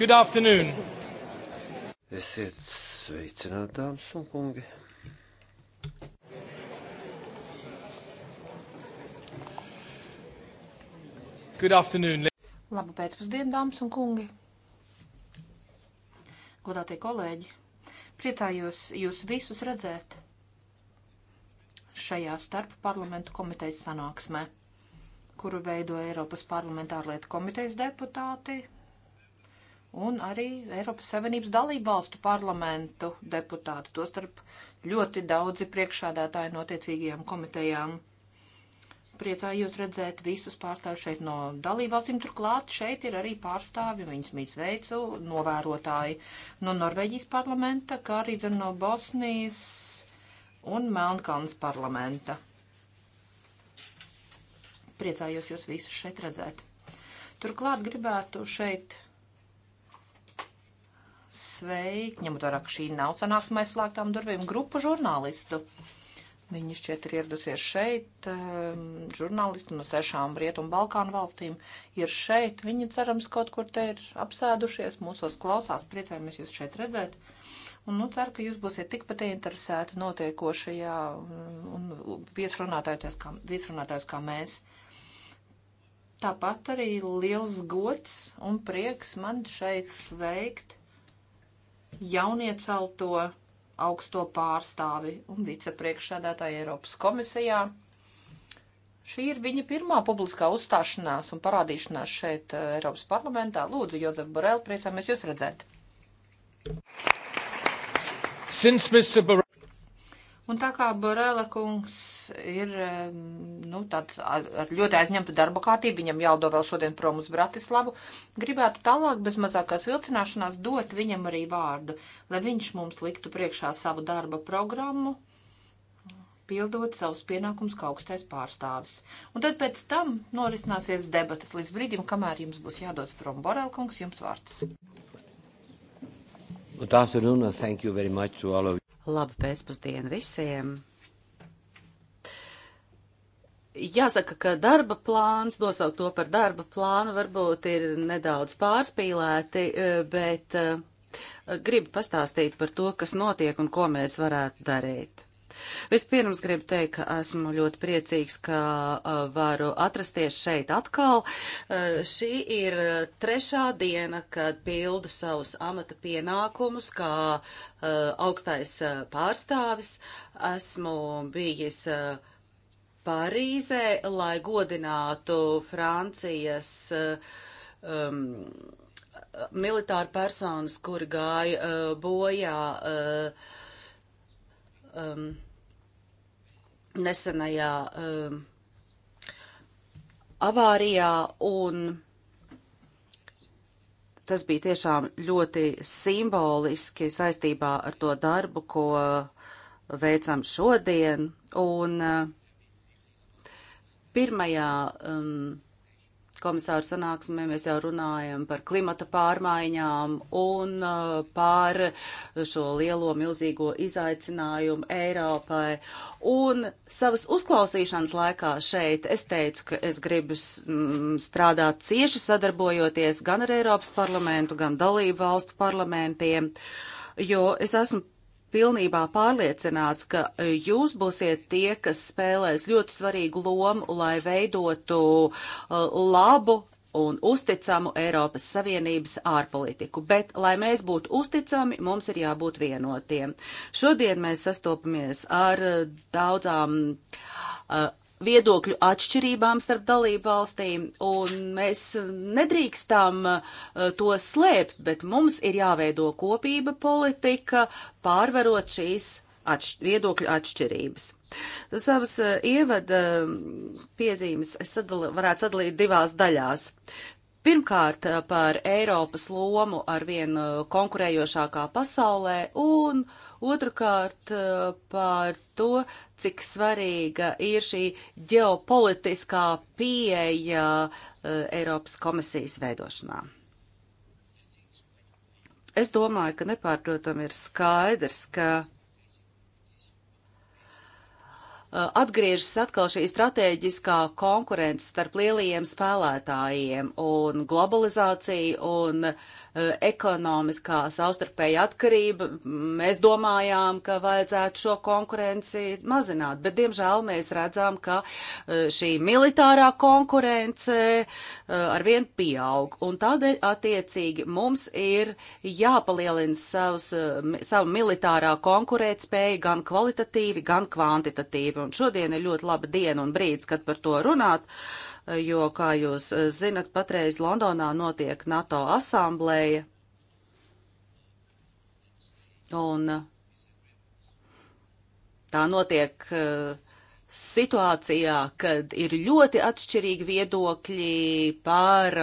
Good afternoon. Esiet sveicināti, dāmas un kungi. Good afternoon. Labu pēcpusdienu, dāmas un kungi. Godātie kolēģi, priecājos jūs visus redzēt šajā starp parlamentu komitejas sanāksmē, kuru veido Eiropas parlamentārlietu komitejas deputāti, un arī Eiropas Savienības dalību valstu parlamentu deputāti, tostarp ļoti daudzi priekšādātāji no tiecīgajām komitejām. Priecājos redzēt visus pārstāvjus šeit no dalībvalstīm. Turklāt šeit ir arī pārstāvi, viņas mīts veicu, novērotāji no Norvēģijas parlamenta, kā arī dzen no Bosnijas un Melnkalnas parlamenta. Priecājos jūs visus šeit redzēt. Turklāt gribētu šeit sveikt, ņemot vērā, ka šī nav sanāksmē slēgtām durvīm, grupu žurnālistu. Viņi šķiet ir ieradusies šeit, ehm, žurnālisti no sešām Rietumu Balkānu valstīm ir šeit. Viņi cerams kaut kur te ir apsēdušies, mūsos klausās, priecājamies jūs šeit redzēt. Un, nu, ceru, ka jūs būsiet tikpat interesēti notiekošajā un viesrunātājos kā, viesrunātājos kā mēs. Tāpat arī liels gods un prieks man šeit sveikt jauniecelto augsto pārstāvi un vicepriekšsēdētāju Eiropas komisijā. Šī ir viņa pirmā publiskā uzstāšanās un parādīšanās šeit eh, Eiropas parlamentā. Lūdzu, Jozef Borel, priecāmies jūs redzēt. Since Mr. Borel... Un tā kā Borela kungs ir nu, tāds ar, ar ļoti aizņemtu darba kārtību, viņam jālido vēl šodien prom uz Bratislavu, gribētu tālāk bez mazākās vilcināšanās dot viņam arī vārdu, lai viņš mums liktu priekšā savu darba programmu, pildot savus pienākumus kā augstais pārstāvis. Un tad pēc tam norisināsies debatas līdz brīdim, kamēr jums būs jādodas prom. Borela kungs, jums vārds. Good afternoon and thank you very much to all of you. Labu pēcpusdienu visiem! Jāsaka, ka darba plāns, nosaukt to par darba plānu, varbūt ir nedaudz pārspīlēti, e, bet e, gribu pastāstīt par to, kas notiek un ko mēs varētu darīt. Vispirms gribu teikt, ka esmu ļoti priecīgs, ka uh, varu atrasties šeit atkal. Uh, šī ir uh, trešā diena, kad pildu savus amata pienākumus kā augstais pārstāvis. Esmu bijis Parīzē, lai godinātu Francijas um, militāru personas, kuri gāja uh, bojā. Uh, um, nesenajā um, avārijā un tas bija tiešām ļoti simboliski saistībā ar to darbu, ko veicam šodien. Un uh, pirmajā um, komisāru sanāksmē mēs jau runājam par klimata pārmaiņām un uh, par šo lielo milzīgo izaicinājumu Eiropai. Un savas uzklausīšanas laikā šeit es teicu, ka es gribu mm, strādāt cieši sadarbojoties gan ar Eiropas parlamentu, gan dalību valstu parlamentiem, jo es esmu pilnībā pārliecināts, ka e, jūs būsiet tie, kas spēlēs ļoti svarīgu lomu, lai veidotu e, labu un uzticamu Eiropas Savienības ārpolitiku, bet, lai mēs būtu uzticami, mums ir jābūt vienotiem. Šodien mēs sastopamies ar e, daudzām uh, viedokļu atšķirībām starp dalību valstīm, un mēs nedrīkstam eh, to slēpt, bet mums ir jāveido kopība politika, pārvarot šīs atš viedokļu atšķirības. Savas eh, ievada mm, piezīmes es sadali, varētu sadalīt divās daļās. Pirmkārt, eh, par Eiropas lomu ar vien konkurējošākā pasaulē un Otrakārt eh, par to, cik svarīga ir šī ģeopolitiskā pieeja eh, Eiropas komisijas veidošanā. Es domāju, ka nepārprotam ir skaidrs, ka Eh, atgriežas atkal šī strateģiskā konkurence starp lielajiem spēlētājiem un globalizācija un eh, ekonomiskā savstarpēja atkarība. Mēs domājām, ka vajadzētu šo konkurenci mazināt, bet diemžēl mēs redzam, ka eh, šī militārā konkurence arvien pieaug. Un tādēļ attiecīgi mums ir jāpalielina savus, savu militārā konkurētspēju gan kvalitatīvi, gan kvantitatīvi Un šodien ir ļoti laba diena un brīdis, kad par to runāt, jo, kā jūs eh, zinat, patreiz Londonā notiek NATO asamblēja. Un eh, tā notiek eh, situācijā, kad ir ļoti atšķirīgi viedokļi par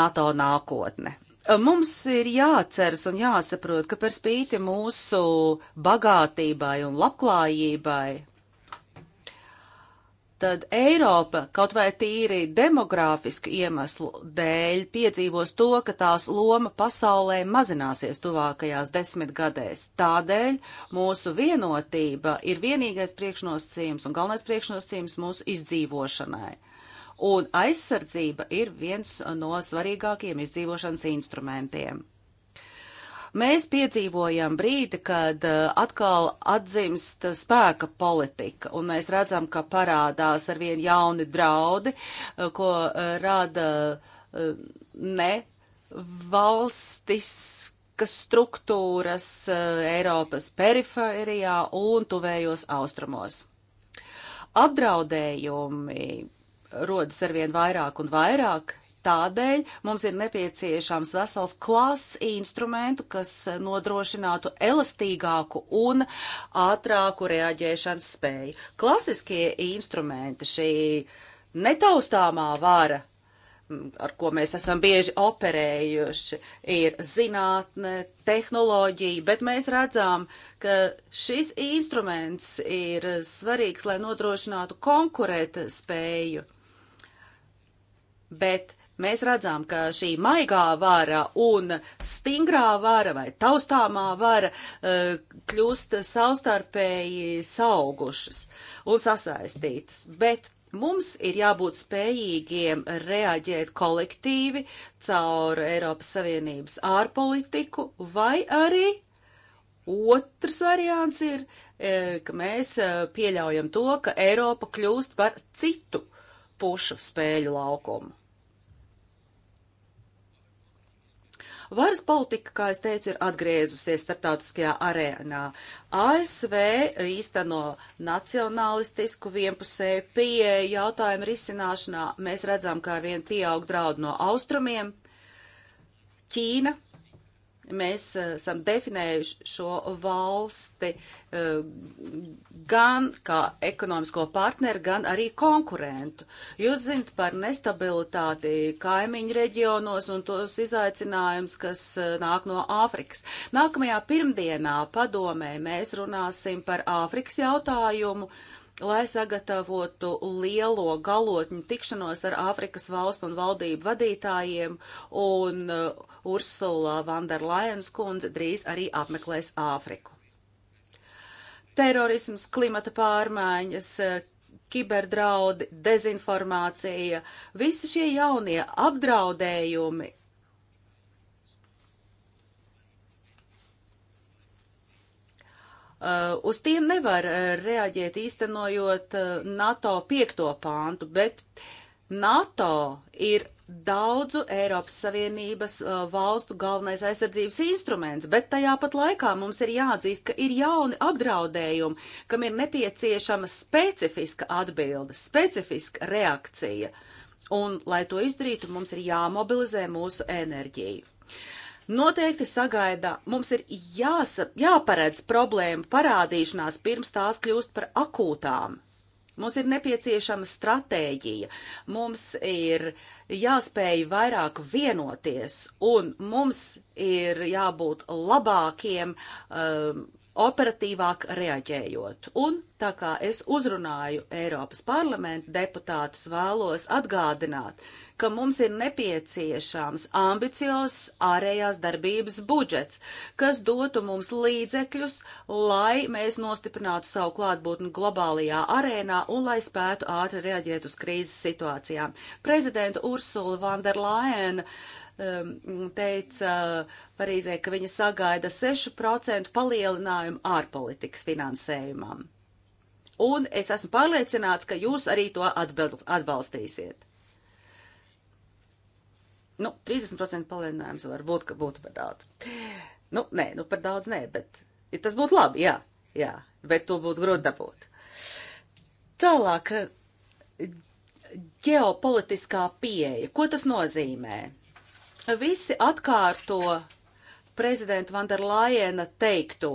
NATO nākotne. Mums ir jāceras un jāsaprot, ka par spīti mūsu bagātībai un labklājībai, tad Eiropa, kaut vai tīri demogrāfisku iemeslu dēļ, piedzīvos to, ka tās loma pasaulē mazināsies tuvākajās desmitgadēs. Tādēļ mūsu vienotība ir vienīgais priekšnosacījums un galvenais priekšnosacījums mūsu izdzīvošanai un aizsardzība ir viens no svarīgākajiem izdzīvošanas instrumentiem. Mēs piedzīvojam brīdi, kad uh, atkal atzimst spēka politika, un mēs redzam, ka parādās arvien jauni draudi, uh, ko uh, rada ne valstis kas struktūras Eiropas perifērijā un tuvējos austrumos. Apdraudējumi rodas arvien vairāk un vairāk. Tādēļ mums ir nepieciešams vesels klāsts instrumentu, kas nodrošinātu elastīgāku un ātrāku reaģēšanas spēju. Klasiskie instrumenti, šī netaustāmā vara, ar ko mēs esam bieži operējuši, ir zinātne, tehnoloģija, bet mēs redzam, ka šis instruments ir svarīgs, lai nodrošinātu konkurēt spēju bet mēs redzam, ka šī maigā vara un stingrā vara vai taustāmā vara eh, kļūst savstarpēji saugušas un sasaistītas. Bet mums ir jābūt spējīgiem reaģēt kolektīvi caur Eiropas Savienības ārpolitiku vai arī otrs variants ir, eh, ka mēs eh, pieļaujam to, ka Eiropa kļūst par citu pušu spēļu laukumu. Varas politika, kā es teicu, ir atgriezusies starptautiskajā arēnā. ASV īsteno nacionalistisku vienpusēju pieeju jautājumu risināšanā. Mēs redzam, kā ar vien pieaug draudu no austrumiem. Ķīna Mēs eh, esam definējuši šo valsti eh, gan kā ekonomisko partneri, gan arī konkurentu. Jūs zinat par nestabilitāti kaimiņu reģionos un tos izaicinājums, kas eh, nāk no Āfrikas. Nākamajā pirmdienā padomē mēs runāsim par Āfrikas jautājumu lai sagatavotu lielo galotņu tikšanos ar Āfrikas valstu un valdību vadītājiem un uh, Ursula Vanderlajens kundze drīz arī apmeklēs Āfriku. Terorisms, klimata pārmaiņas, kiberdraudi, dezinformācija, visi šie jaunie apdraudējumi Uh, uz tiem nevar uh, reaģēt īstenojot uh, NATO piekto pāntu, bet NATO ir daudzu Eiropas Savienības uh, valstu galvenais aizsardzības instruments, bet tajā pat laikā mums ir jāatzīst, ka ir jauni apdraudējumi, kam ir nepieciešama specifiska atbilde, specifiska reakcija. Un, lai to izdarītu, mums ir jāmobilizē mūsu enerģiju. Noteikti sagaida, mums ir jāsa, jāparedz problēmu parādīšanās pirms tās kļūst par akūtām. Mums ir nepieciešama stratēģija, mums ir jāspēj vairāk vienoties, un mums ir jābūt labākiem um, operatīvāk reaģējot. Un tā kā es uzrunāju Eiropas parlamenta deputātus, vēlos atgādināt, ka mums ir nepieciešams ambiciozs ārējās darbības budžets, kas dotu mums līdzekļus, lai mēs nostiprinātu savu klātbūtni globālajā arēnā un lai spētu ātri reaģēt uz krīzes situācijām. Prezidenta Ursula von der Leyen uh, Um, teica Parīzē, ka viņa sagaida 6% palielinājumu ārpolitikas finansējumam. Un es esmu pārliecināts, ka jūs arī to atbalstīsiet. Nu, 30% palielinājums var būt, ka būtu par daudz. Nu, nē, nu par daudz nē, bet ja tas būtu labi, jā, jā, bet to būtu grūti dabūt. Tālāk, ģeopolitiskā pieeja. Ko tas nozīmē? Visi atkārto prezidenta Vanderlajena teikto.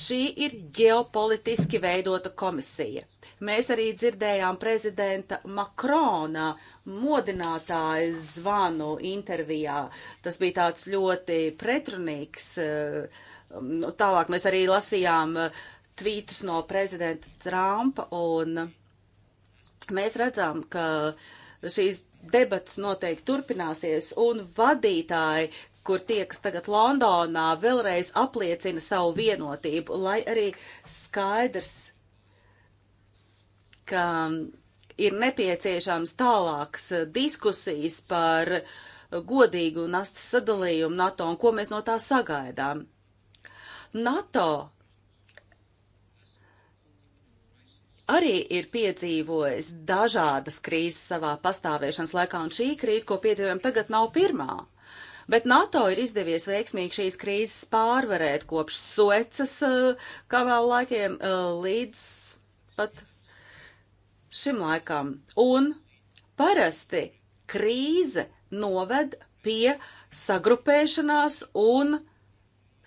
Šī ir ģeopolitiski veidota komisija. Mēs arī dzirdējām prezidenta Makrona modinātāju zvanu intervijā. Tas bija tāds ļoti pretrunīgs. Eh, nu, tālāk mēs arī lasījām eh, tvītus no prezidenta Trumpa, un mēs redzam, ka šīs debats noteikti turpināsies, un vadītāji, kur tiekas tagad Londonā, vēlreiz apliecina savu vienotību, lai arī skaidrs, ka ir nepieciešams tālāks diskusijas par godīgu nastas sadalījumu NATO un ko mēs no tā sagaidām. NATO arī ir piedzīvojis dažādas krīzes savā pastāvēšanas laikā, un šī krīze, ko piedzīvojam tagad, nav pirmā. Bet NATO ir izdevies veiksmīgi šīs krīzes pārvarēt kopš Suecas eh, kavēla laikiem eh, līdz pat šim laikam. Un parasti krīze noved pie sagrupēšanās un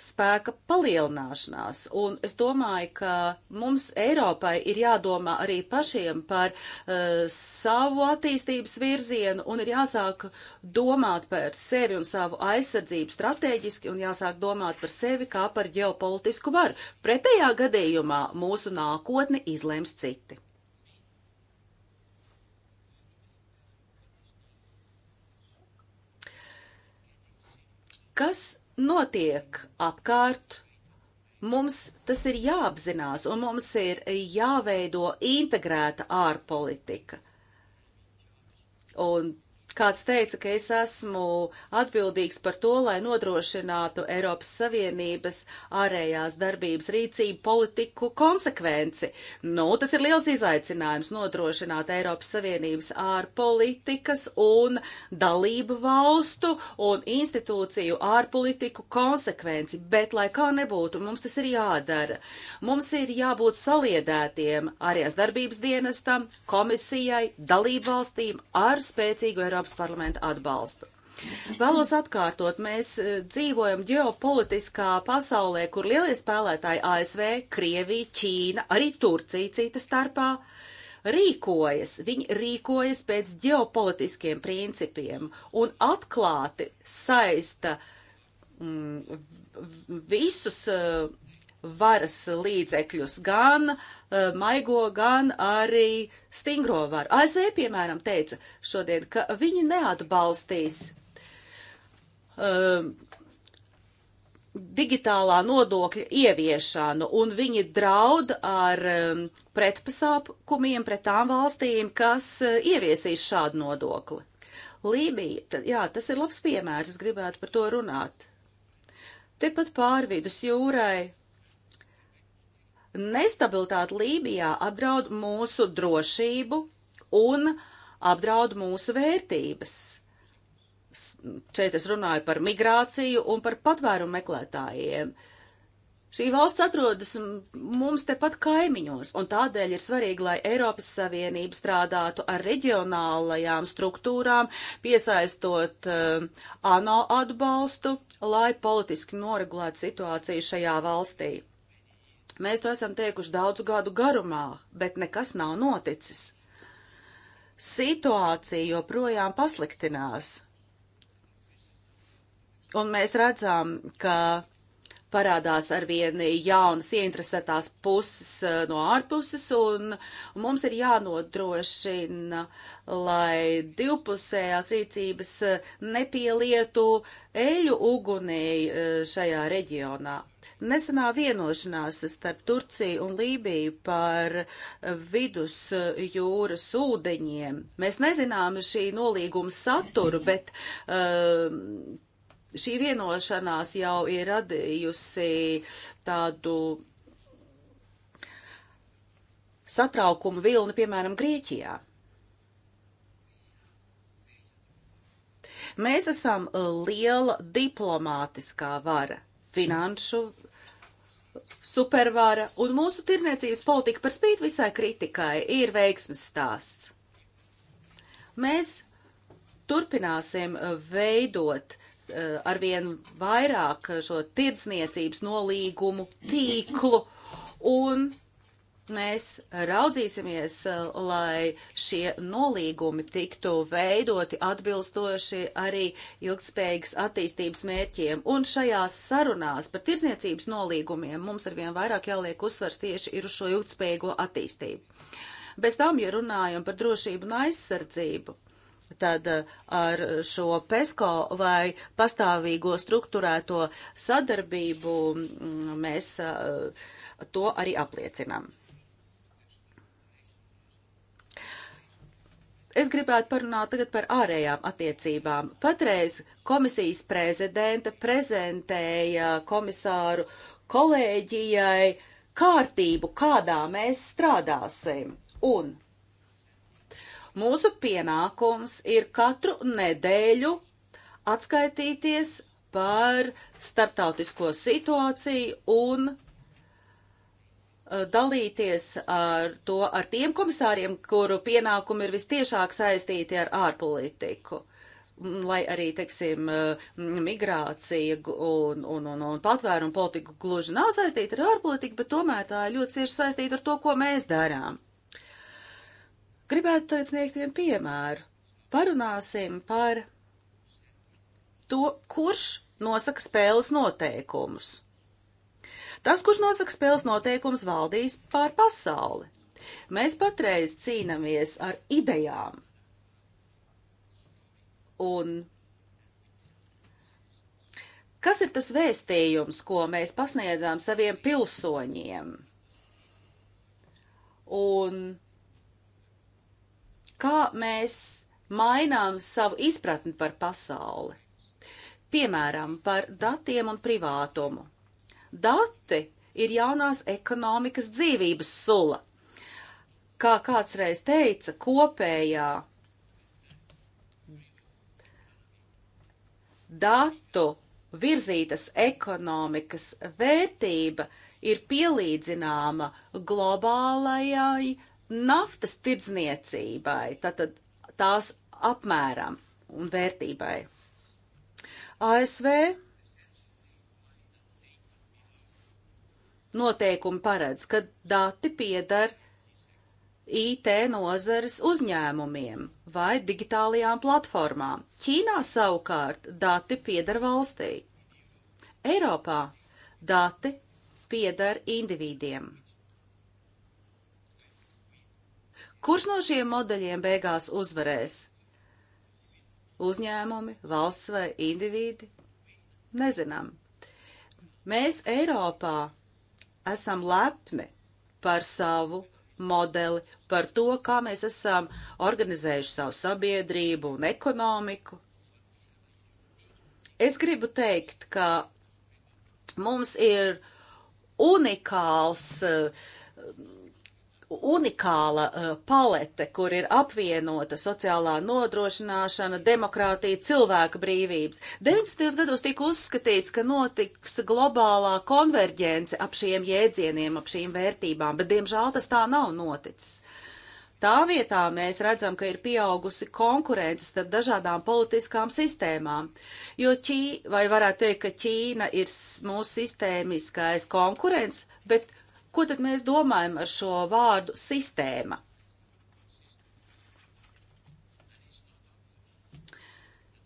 spēka palielināšanās. Un es domāju, ka mums Eiropai ir jādomā arī pašiem par uh, savu attīstības virzienu un ir jāsāk domāt par sevi un savu aizsardzību strateģiski un jāsāk domāt par sevi kā par ģeopolitisku varu. Pretējā gadījumā mūsu nākotni izlems citi. Kas notiek apkārt. Mums tas ir jāapzinās un mums ir jāveido integrēta ārpolitika. Un Kāds teica, ka es esmu atbildīgs par to, lai nodrošinātu Eiropas Savienības ārējās darbības rīcību politiku konsekvenci. Nu, tas ir liels izaicinājums nodrošināt Eiropas Savienības ārpolitikas un dalību valstu un institūciju ārpolitiku konsekvenci, bet lai kā nebūtu, mums tas ir jādara. Mums ir jābūt saliedētiem ārējās darbības dienestam, komisijai, dalību valstīm ar spēcīgu Eiropas Eiropas parlamenta atbalstu. Vēlos atkārtot, mēs eh, dzīvojam ģeopolitiskā pasaulē, kur lielie spēlētāji ASV, Krievija, Ķīna, arī Turcija cita starpā rīkojas. Viņi rīkojas pēc ģeopolitiskiem principiem un atklāti saista mm, visus. Uh, varas līdzekļus gan uh, maigo, gan arī stingro varu. ASV, piemēram, teica šodien, ka viņi neatbalstīs um, digitālā nodokļa ieviešanu, un viņi draud ar um, pretpasākumiem pret tām valstīm, kas uh, ieviesīs šādu nodokli. Lībija, t, jā, tas ir labs piemērs, es gribētu par to runāt. Tepat pārvidus jūrai Nestabilitāte Lībijā apdraud mūsu drošību un apdraud mūsu vērtības. Šeit es runāju par migrāciju un par patvērumu meklētājiem. Šī valsts atrodas mums tepat kaimiņos, un tādēļ ir svarīgi, lai Eiropas Savienība strādātu ar reģionālajām struktūrām, piesaistot uh, ANO atbalstu, lai politiski noregulētu situāciju šajā valstī. Mēs to esam teikuši daudzu gadu garumā, bet nekas nav noticis. Situācija joprojām pasliktinās. Un mēs redzam, ka parādās arvien jaunas ieinteresētās puses eh, no ārpuses, un mums ir jānodrošina, lai divpusējās rīcības eh, nepielietu eļu ugunī eh, šajā reģionā. Nesenā vienošanās starp Turciju un Lībiju par vidus jūras ūdeņiem. Mēs nezinām šī nolīguma saturu, bet uh, šī vienošanās jau ir radījusi tādu satraukumu vilni, piemēram, Grieķijā. Mēs esam liela diplomātiskā vara, finanšu supervara, un mūsu tirzniecības politika par spīti visai kritikai ir veiksmes stāsts. Mēs turpināsim veidot Eh, arvien vairāk šo tirdzniecības nolīgumu tīklu, un mēs raudzīsimies, eh, lai šie nolīgumi tiktu veidoti atbilstoši arī ilgspējīgas attīstības mērķiem. Un šajās sarunās par tirdzniecības nolīgumiem mums arvien vairāk jāliek uzsvars tieši ir uz šo ilgspējīgo attīstību. Bez tam, ja runājam par drošību un aizsardzību, tad eh, ar šo PESCO vai pastāvīgo struktūrēto sadarbību mm, mēs eh, to arī apliecinām. Es gribētu parunāt tagad par ārējām attiecībām. Patreiz komisijas prezidenta prezentēja komisāru kolēģijai kārtību, kādā mēs strādāsim. Un Mūsu pienākums ir katru nedēļu atskaitīties par starptautisko situāciju un eh, dalīties ar to ar tiem komisāriem, kuru pienākumi ir vistiešāk saistīti ar ārpolitiku mm, lai arī, teiksim, eh, migrācija un, un, un, un patvērumu politika gluži nav saistīta ar ārpolitiku, bet tomēr tā ir ļoti cieši saistīta ar to, ko mēs darām. Gribētu teikt sniegt vienu piemēru. Parunāsim par to, kurš nosaka spēles noteikumus. Tas, kurš nosaka spēles noteikumus, valdīs pār pasauli. Mēs patreiz cīnāmies ar idejām. Un kas ir tas vēstījums, ko mēs pasniedzām saviem pilsoņiem? Un kā mēs mainām savu izpratni par pasauli. Piemēram, par datiem un privātumu. Dati ir jaunās ekonomikas dzīvības sula. Kā kāds reiz teica, kopējā datu virzītas ekonomikas vērtība ir pielīdzināma globālajai naftas tirdzniecībai, tātad tās apmēram un vērtībai. ASV noteikumi paredz, ka dati piedar IT nozares uzņēmumiem vai digitālajām platformām. Ķīnā savukārt dati piedar valstī. Eiropā dati piedar individiem. Kurš no šiem modeļiem beigās uzvarēs? Uzņēmumi, valsts vai individi? Nezinām. Mēs Eiropā esam lepni par savu modeli, par to, kā mēs esam organizējuši savu sabiedrību un ekonomiku. Es gribu teikt, ka mums ir unikāls uh, unikāla uh, palete, kur ir apvienota sociālā nodrošināšana, demokrātija, cilvēka brīvības. 90. gados tika uzskatīts, ka notiks globālā konverģence ap šiem jēdzieniem, ap šīm vērtībām, bet diemžēl tas tā nav noticis. Tā vietā mēs redzam, ka ir pieaugusi konkurence starp dažādām politiskām sistēmām, jo Ķī, vai varētu teikt, ka Ķīna ir mūsu sistēmiskais konkurents, bet Ko tad mēs domājam ar šo vārdu sistēma?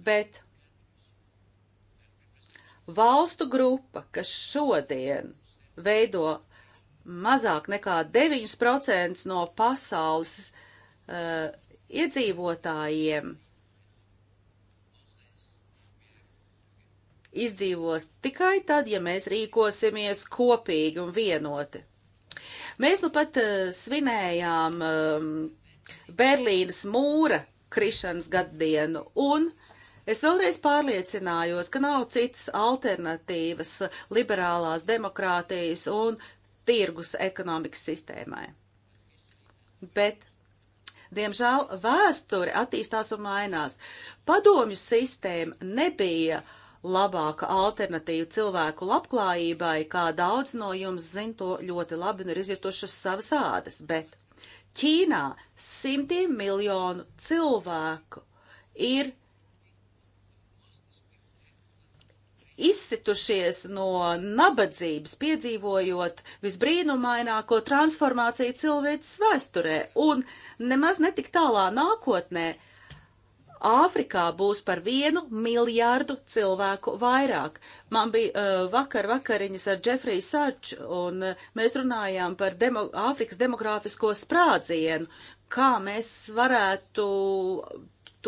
Bet valstu grupa, kas šodien veido mazāk nekā 9% no pasaules uh, iedzīvotājiem, izdzīvos tikai tad, ja mēs rīkosimies kopīgi un vienoti. Mēs nu pat eh, svinējām ehm, Berlīnas mūra krišanas gaddienu un Es vēlreiz pārliecinājos, ka nav citas alternatīvas liberālās demokrātijas un tirgus ekonomikas sistēmai. Bet, diemžēl, vēsture attīstās un mainās. Padomju sistēma nebija uh, labāka alternatīva cilvēku labklājībai, kā daudz no jums zin to ļoti labi un ir izjutuši uz savas ādas, bet Ķīnā simtiem miljonu cilvēku ir izsitušies no nabadzības, piedzīvojot visbrīnumaināko transformāciju cilvēces vēsturē, un nemaz netik tālā nākotnē Āfrikā būs par vienu miljārdu cilvēku vairāk. Man bija uh, vakar vakariņas ar Džefriju Saču, un uh, mēs runājām par demo Āfrikas demografisko sprādzienu, kā mēs varētu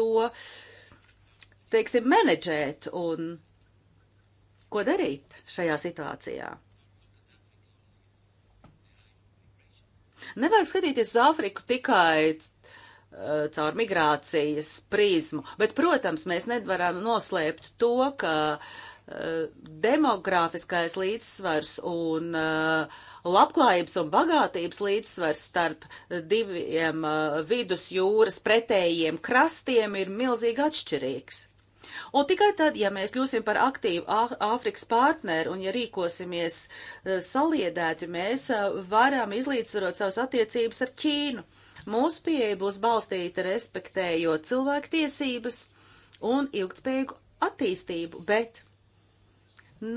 to, teiksim, menedžēt un ko darīt šajā situācijā. Nevajag skatīties uz Āfriku tikai Eh, caur migrācijas prizmu. Bet, protams, mēs nevaram noslēpt to, ka eh, demogrāfiskais līdzsvars un eh, labklājības un bagātības līdzsvars starp diviem vidusjūras pretējiem krastiem ir milzīgi atšķirīgs. Un tikai tad, ja mēs kļūsim par aktīvu Āfrikas partneru un ja rīkosimies saliedēti, mēs varam izlīdzsvarot savas attiecības ar Ķīnu. Mūsu pieeja būs balstīta respektējot cilvēku tiesības un ilgtspējīgu attīstību, bet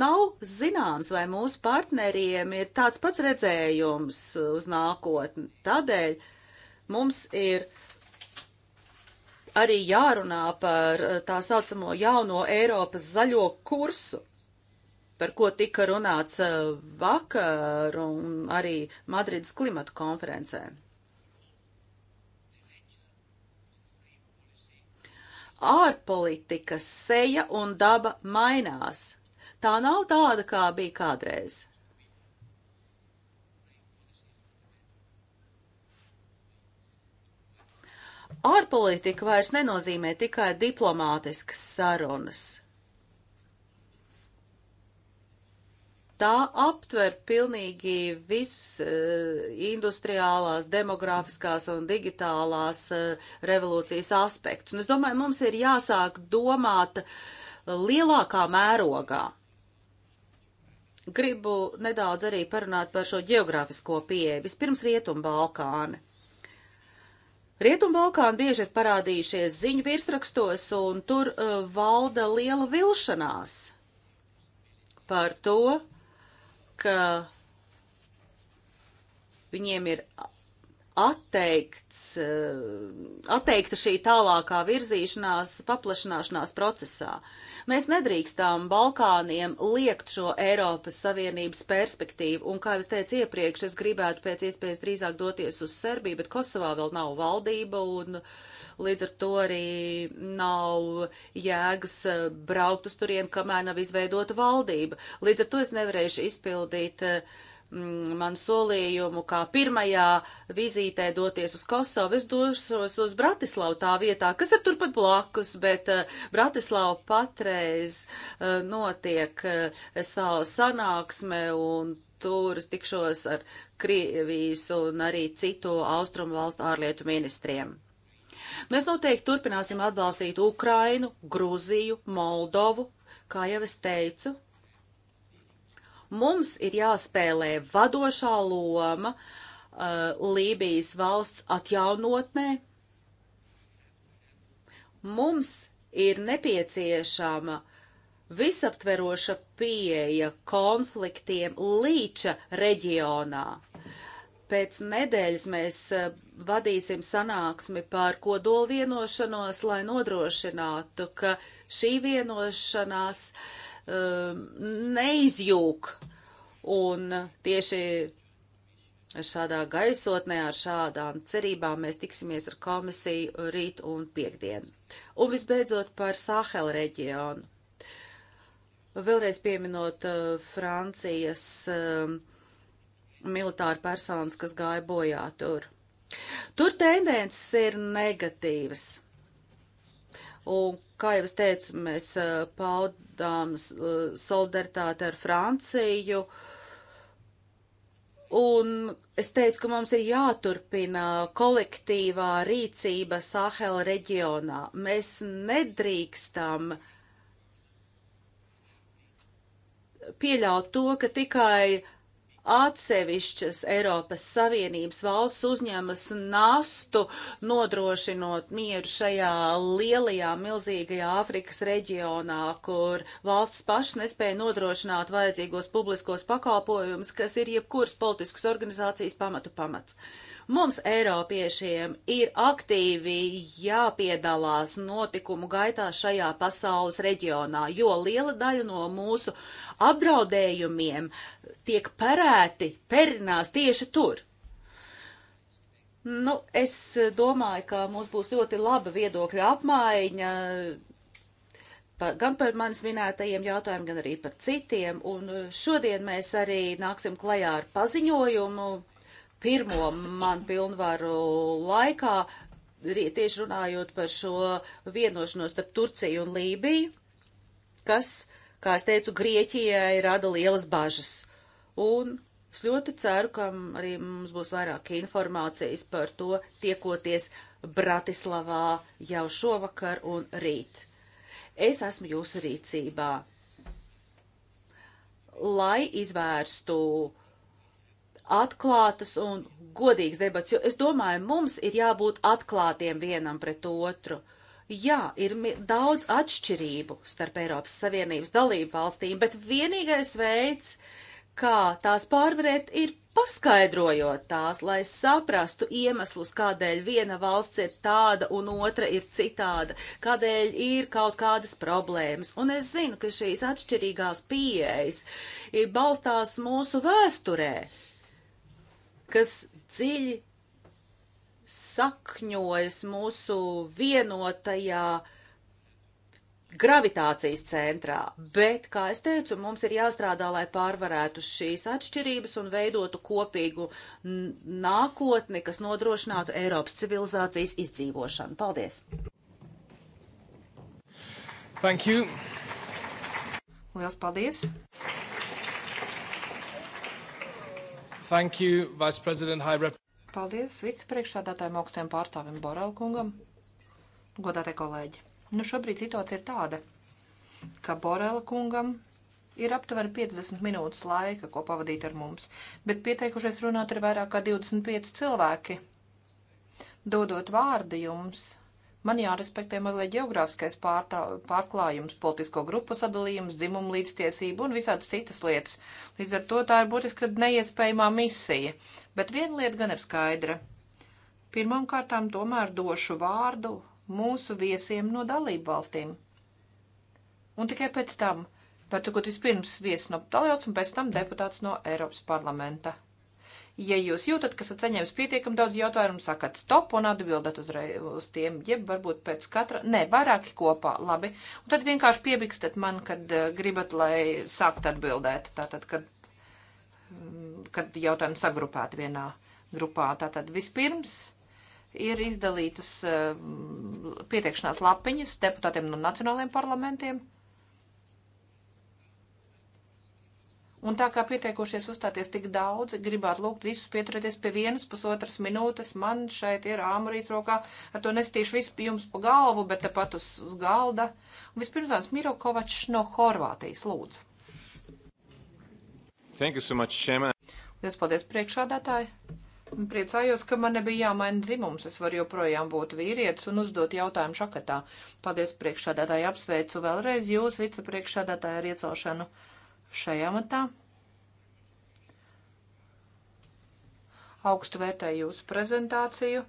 nav zināms, vai mūsu partneriem ir tāds pats redzējums uz nākotni. Tādēļ mums ir arī jārunā par tā saucamo jauno Eiropas zaļo kursu, par ko tika runāts vakar un arī Madrides klimata konferencēm. ārpolitika seja un daba mainās. Tā nav tāda, kā bija kādreiz. Ārpolitika vairs nenozīmē tikai diplomātiskas sarunas. tā aptver pilnīgi visus uh, eh, industriālās, demografiskās un digitālās uh, revolūcijas aspektus. Un es domāju, mums ir jāsāk domāt lielākā mērogā. Gribu nedaudz arī parunāt par šo geogrāfisko pieeju. Vispirms Rietumu Balkāni. Rietumu Balkāni bieži ir parādījušies ziņu virsrakstos, un tur uh, valda liela vilšanās par to, ka viņiem ir atteikts, eh, atteikta šī tālākā virzīšanās, paplašināšanās procesā. Mēs nedrīkstām Balkāniem liekt šo Eiropas Savienības perspektīvu, un, kā jau es teicu iepriekš, es gribētu pēc iespējas drīzāk doties uz Serbiju, bet Kosovā vēl nav valdība, un uh, līdz ar to arī nav jēgas eh, braukt uz turien, kamēr nav izveidota valdība. Līdz ar to es nevarēšu izpildīt eh, mm, man solījumu, kā pirmajā vizītē doties uz Kosovu, es došos uz Bratislavu tā vietā, kas ir turpat blakus, bet uh, Bratislava patreiz uh, notiek uh, savu sanāksme un tur tikšos ar Krievijas un arī citu austrumu valstu ārlietu ministriem. Mēs noteikti turpināsim atbalstīt Ukrainu, Gruziju, Moldovu, kā jau es teicu. Mums ir jāspēlē vadošā loma uh, Lībijas valsts atjaunotnē. Mums ir nepieciešama visaptveroša pieeja konfliktiem līča reģionā. Pēc nedēļas mēs eh, vadīsim sanāksmi par kodolu vienošanos, lai nodrošinātu, ka šī vienošanās um, eh, neizjūk. Un tieši šādā gaisotnē ar šādām cerībām mēs tiksimies ar komisiju rīt un piekdien. Un visbeidzot par Sahel reģionu. Vēlreiz pieminot uh, Francijas uh, um, militāru personas, kas gāja bojā tur. Tur tendences ir negatīvas. Un, kā jau es teicu, mēs paudām solidaritāti ar Franciju. Un es teicu, ka mums ir jāturpina kolektīvā rīcība Sahela reģionā. Mēs nedrīkstam pieļaut to, ka tikai atsevišķas Eiropas Savienības valsts uzņemas nastu, nodrošinot mieru šajā lielajā, milzīgajā Āfrikas reģionā, kur valsts pašas nespēja nodrošināt vajadzīgos publiskos pakalpojumus, kas ir jebkuras politiskas organizācijas pamatu pamats. pamats. Mums, Eiropiešiem, ir aktīvi jāpiedalās notikumu gaitā šajā pasaules reģionā, jo liela daļa no mūsu apdraudējumiem tiek parēti, perinās tieši tur. Nu, es domāju, ka mums būs ļoti laba viedokļa apmaiņa gan par manis minētajiem jautājumiem, gan arī par citiem. Un šodien mēs arī nāksim klajā ar paziņojumu pirmo man pilnvaru laikā, tieši runājot par šo vienošanos starp Turciju un Lībiju, kas, kā es teicu, Grieķijai rada lielas bažas. Un es ļoti ceru, ka arī mums būs vairāk informācijas par to tiekoties Bratislavā jau šovakar un rīt. Es esmu jūsu rīcībā, lai izvērstu uh, atklātas un godīgas debats, jo es domāju, mums ir jābūt atklātiem vienam pret otru. Jā, ir daudz atšķirību starp Eiropas Savienības dalību valstīm, bet vienīgais veids, kā tās pārvarēt, ir paskaidrojot tās, lai saprastu iemeslus, kādēļ viena valsts ir tāda un otra ir citāda, kādēļ ir kaut kādas problēmas. Un es zinu, ka šīs atšķirīgās pieejas balstās mūsu vēsturē, kas dziļi sakņojas mūsu vienotajā gravitācijas centrā, bet, kā es teicu, mums ir jāstrādā, lai pārvarētu šīs atšķirības un veidotu kopīgu nākotni, kas nodrošinātu Eiropas civilizācijas izdzīvošanu. Paldies! Thank you! Lielas paldies! Thank you, Vice President High Rep. Paldies vicepriekšsādātājiem augstiem pārstāvim Borelkungam. Godātie kolēģi, nu šobrīd situācija ir tāda, ka Borelkungam ir aptuveni 50 minūtes laika, ko pavadīt ar mums, bet pieteikušies runāt ir vairāk kā 25 cilvēki. Dodot vārdu jums, Man jārespektē mazliet geogrāfiskais pārtā, pārklājums, politisko grupu sadalījums, dzimumu līdztiesību un visādas citas lietas. Līdz ar to tā ir būtiski neiespējamā misija. Bet viena lieta gan ir skaidra. Pirmām kārtām tomēr došu vārdu mūsu viesiem no dalību valstīm. Un tikai pēc tam, pēc cikot vispirms viesis no Itālijas un pēc tam deputāts no Eiropas parlamenta. Ja jūs jūtat, ka esat saņēmis pietiekami daudz jautājumu, sakat stop un atbildat uzreiz uz tiem, jeb varbūt pēc katra, nē, vairāki kopā, labi. Un tad vienkārši piebikstat man, kad eh, gribat, lai sākt atbildēt, tātad, kad, mm, kad jautājumi sagrupēti vienā grupā. Tātad vispirms ir izdalītas uh, pieteikšanās lapiņas deputātiem no nacionālajiem parlamentiem. Un tā kā pieteikušies uzstāties tik daudz, gribētu lūgt visus pieturēties pie vienas pusotras minūtes. Man šeit ir āmurīts rokā, ar to nestīšu visu jums pa galvu, bet tepat uz, uz galda. Un vispirms tās Miro Kovačs no Horvātijas lūdzu. Thank you so much, Šēmē. Liels paldies priekšādātāji. Priecājos, ka man nebija jāmaina dzimums. Es varu joprojām būt vīrietis un uzdot jautājumu šakatā. Paldies priekšādātāji, apsveicu vēlreiz jūs vicepriekšādātāju ar iecelšanu šajā matā. Augstu vērtēju jūsu prezentāciju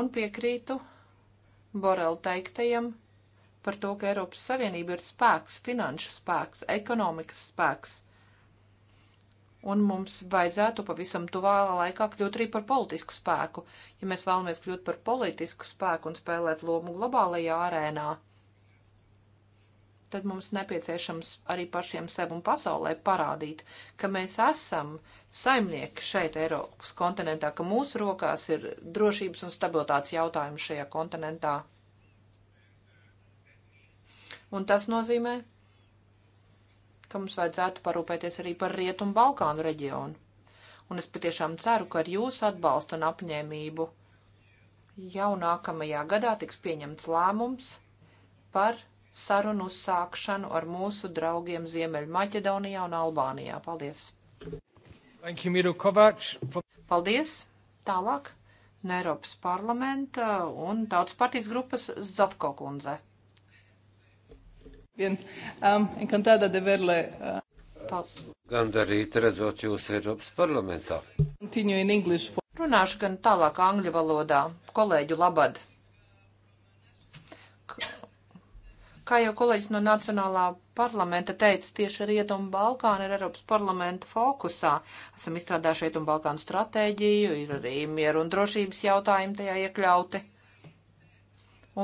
un piekrītu Borelu teiktajam par to, ka Eiropas Savienība ir spēks, finanšu spēks, ekonomikas spēks. Un mums vajadzētu pavisam tuvā laikā kļūt arī par politisku spēku. Ja mēs vēlamies kļūt par politisku spēku un spēlēt lomu globālajā arēnā, tad mums nepieciešams arī pašiem sev un pasaulē parādīt, ka mēs esam saimnieki šeit, Eiropas kontinentā, ka mūsu rokās ir drošības un stabilitātes jautājums šajā kontinentā. Un tas nozīmē, ka mums vajadzētu parūpēties arī par Rietumu Balkānu reģionu. Un es patiešām ceru, ka ar jūsu atbalstu un apņēmību jau nākamajā gadā tiks pieņemts lēmums par sarunu sākšanu ar mūsu draugiem Ziemeļmaķedonijā un Albānijā. Paldies! Paldies! Tālāk no Eiropas parlamenta un Tautas partijas grupas Zafko kundze. Bien. Um, encantada de verle. Uh... Gandarīt redzot jūs Eiropas parlamentā. Runāšu gan tālāk angļu valodā, kolēģu labad. Kā jau kolēģis no Nacionālā parlamenta teica, tieši Rietumu Balkāna ir Eiropas parlamenta fokusā. Esam izstrādājuši Rietumu Balkānu stratēģiju, ir arī mieru un drošības jautājumi tajā iekļauti.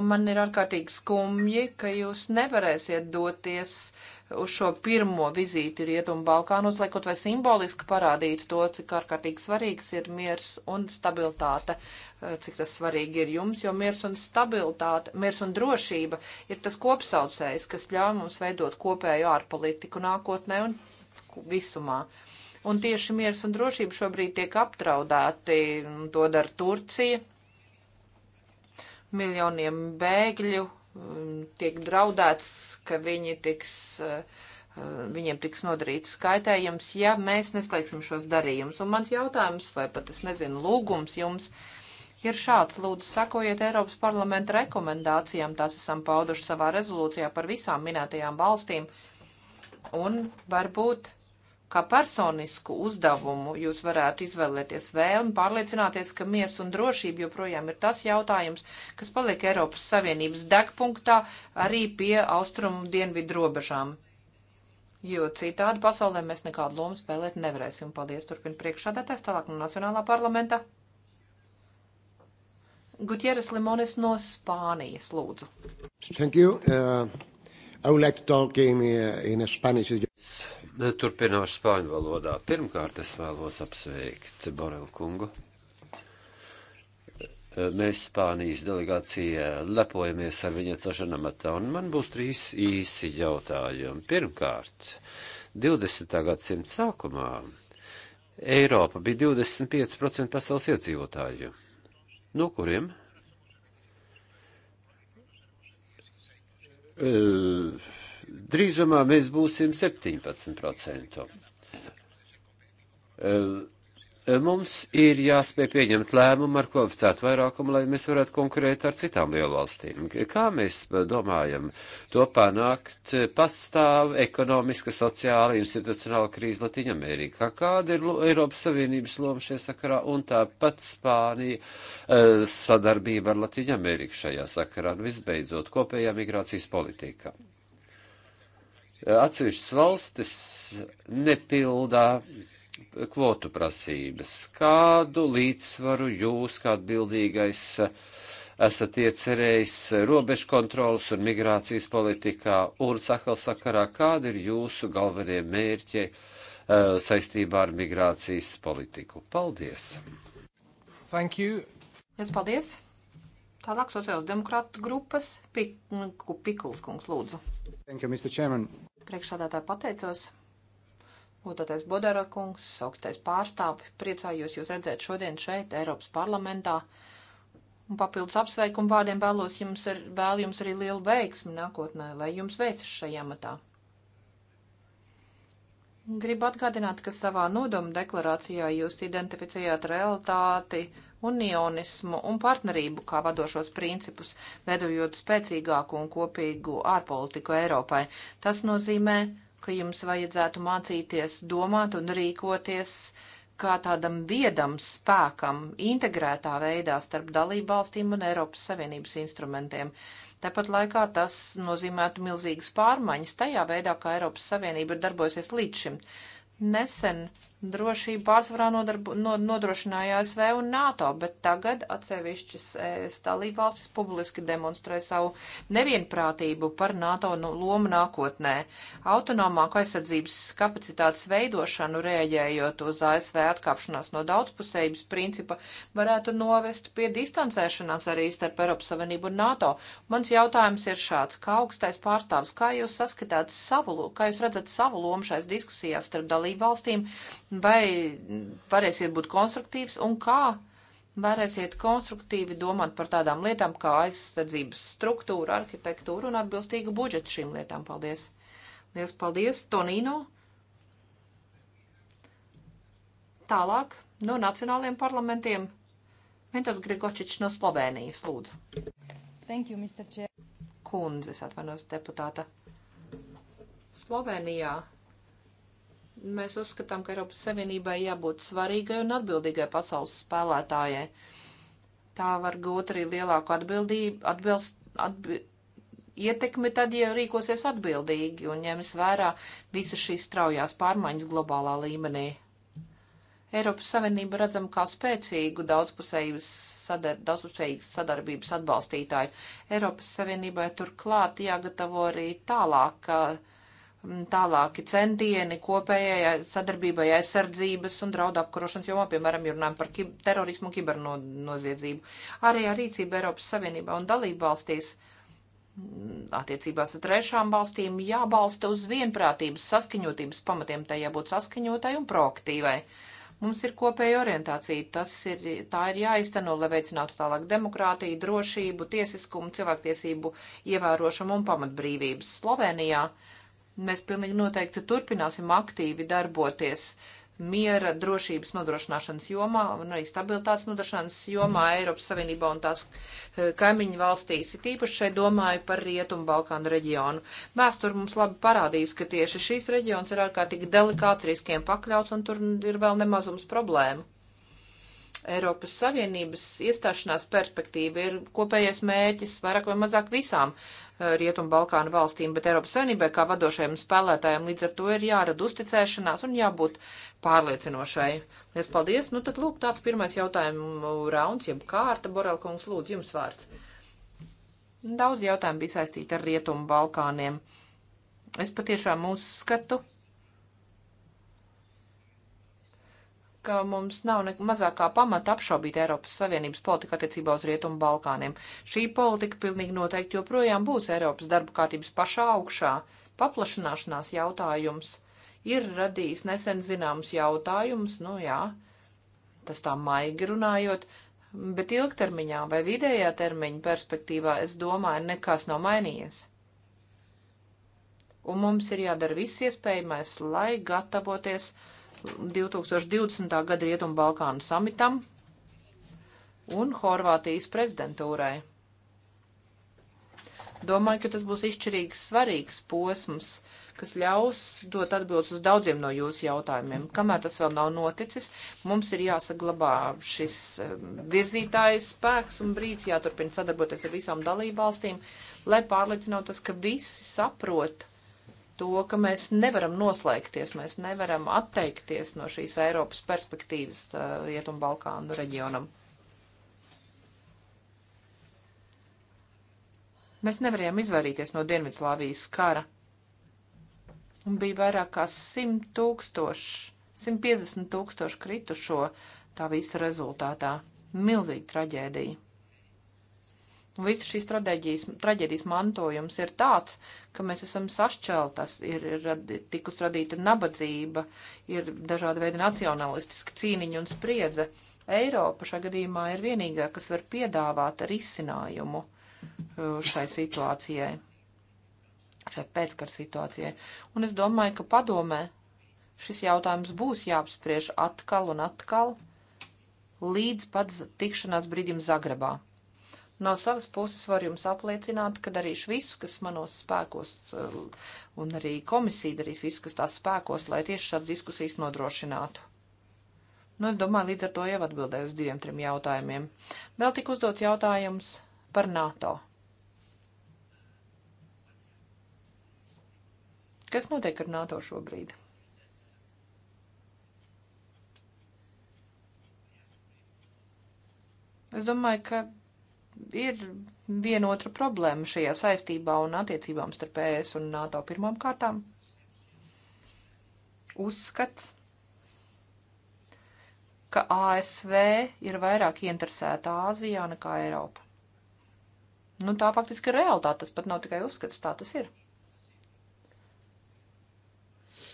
Un man ir ārkārtīgi skumji, ka jūs nevarēsiet doties uh, uz šo pirmo vizīti Rietumu Balkānos, lai kaut vai simboliski parādītu to, cik ārkārtīgi svarīgs ir miers un stabilitāte, eh, cik tas svarīgi ir jums, jo miers un stabilitāte, miers un drošība ir tas kopsaucējs, kas ļauj mums veidot kopēju ārpolitiku nākotnē un visumā. Un tieši miers un drošība šobrīd tiek aptraudēti, to dara Turcija, miljoniem bēgļu tiek draudēts, ka viņi tiks, uh, viņiem tiks nodarīts skaitējums, ja mēs neslēgsim šos darījumus. Un mans jautājums, vai pat es nezinu, lūgums jums ir šāds, lūdzu, sakojiet Eiropas parlamenta rekomendācijām, tās esam pauduši savā rezolūcijā par visām minētajām valstīm, un varbūt kā personisku uzdevumu jūs varētu izvēlēties vēlmi, pārliecināties, ka miers un drošība joprojām ir tas jautājums, kas paliek Eiropas Savienības degpunktā arī pie austrumu dienvidu robežām. Jo citādi pasaulē mēs nekādu lomu spēlēt nevarēsim. Paldies, turpin priekšādātājs tālāk no Nacionālā parlamenta. Gutieres Limonis no Spānijas, lūdzu. Thank you. Uh, I would like to talk in, uh, in Spanish. Turpināšu spāņu valodā. Pirmkārt, es vēlos apsveikt Borelu kungu. Mēs Spānijas delegācija lepojamies ar viņa celšanu amatā, un man būs trīs īsi jautājumi. Pirmkārt, 20. gadsimta sākumā Eiropa bija 25% pasaules iedzīvotāju, no kuriem uh, drīzumā mēs būsim 17%. E, e, mums ir jāspēj pieņemt lēmumu ar kvalificētu vairākumu, lai mēs varētu konkurēt ar citām lielvalstīm. Kā mēs domājam to panākt? Pastāv ekonomiska, sociāla, institucionāla krīze Latviņamerikā. Kāda ir Eiropas Savienības loma šajā sakarā? Un tāpat Spānija e, sadarbība ar Latviņameriku šajā sakarā. Un visbeidzot, kopējā migrācijas politika. Eh, atsevišķas valstis nepildā kvotu prasības. Kādu līdzsvaru jūs, kā atbildīgais, eh, esat iecerējis robežu kontrolas un migrācijas politikā un Sahel sakarā, kādi ir jūsu galvenie mērķi uh, saistībā ar migrācijas politiku? Paldies! Thank you! Es paldies! Tālāk sociāls demokrātu grupas Pik Pikls kungs lūdzu. Thank you, Mr. Chairman. Priekšādātāji pateicos. Lūtoties Bodara kungs, augstais pārstāvi, priecājos jūs redzēt šodien šeit, Eiropas parlamentā. Un papildus apsveikumu vārdiem vēlos jums, ar, vēl jums arī lielu veiksmi nākotnē, lai jums veicas šajā matā. Gribu atgādināt, ka savā nodoma deklarācijā jūs identificējāt realitāti, unionismu un partnerību kā vadošos principus, veidojot spēcīgāku un kopīgu ārpolitiku Eiropai. Tas nozīmē, ka jums vajadzētu mācīties domāt un rīkoties kā tādam viedam spēkam, integrētā veidā starp dalību valstīm un Eiropas Savienības instrumentiem. Tāpat laikā tas nozīmētu milzīgas pārmaiņas tajā veidā, kā Eiropas Savienība ir darbojusies līdz šim. Nesen drošību pārsvarā nodarbu, no, nodrošināja ASV un NATO, bet tagad atsevišķas ES dalībvalstis publiski demonstrē savu nevienprātību par NATO no, nu, lomu nākotnē. Autonomāku aizsardzības kapacitātes veidošanu rēģējot uz ASV atkāpšanās no daudzpusējības principa varētu novest pie distancēšanās arī starp Eiropas Savienību un NATO. Mans jautājums ir šāds, kā augstais pārstāvs, kā jūs saskatāt savu, kā jūs redzat savu lomu šais diskusijās starp dalībvalstīm? vai varēsiet būt konstruktīvs un kā varēsiet konstruktīvi domāt par tādām lietām kā aizsardzības struktūra, arhitektūra un atbilstīgu budžetu šīm lietām. Paldies! Liels paldies, Tonino! Tālāk no nacionāliem parlamentiem Mentos Grigočičs no Slovenijas, lūdzu. Thank you, Mr. Chair. Kundzes atvainojas deputāta. Slovenijā Mēs uzskatām, ka Eiropas Savienībai jābūt svarīgai un atbildīgai pasaules spēlētājai. Tā var gūt arī lielāku atbildību, atbilst, atbi, ietekmi tad, ja rīkosies atbildīgi un ņems vērā visas šīs straujās pārmaiņas globālā līmenī. Eiropas Savienība redzam kā spēcīgu daudzpusējas sadar sadarbības atbalstītāju. Eiropas Savienībai turklāt jāgatavo arī tālāk Mm, tālāki centieni kopējai sadarbībai aizsardzības un draudu apkarošanas jomā, piemēram, runājam par terorismu un kibernoziedzību. Arī ar rīcību Eiropas Savienībā un dalību valstīs mm, attiecībās ar trešām valstīm jābalsta uz vienprātības saskaņotības pamatiem, tai jābūt saskaņotai un proaktīvai. Mums ir kopēja orientācija, tas ir, tā ir jāizteno, lai veicinātu tālāk demokrātiju, drošību, tiesiskumu, cilvēktiesību ievērošanu un pamatbrīvības Slovenijā. Uh, Mēs pilnīgi noteikti turpināsim aktīvi darboties miera drošības nodrošināšanas jomā un arī stabilitātes nodrošināšanas jomā Eiropas Savienībā un tās eh, kaimiņu valstīs. It īpaši šeit domāju par Rietumu Balkānu reģionu. Vēsture mums labi parādījusi, ka tieši šīs reģions ir ārkārtīgi delikāts, riskiem pakļauts un tur ir vēl nemazums problēmu. Eiropas Savienības iestāšanās perspektīva ir kopējais mērķis vairāk vai mazāk visām eh, Rietumbalkānu valstīm, bet Eiropas Savienībai kā vadošajam spēlētājam līdz ar to ir jārada uzticēšanās un jābūt pārliecinošai. Lies paldies! Nu tad lūk tāds pirmais jautājumu rauns, jeb kārta, Borelkungs, lūdzu, jums vārds. Daudz jautājumu bija saistīti ar Rietumu Balkāniem. Es patiešām uzskatu, ka mums nav ne mazākā pamata apšaubīt Eiropas Savienības politiku attiecībā uz Rietumu Balkāniem. Šī politika pilnīgi noteikti joprojām būs Eiropas darba kārtības pašā augšā. Paplašanāšanās jautājums ir radījis nesen zināmus jautājumus, nu jā, tas tā maigi runājot, bet ilgtermiņā vai vidējā termiņa perspektīvā, es domāju, nekas nav mainījies un mums ir jādara viss iespējamais, lai gatavoties 2020. gada Rietumu Balkānu samitam un Horvātijas prezidentūrai. Domāju, ka tas būs izšķirīgs, svarīgs posms, kas ļaus dot atbildes uz daudziem no jūsu jautājumiem. Kamēr tas vēl nav noticis, mums ir jāsaglabā šis um, virzītājs spēks un brīdis, jāturpina sadarboties ar visām dalībvalstīm, lai pārliecinātos, ka visi saprota to, ka mēs nevaram noslēgties, mēs nevaram atteikties no šīs Eiropas perspektīvas uh, Rietumbalkānu reģionam. Mēs nevarējām izvairīties no Dienvidslāvijas kara. Un bija vairāk kā 100 tūkstoši, 150 tūkstoši kritušo tā visa rezultātā. Milzīga traģēdija. Visu šīs traģēdijas, traģēdijas mantojums ir tāds, ka mēs esam sašķeltas, ir, ir tikus radīta nabadzība, ir dažāda veida nacionalistiska cīniņa un spriedze. Eiropa šajā gadījumā ir vienīgā, kas var piedāvāt risinājumu šai situācijai, šai pēckara situācijai. Un es domāju, ka padomē šis jautājums būs jāapspriež atkal un atkal līdz pat tikšanās brīdim Zagrebā. No savas puses var jums apliecināt, ka darīšu visu, kas manos spēkos, eh, un arī komisija darīs visu, kas tās spēkos, lai tieši šādas diskusijas nodrošinātu. Nu, es domāju, līdz ar to jau atbildēju uz diviem, trim jautājumiem. Vēl tik uzdots jautājums par NATO. Kas notiek ar NATO šobrīd? Es domāju, ka ir vienotra problēma šajā saistībā un attiecībām starp ES un NATO pirmām kārtām. Uzskats, ka ASV ir vairāk interesēta Āzijā nekā Eiropa. Nu, tā faktiski ir realitāte, tas pat nav tikai uzskats, tā tas ir.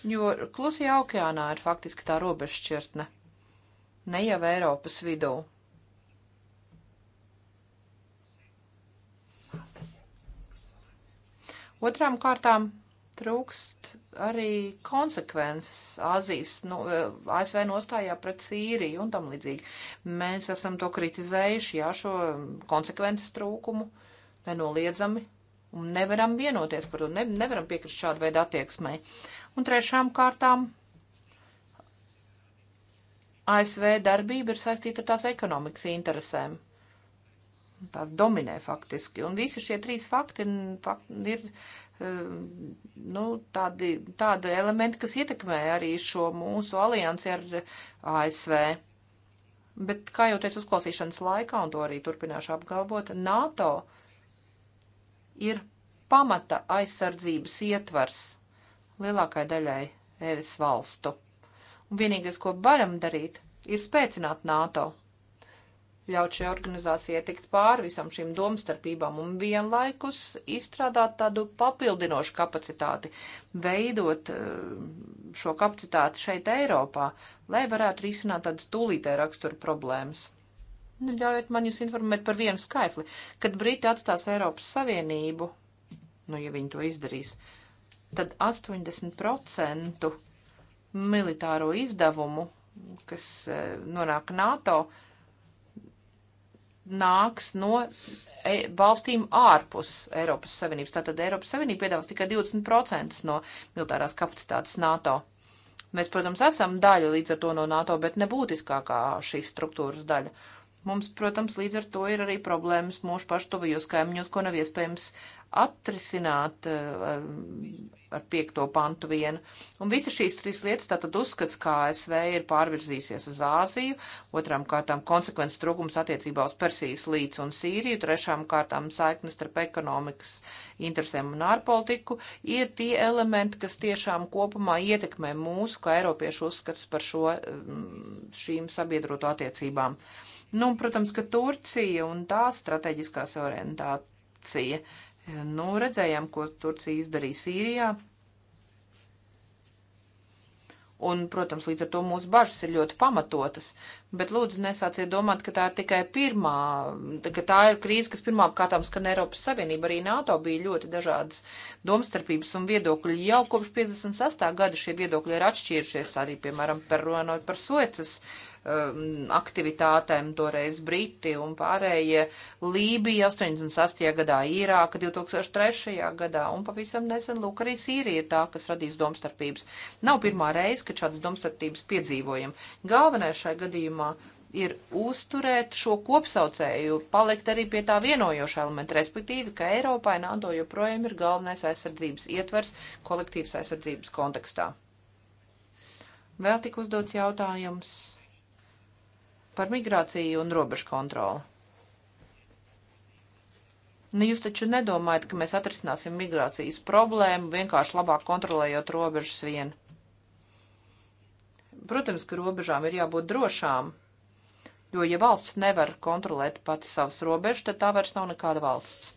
Jo klusajā okeānā ir faktiski tā robežšķirtne, ne jau Eiropas vidū, Otrām kārtām trūkst arī konsekvences Azijas, nu, eh, ASV nostājā pret Sīriju un tam līdzīgi. Mēs esam to kritizējuši, jā, šo konsekvences trūkumu nenoliedzami un nevaram vienoties par to, ne, nevaram piekrist šādu veidu attieksmai. Un trešām kārtām ASV darbība ir saistīta ar tās ekonomikas interesēm tās dominē faktiski. Un visi šie trīs fakti, fakti ir e, nu, tādi, tādi elementi, kas ietekmē arī šo mūsu aliansi ar ASV. Bet, kā jau teicu, uzklausīšanas laikā, un to arī turpināšu apgalvot, NATO ir pamata aizsardzības ietvars lielākai daļai ES valstu. Un vienīgais, ko varam darīt, ir spēcināt NATO ļaut šai organizācijai tikt pāri visam šīm domstarpībām un vienlaikus izstrādāt tādu papildinošu kapacitāti, veidot eh, šo kapacitāti šeit Eiropā, lai varētu risināt tādas tūlītē rakstura problēmas. Nu, ļaujiet man jūs informēt par vienu skaitli. Kad Briti atstās Eiropas Savienību, nu, ja viņi to izdarīs, tad 80% militāro izdevumu, kas eh, nonāk NATO, uh, nāks no e, valstīm ārpus Eiropas Savienības. Tātad Eiropas Savienība piedāvās tikai 20% no militārās kapacitātes NATO. Mēs, protams, esam daļa līdz ar to no NATO, bet nebūtiskākā šīs struktūras daļa. Mums, protams, līdz ar to ir arī problēmas mūsu pašu tuvajos kaimiņos, ko nav iespējams atrisināt eh, ar piekto pantu vienu. Un visas šīs trīs lietas tātad uzskats, kā ASV ir pārvirzīsies uz Āziju, otrām kārtām konsekvences trūkums attiecībā uz Persijas līdz un Sīriju, trešām kārtām saiknes starp ekonomikas interesēm un ārpolitiku, ir tie elementi, kas tiešām kopumā ietekmē mūsu, kā Eiropiešu uzskats par šo, mm, šīm sabiedroto attiecībām. Nu, un, protams, ka Turcija un tā strateģiskās orientācija Nu, redzējām, ko Turcija izdarīja Sīrijā. Un, protams, līdz ar to mūsu bažas ir ļoti pamatotas, bet lūdzu nesāciet domāt, ka tā ir tikai pirmā, ka tā ir krīze, kas pirmām kārtām skan Eiropas Savienība, arī NATO bija ļoti dažādas domstarpības un viedokļi. Jau kopš 56. gada šie viedokļi ir atšķīrušies arī, piemēram, par runājot par Suecas uh, Um, aktivitātēm, toreiz Briti un pārējie Lībija 88. gadā, Īrāka 2003. gadā un pavisam nesen, lūk, arī Sīrija ir tā, kas radīs domstarpības. Nav pirmā reize, kad šādas domstarpības piedzīvojam. Galvenais šai gadījumā ir uzturēt šo kopsaucēju, palikt arī pie tā vienojošā elementa, respektīvi, ka Eiropai NATO joprojām ir galvenais aizsardzības ietvers kolektīvas aizsardzības kontekstā. Vēl tik uzdots jautājums par migrāciju un robežu kontroli. Nu, jūs taču nedomājat, ka mēs atrisināsim migrācijas problēmu vienkārši labāk kontrolējot robežas vien. Protams, ka robežām ir jābūt drošām, jo ja valsts nevar kontrolēt pati savas robežas, tad tā vairs nav nekāda valsts.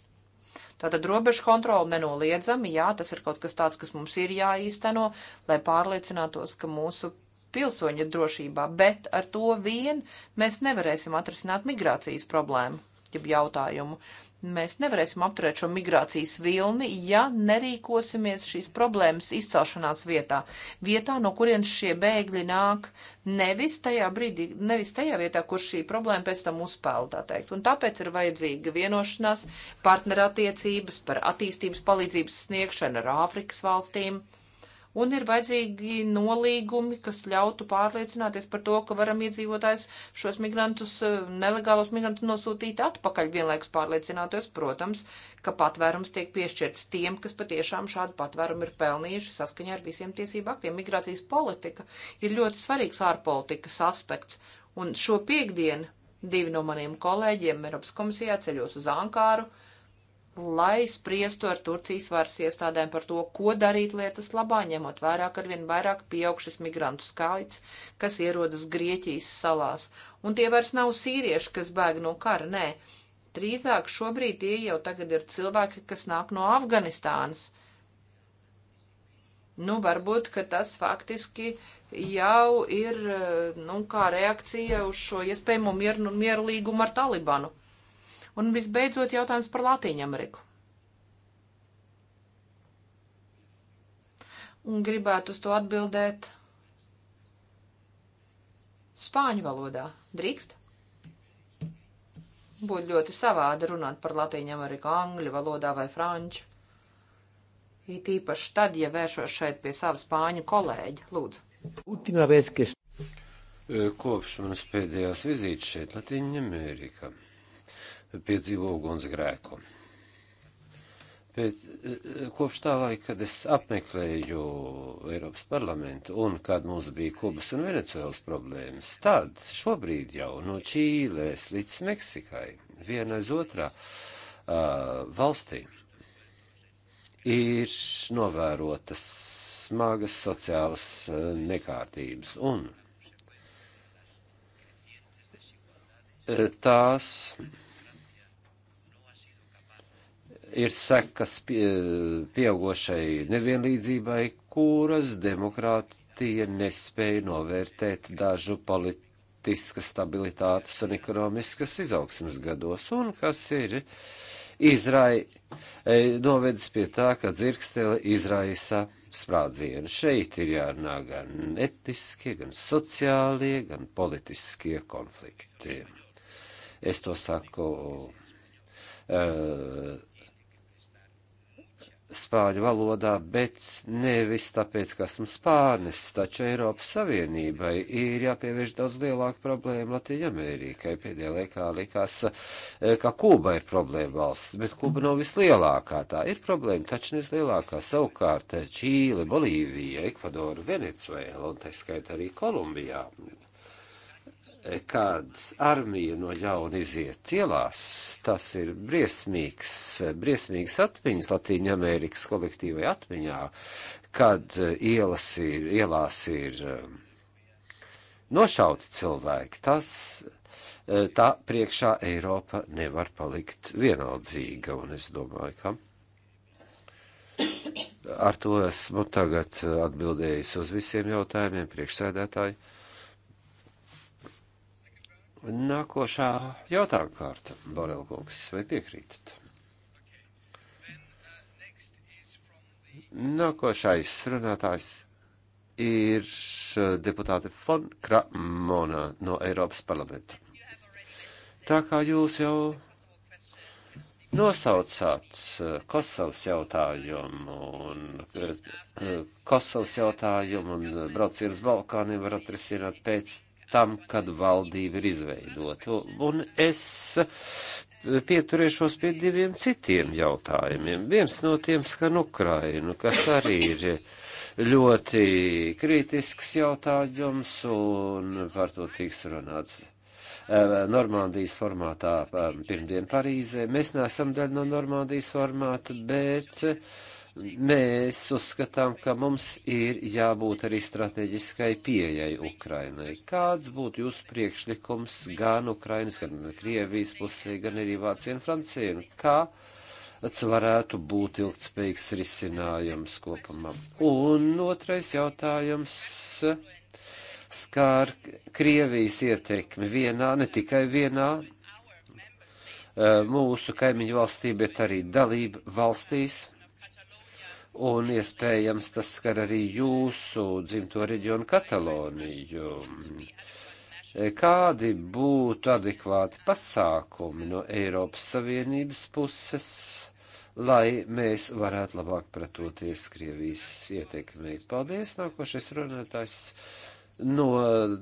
Tātad robežu kontroli nenoliedzami, jā, tas ir kaut kas tāds, kas mums ir jāīsteno, lai pārliecinātos, ka mūsu pilsoņa drošībā, bet ar to vien mēs nevarēsim atrisināt migrācijas problēmu, jeb jautājumu. Mēs nevarēsim apturēt šo migrācijas vilni, ja nerīkosimies šīs problēmas izcelšanās vietā. Vietā, no kurienes šie bēgļi nāk, nevis tajā brīdī, nevis tajā vietā, kur šī problēma pēc tam uzpeld, tā teikt. Un tāpēc ir vajadzīga vienošanās, partnerattiecības par attīstības palīdzības sniegšanu ar Āfrikas valstīm un ir vajadzīgi nolīgumi, kas ļautu pārliecināties par to, ka varam iedzīvotājs šos migrantus, eh, nelegālos migrantus nosūtīt atpakaļ, vienlaikus pārliecināties, protams, ka patvērums tiek piešķirts tiem, kas patiešām šādu patvērumu ir pelnījuši saskaņā ar visiem tiesību aktiem. Migrācijas politika ir ļoti svarīgs ārpolitikas aspekts, un šo piekdienu divi no maniem kolēģiem Eiropas komisijā ceļos uz Ankāru lai spriestu ar Turcijas varas iestādēm par to, ko darīt lietas labā, ņemot vairāk ar vien vairāk pieaugšas migrantu skaits, kas ierodas Grieķijas salās. Un tie vairs nav sīrieši, kas bēg no kara, nē. Trīzāk šobrīd tie jau tagad ir cilvēki, kas nāk no Afganistānas. Nu, varbūt, ka tas faktiski jau ir, eh, nu, kā reakcija uz šo iespējamo mieru, mieru līgumu ar Talibanu. Un visbeidzot jautājums par Latīņu Ameriku. Un gribētu uz to atbildēt spāņu valodā. Drīkst? Būtu ļoti savādi runāt par Latīņu Ameriku angļu valodā vai franču. It īpaši tad, ja vēršos šeit pie sava spāņu kolēģa. Lūdzu. Ultimā vez, kas... Kopš manas pēdējās vizītes šeit Latīņa Amerikā piedzīvo ugunsgrēku. Bet eh, kopš tā laika, kad es apmeklēju Eiropas parlamentu un kad mums bija Kubas un Venecuēlas problēmas, tad šobrīd jau no Čīlēs līdz Meksikai, viena aiz otrā uh, valstī, ir novērotas smagas sociālas eh, nekārtības un tās ir sekas pie, pieaugošai nevienlīdzībai, kuras demokrātija nespēja novērtēt dažu politiskas stabilitātes un ekonomiskas izaugsmas gados, un kas ir izrai, e, novedis pie tā, ka dzirkstele izraisa sprādzienu. Šeit ir jārunā gan etniskie, gan sociālie, gan politiskie konflikti. Es to saku. Uh, spāņu valodā, bet nevis tāpēc, ka esmu spārnis, taču Eiropas Savienībai ir jāpievērš daudz lielāka problēma Latvijai Amerikai. Pēdējā laikā likās, eh, ka Kuba ir problēma valsts, bet Kuba nav vislielākā tā. Ir problēma, taču nevis lielākā. Savukārt Čīle, Bolīvija, Ekvadora, Venecuēla un tā skaita arī Kolumbijā kad armija no jauna iziet ielās, tas ir briesmīgs, briesmīgs atmiņas Latīņa Amerikas kolektīvai atmiņā, kad e, ielas ir, ielās ir e, nošauti cilvēki. Tas, e, tā priekšā Eiropa nevar palikt vienaldzīga, un es domāju, ka. Ar to esmu tagad atbildējis uz visiem jautājumiem, priekšsēdētāji. Nākošā jautājuma kārta, Borel kungs, vai piekrītat? Nākošais runātājs ir deputāte Fon Kramona no Eiropas parlamenta. Tā kā jūs jau nosaucāt eh, Kosovas jautājumu un eh, eh, Kosovas jautājumu un braucienu uz Balkāniem var atrisināt pēc tam, kad valdība ir izveidota. Un es pieturēšos pie diviem citiem jautājumiem. Viens no tiem skan Ukrainu, kas arī ir ļoti kritisks jautājums, un par to tiks runāts. E, Normandijas formātā e, pirmdien Parīzē. Mēs neesam daļa no Normandijas formāta, bet uh, mēs uzskatām, ka mums ir jābūt arī strateģiskai pieejai Ukrainai. Kāds būtu jūsu priekšlikums gan Ukrainas, gan Krievijas pusē, gan arī Vācija un Francija? Un kāds varētu būt ilgtspējīgs risinājums kopumā? Un otrais jautājums skār Krievijas ietekmi vienā, ne tikai vienā eh, mūsu kaimiņu valstī, bet arī dalību valstīs un iespējams tas skar arī jūsu dzimto reģionu Kataloniju. Kādi būtu adekvāti pasākumi no Eiropas Savienības puses, lai mēs varētu labāk pretoties Krievijas ietekmei? Paldies, nākošais runātājs no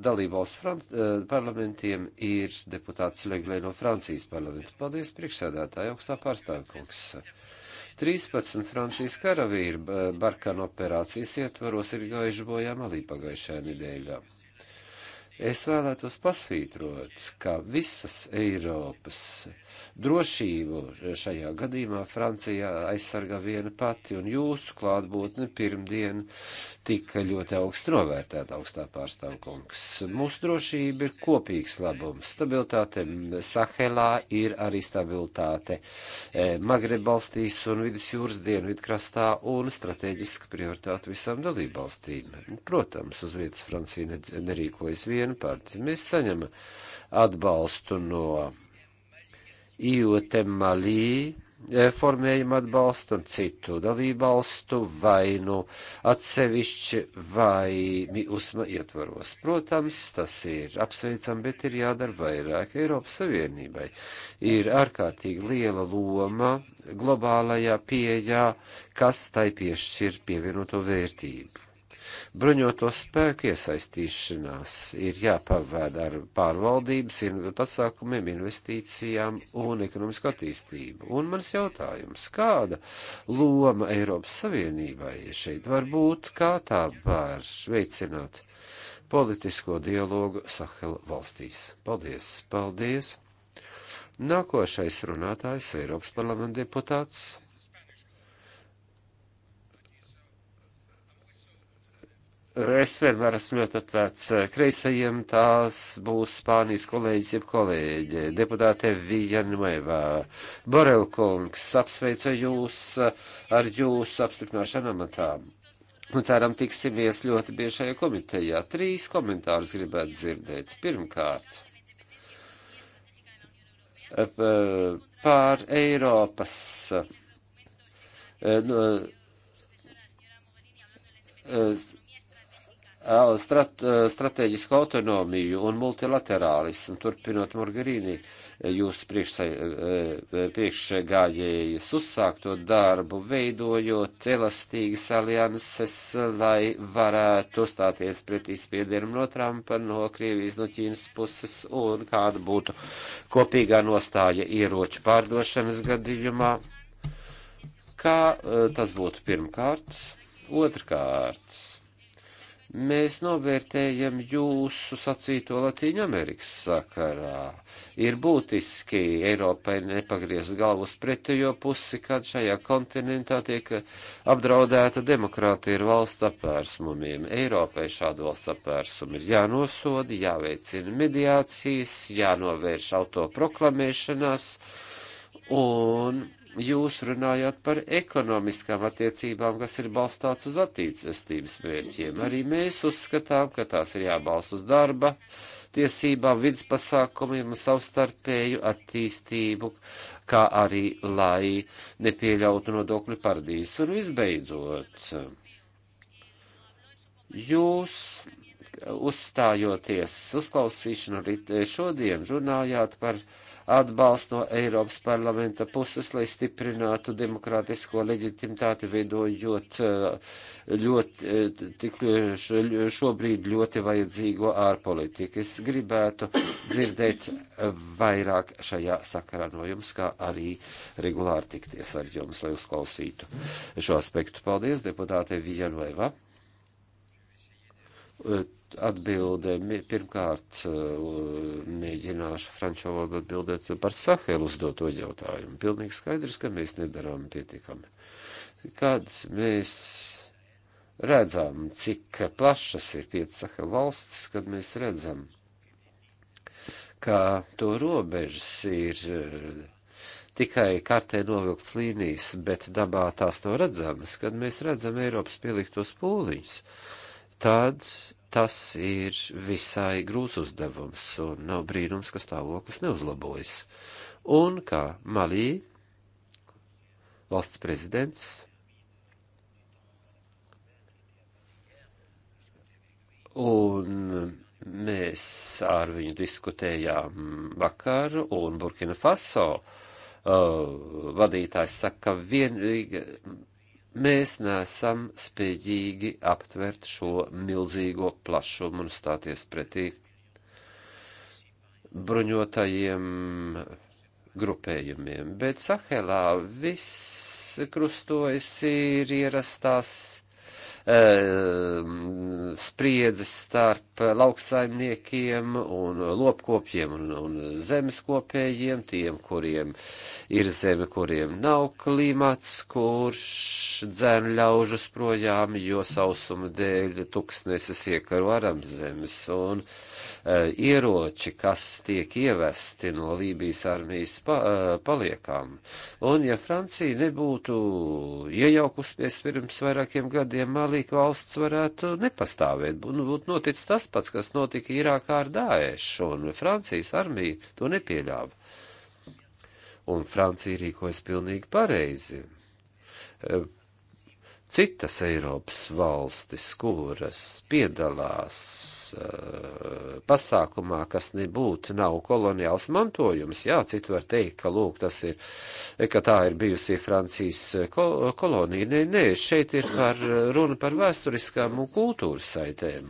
dalībvalsts eh, parlamentiem ir deputāts Leglē no Francijas parlamenta. Paldies, priekšsēdētāji, augstā pārstāvkungs. 13 Francijas karavīri Barkana operācijas ietvaros ir gājuši bojā malī pagājušajā nedēļā. Es vēlētos pasvītrot, ka visas Eiropas uh, Drošību šajā gadījumā Francijā aizsargā viena pati, un jūsu klātbūtne pirmdien tika ļoti augstu novērtēta augstā pārstāvkungs. Mūsu drošība ir kopīgs labums. Stabilitāte Sahelā ir arī stabilitāte e, Magrebalstīs un Vidusjūras dienvidkrastā un strateģiska prioritāte visām dalībvalstīm. Protams, uz vietas Francija nerīkojas viena pati. Mēs saņemam atbalstu no Iotemalī eh, formējumu atbalstu un citu dalībvalstu vai nu atsevišķi vai uzma ietvaros. Protams, tas ir apsveicam, bet ir jādara vairāk. Eiropas Savienībai ir ārkārtīgi liela loma globālajā pieejā, kas tai piešķir pievienoto vērtību bruņoto spēku iesaistīšanās ir jāpavēd ar pārvaldības in pasākumiem, investīcijām un ekonomisku attīstību. Un mans jautājums, kāda loma Eiropas Savienībai šeit var būt, kā tā var veicināt politisko dialogu Sahela valstīs. Paldies! Paldies! Nākošais runātājs Eiropas parlamenta deputāts Es vienmēr esmu ļoti atvērts eh, kreisajiem, tās būs Spānijas kolēģis, jeb kolēģi, deputāte Vijanuevā. Borelkungs, apsveicu jūs eh, ar jūsu apstiprināšanu amatā. Un ceram, tiksimies ļoti bieži šajā komitejā. Trīs komentārus gribētu dzirdēt. Pirmkārt, eh, pār Eiropas nu, strat, eh, strateģisku autonomiju un multilaterālismu, turpinot Morgarīni eh, jūsu priekšgājējas eh, uzsākto darbu, veidojot elastīgas alianses, lai varētu stāties pretī spiedienam no Trumpa, no Krievijas, no Ķīnas puses un kāda būtu kopīgā nostāja ieroču pārdošanas gadījumā. Kā tas būtu pirmkārt? Otrkārt, Mēs novērtējam jūsu sacīto Latīņu Amerikas sakarā. Ir būtiski Eiropai nepagriezt galvu uz pretējo pusi, kad šajā kontinentā tiek apdraudēta demokrātija ar valsts apvērsumiem. Eiropai šādu valsts apvērsumu ir jānosoda, jāveicina mediācijas, jānovērš autoproklamēšanās un jūs runājāt par ekonomiskām attiecībām, kas ir balstāts uz attīstības mērķiem. Arī mēs uzskatām, ka tās ir jābalst uz darba tiesībām, vidas pasākumiem un savstarpēju attīstību, kā arī lai nepieļautu nodokļu paradīzes. Un visbeidzot, jūs uzstājoties uzklausīšanu šodien runājāt par uh, atbalstu no Eiropas parlamenta puses, lai stiprinātu demokrātisko leģitimitāti, veidojot eh, ļoti, eh, tik eh, šobrīd ļoti vajadzīgo ārpolitiku. Es gribētu dzirdēt vairāk šajā sakarā no jums, kā arī regulāri tikties ar jums, lai uzklausītu šo aspektu. Paldies, deputāte Vijanueva atbilde. Pirmkārt, eh, mēģināšu franču valodu atbildēt par Sahelu uzdoto jautājumu. Pilnīgi skaidrs, ka mēs nedarām pietiekami. Kad mēs redzam, cik plašas ir piecas Sahelu valstis, kad mēs redzam, ka to robežas ir eh, tikai kartē novilkts līnijas, bet dabā tās nav redzamas, kad mēs redzam Eiropas pieliktos pūliņus, tad tas ir visai grūts uzdevums, un nav brīnums, ka stāvoklis neuzlabojas. Un kā Malī valsts prezidents un mēs ar viņu diskutējām vakar, un Burkina Faso uh, vadītājs saka, ka vienīga mēs nesam spējīgi aptvert šo milzīgo plašumu un stāties pretī bruņotajiem grupējumiem. Bet Sahelā viss krustojas ir ierastās Ehm, spriedzes starp lauksaimniekiem un lopkopjiem un, un zemeskopējiem, tiem, kuriem ir zeme, kuriem nav klimats, kurš dzēn ļaužus projām, jo sausuma dēļ tuksneses iekaro aram zemes. Un, e, ieroči, kas tiek ievesti no Lībijas armijas pa, e, paliekām. Un ja Francija nebūtu iejaukusies pirms vairākiem gadiem Malī, Islāmālīka valsts varētu nepastāvēt. Nu, būtu noticis tas pats, kas notika Irākā ar Dāēšu, un Francijas armija to nepieļāva. Un Francija rīkojas pilnīgi pareizi citas Eiropas valstis, kuras piedalās uh, pasākumā, kas nebūtu nav koloniāls mantojums. Jā, citi var teikt, ka, lūk, tas ir, ka tā ir bijusi Francijas eh, kol kolonija. Nē, nē, šeit ir par, eh, runa par vēsturiskām un kultūras saitēm.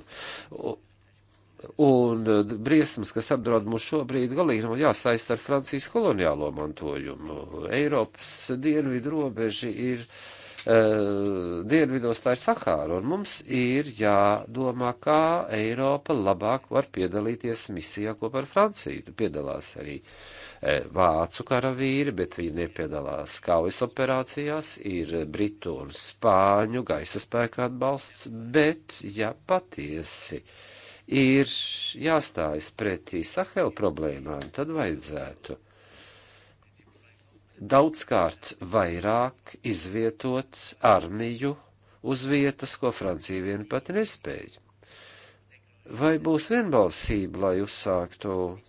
Un briesmas, kas apdraud mūs šobrīd, galīgi nav jāsaista ar Francijas koloniālo mantojumu. Eiropas dienvidu robeža ir uh, Eh, dienvidos tā ir Sahāra, un mums ir jādomā, kā Eiropa labāk var piedalīties misijā kopā ar Franciju. Tu nu, piedalās arī eh, vācu karavīri, bet viņi nepiedalās kaujas operācijās, ir britu un spāņu gaisa spēka atbalsts, bet, ja patiesi ir jāstājas pretī Sahel problēmām, tad vajadzētu daudzkārt vairāk izvietot armiju uz vietas, ko Francija vien pati nespēja. Vai būs vienbalsība, lai uzsāktu e,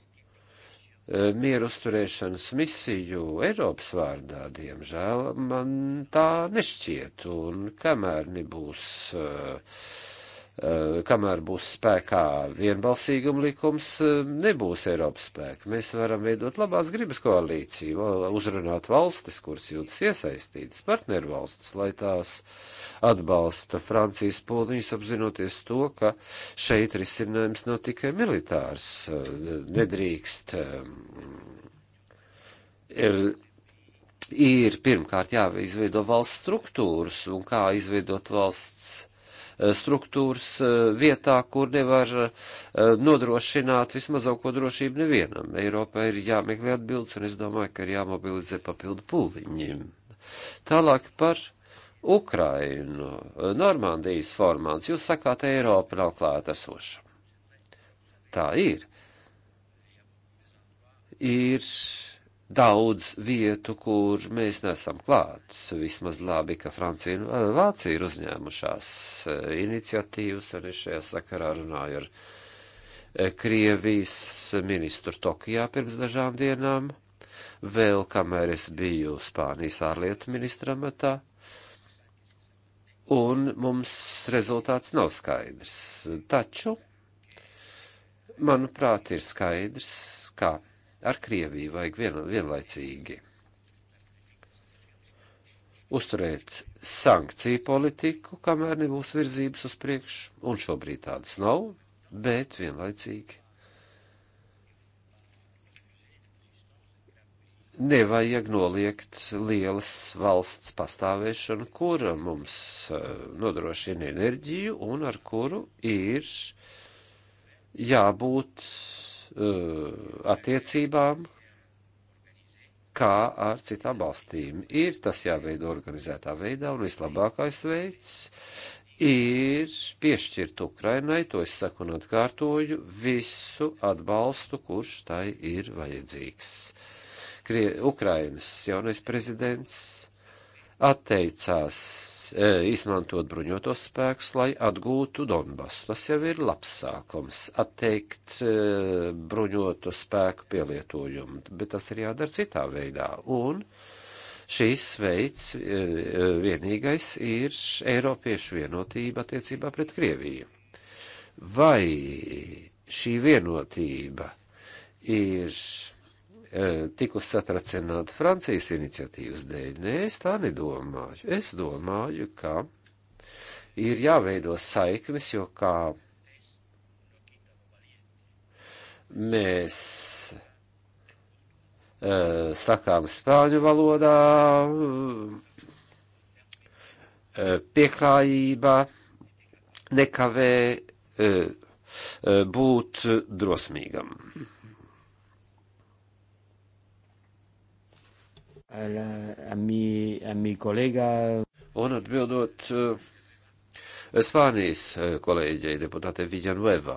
mieru uzturēšanas misiju Eiropas vārdā, diemžēl man tā nešķiet, un kamēr nebūs uh, Eh, kamēr būs spēkā vienbalsīguma likums, eh, nebūs Eiropas spēka. Mēs varam veidot labās gribas koalīciju, uzrunāt valstis, kuras jūtas iesaistītas, partneru valstis, lai tās atbalsta Francijas polniņus, apzinoties to, ka šeit risinājums nav tikai militārs, eh, nedrīkst ir pirmkārt jāizveido valsts struktūras un kā izveidot valsts struktūras eh, vietā, kur nevar eh, nodrošināt vismazāko drošību nevienam. Eiropā ir jāmeklē atbildes, un es domāju, ka ir jāmobilizē papildu pūliņiem. Tālāk par Ukrainu, Normandijas formāns. Jūs sakāt, Eiropa nav klātesoša. Tā ir. Ir daudz vietu, kur mēs nesam klāts. Vismaz labi, ka Francija un eh, Vācija ir uzņēmušās eh, iniciatīvas, arī šajā sakarā runāju ar eh, Krievijas ministru Tokijā pirms dažām dienām, vēl kamēr es biju Spānijas ārlietu ministra matā. Un mums rezultāts nav skaidrs. Taču, manuprāt, ir skaidrs, kā ar Krieviju vajag vien, vienlaicīgi uzturēt sankciju politiku, kamēr nebūs virzības uz priekšu, un šobrīd tādas nav, bet vienlaicīgi. Nevajag noliegt lielas valsts pastāvēšanu, kura mums eh, nodrošina enerģiju un ar kuru ir jābūt Eh, attiecībām, kā ar citām valstīm. Ir tas jāveido organizētā veidā, un vislabākais veids ir piešķirt Ukrainai, to es saku un atkārtoju, visu atbalstu, kurš tai ir vajadzīgs. Krie Ukrainas jaunais prezidents atteicās E, izmantot bruņotos spēkus, lai atgūtu Donbasu. Tas jau ir labs sākums - atteikt e, bruņotu spēku pielietojumu, bet tas ir jādara citā veidā. Un šīs veids e, vienīgais ir Eiropiešu vienotība attiecībā pret Krieviju. Vai šī vienotība ir E, tikusi satracināta Francijas iniciatīvas dēļ. Nē, es tā nedomāju. Es domāju, ka ir jāveido saiknes, jo kā mēs uh, sakām spāņu valodā, uh, pieklājība nekavē uh, būt drosmīgam. a, la, a, mi, a mi colega. Un atbildot eh, Spānijas eh, kolēģei deputātei Villanueva.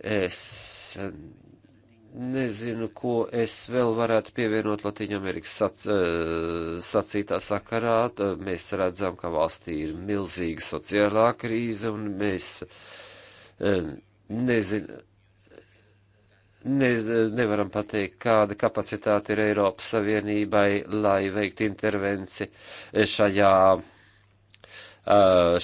Es eh, nezinu, ko es vēl varētu pievienot Latvijas Amerikas sac, sacītā sakarā. Mēs redzam, ka valstī ir milzīga sociālā krīze, un mēs nezinu ne, nevaram pateikt, kāda kapacitāte ir Eiropas Savienībai, lai veikt intervenci šajā,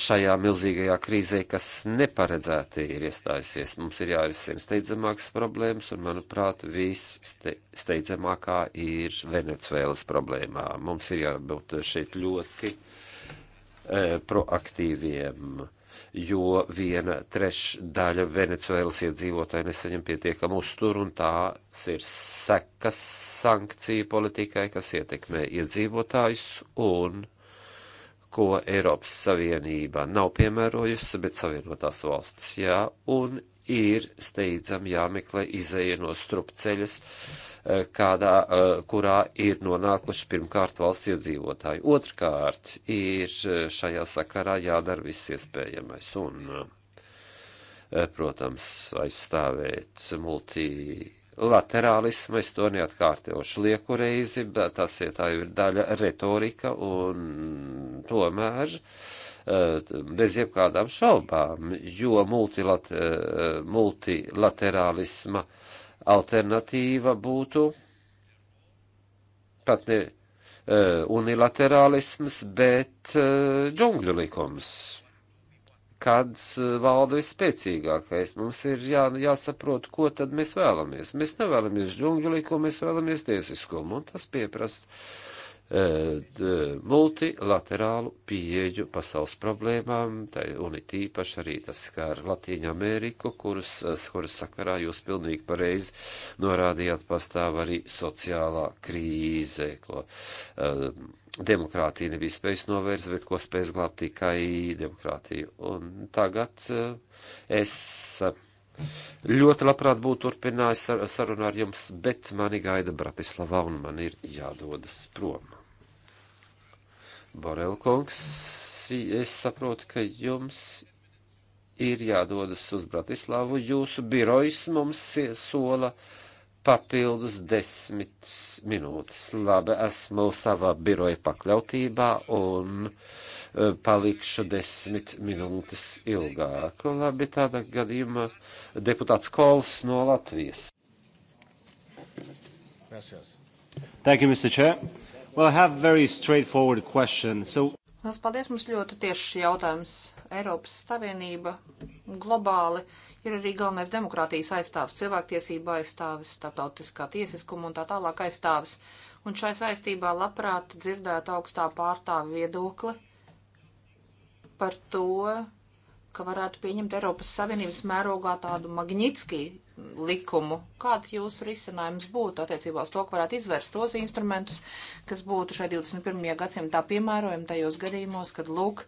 šajā milzīgajā krīzē, kas neparedzēti ir iestājusies. Mums ir jārisina steidzamākas problēmas, un, manuprāt, viss ste, steidzamākā ir Venecuēlas problēmā. Mums ir jābūt šeit ļoti proaktīviem jo viena trešdaļa Venecuēlas iedzīvotāji nesaņem pietiekamu uzturu, un tās ir sekas sankciju politikai, kas ietekmē iedzīvotājus un ko Eiropas Savienība nav piemērojusi, bet Savienotās valstis jā, un ir steidzam jāmeklē izēja no strupceļas Eh, kādā, eh, kurā ir nonākuši pirmkārt valsts iedzīvotāji. Otrkārt, ir eh, šajā sakarā jādara viss iespējamais un, protams, aizstāvēt multi. Laterālismu es to neatkārtošu lieku reizi, bet tas ir tā jau ir daļa retorika un tomēr bez jebkādām šaubām, jo multilater, multilaterālisma uh, Alternatīva būtu pat ne e, unilaterālisms, bet e, džungļu likums kāds e, valda visspēcīgākais. Mums ir jā, jāsaprot, ko tad mēs vēlamies. Mēs nevēlamies džungļu likumu, mēs vēlamies tiesiskumu, un tas pieprasa Eh, multilaterālu pieeju pasaules problēmām, un it īpaši arī tas skar Latīņu Ameriku, kuras, eh, kuras sakarā jūs pilnīgi pareizi norādījāt, pastāv arī sociālā krīze, ko um, demokrātija nebija spējusi novērst, bet ko spēs glābt tikai demokrātija. Un tagad uh, es uh, ļoti labprāt būtu turpinājis sar sarunu ar jums, bet mani gaida Bratislavā un man ir jādodas prom. Borelkungs, es saprotu, ka jums ir jādodas uz Bratislavu. Jūsu birojs mums sola papildus desmit minūtes. Labi, esmu savā biroja pakļautībā un e, palikšu desmit minūtes ilgāk. Labi, tādā gadījumā deputāts Kols no Latvijas. Gracias. Thank you, Mr. Chair. Well, I have very straightforward question. So... Lās paldies, mums ļoti tieši jautājums. Eiropas Savienība globāli ir arī galvenais demokrātijas aizstāvis, cilvēktiesība aizstāvis, starptautiskā tiesiskuma un tā tālāk aizstāvis. Un šai saistībā labprāt dzirdētu augstā pārstāvi viedokli par to, ka varētu pieņemt Eiropas Savienības mērogā tādu magnitski likumu. Kāds jūsu risinājums būtu attiecībā uz to, ka varētu izvērst tos instrumentus, kas būtu šai 21. gadsimtā piemērojami tajos gadījumos, kad, lūk,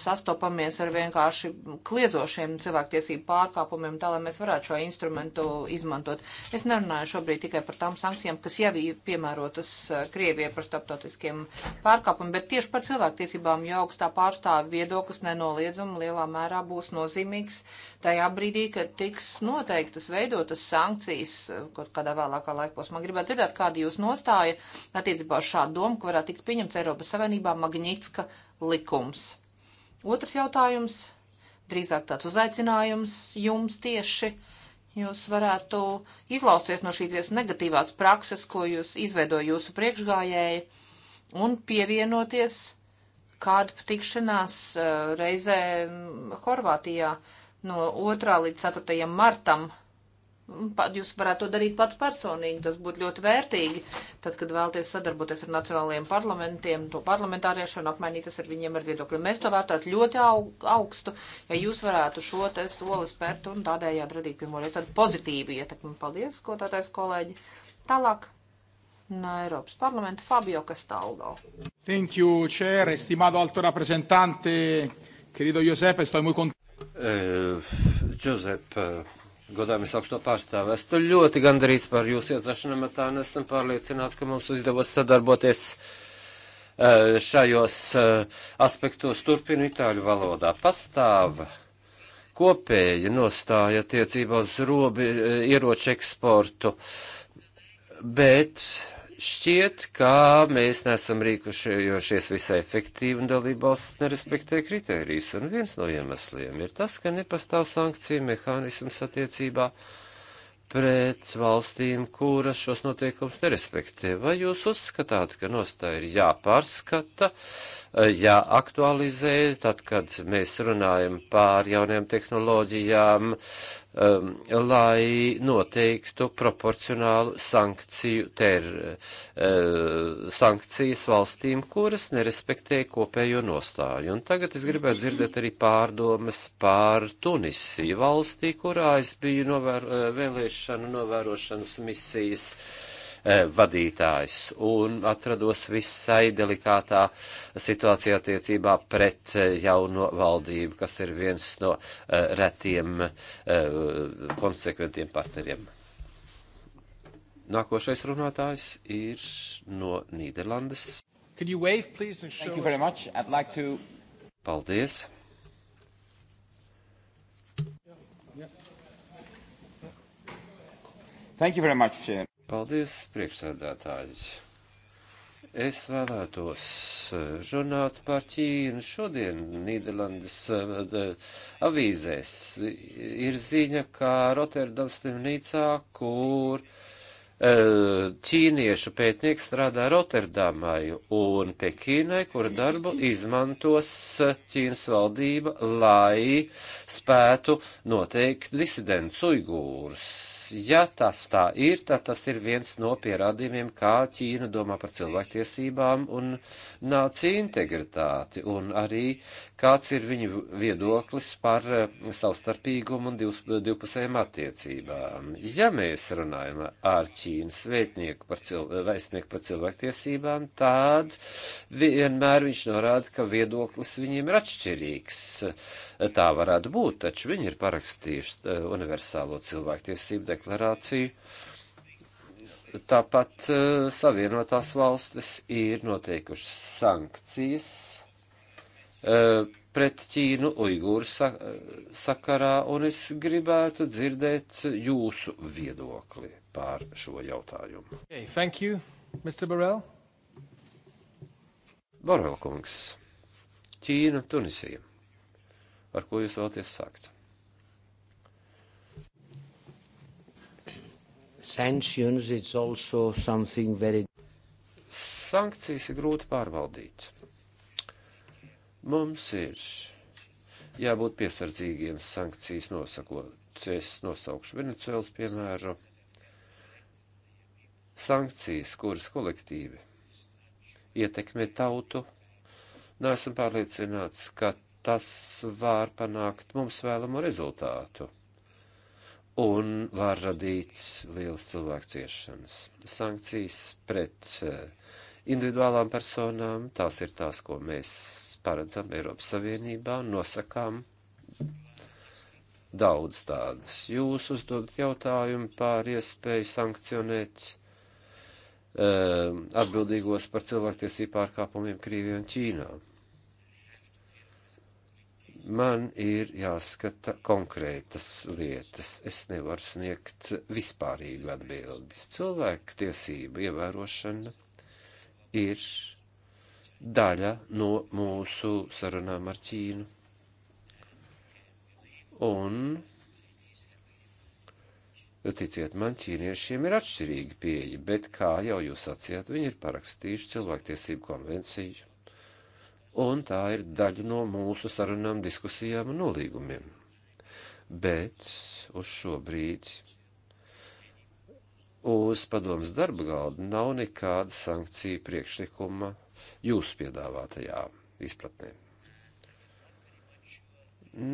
sastopamies ar vienkārši kliedzošiem cilvēktiesību pārkāpumiem, tā lai mēs varētu šo instrumentu izmantot. Es nerunāju šobrīd tikai par tām sankcijām, kas jau ir piemērotas eh, Krievijai par starptautiskiem pārkāpumiem, bet tieši par cilvēktiesībām, jo augstā pārstāva viedoklis nenoliedzama lielā mērā būs nozīmīgs tajā brīdī, kad tiks noteiktas veidotas sankcijas eh, kaut kādā vēlākā laikposmā. Gribētu dzirdēt, kāda jūs nostāja attiecībā uz šādu domu, ka varētu tikt pieņemts Eiropas Savienībā Magnitska likums. Otrs jautājums, drīzāk tāds uzaicinājums jums tieši. Jūs varētu izlausties no šīs negatīvās prakses, ko jūs izveidoja jūsu priekšgājēji, un pievienoties kādu tikšanās eh, reizē mm, Horvātijā no 2. līdz 4. martam Jūs varētu to darīt pats personīgi, tas būtu ļoti vērtīgi, tad, kad vēlaties sadarboties ar nacionālajiem parlamentiem, to parlamentāriešanu, apmainīties ar viņiem ar viedokļiem. Mēs to vērtētu ļoti aug, augstu, ja jūs varētu šo te soli spērt un tādējādi radīt pirmoreiz tādu pozitīvu ietekmi. Paldies, ko tātais kolēģi. Tālāk. No Eiropas parlamenta Fabio Castaldo. Thank you, Chair, estimado alto rappresentante, querido Giuseppe, estoy muy contento. Uh, Giuseppe godāmies augsto pārstāvi. Esmu ļoti gandarīts par jūsu iedzašanu matā un esmu pārliecināts, ka mums izdevās sadarboties eh, šajos eh, aspektos turpinu itāļu valodā. Pastāva kopēja nostāja attiecībā uz robi, eh, ieroču eksportu, bet Šķiet, ka mēs neesam rīkušojušies visai efektīvi un dalībvalsts nerespektē kritērijus, un viens no iemesliem ir tas, ka nepastāv sankciju mehānisms attiecībā pret valstīm, kuras šos noteikumus nerespektē. Vai jūs uzskatāt, ka nostāja ir jāpārskata, jāaktualizē, tad, kad mēs runājam pār jaunajām tehnoloģijām, um, lai noteiktu proporcionālu sankciju ter, uh, sankcijas valstīm, kuras nerespektē kopējo nostāju. Un tagad es gribētu dzirdēt arī pārdomas pār Tunisiju valstī, kurā es biju novēr uh, vēlēšanu novērošanas misijas uh, Eh, vadītājs un atrados visai delikātā situācijā attiecībā pret eh, jauno valdību, kas ir viens no eh, retiem konsekventiem partneriem. Nākošais runātājs ir no Nīderlandes. Wave, please, like to... Paldies! Thank you very much. Paldies, priekšsēdētājs! Es vēlētos eh, runāt par Ķīnu. Šodien Nīderlandes eh, avīzēs ir ziņa, ka Rotterdams slimnīcā, kur eh, ķīniešu pētnieks strādā Rotterdamai un Pekīnai, kura darbu izmantos Ķīnas valdība, lai spētu noteikt disidents uigūrus Ja tas tā ir, tad tas ir viens no pierādījumiem, kā Ķīna domā par cilvēktiesībām un nāciju integritāti, un arī kāds ir viņu viedoklis par eh, savstarpīgumu un divs, divpusējām attiecībām. Ja mēs runājam ar Ķīnas vēstnieku par, cil, eh, vēstnieku par cilvēktiesībām, tad vienmēr viņš norāda, ka viedoklis viņiem ir atšķirīgs tā varētu būt, taču viņi ir parakstījuši eh, universālo cilvēktiesību deklarāciju. Tāpat eh, Savienotās valstis ir noteikušas sankcijas eh, pret Ķīnu Uigūru sakarā, un es gribētu dzirdēt jūsu viedokli pār šo jautājumu. Okay, thank you, Mr. Borrell. Borrell kungs, Ķīna, Tunisija. Ar ko jūs vēlaties sākt? Sanctions, it's also something very... Sankcijas ir grūti pārvaldīt. Mums ir jābūt piesardzīgiem sankcijas nosakot. Es nosaukšu Venecuēlas piemēru. Sankcijas, kuras kolektīvi ietekmē tautu, neesmu pārliecināts, ka tas var panākt mums vēlamo rezultātu un var radīt liels cilvēku ciešanas. Sankcijas pret eh, individuālām personām, tās ir tās, ko mēs paredzam Eiropas Savienībā, nosakām daudz tādas. Jūs uzdodat jautājumu par iespēju sankcionēt um, atbildīgos par cilvēktiesību pārkāpumiem Krīvijā un Ķīnā man ir jāskata konkrētas lietas. Es nevaru sniegt vispārīgu atbildes. Cilvēku tiesību ievērošana ir daļa no mūsu sarunām ar Ķīnu. Un, ticiet man, ķīniešiem ir atšķirīga pieeja, bet, kā jau jūs sacījāt, viņi ir parakstījuši cilvēktiesību konvenciju un tā ir daļa no mūsu sarunām, diskusijām un nolīgumiem. Bet uz šo brīdi uz padomas darba galda nav nekāda sankcija priekšlikuma jūsu piedāvātajā izpratnē.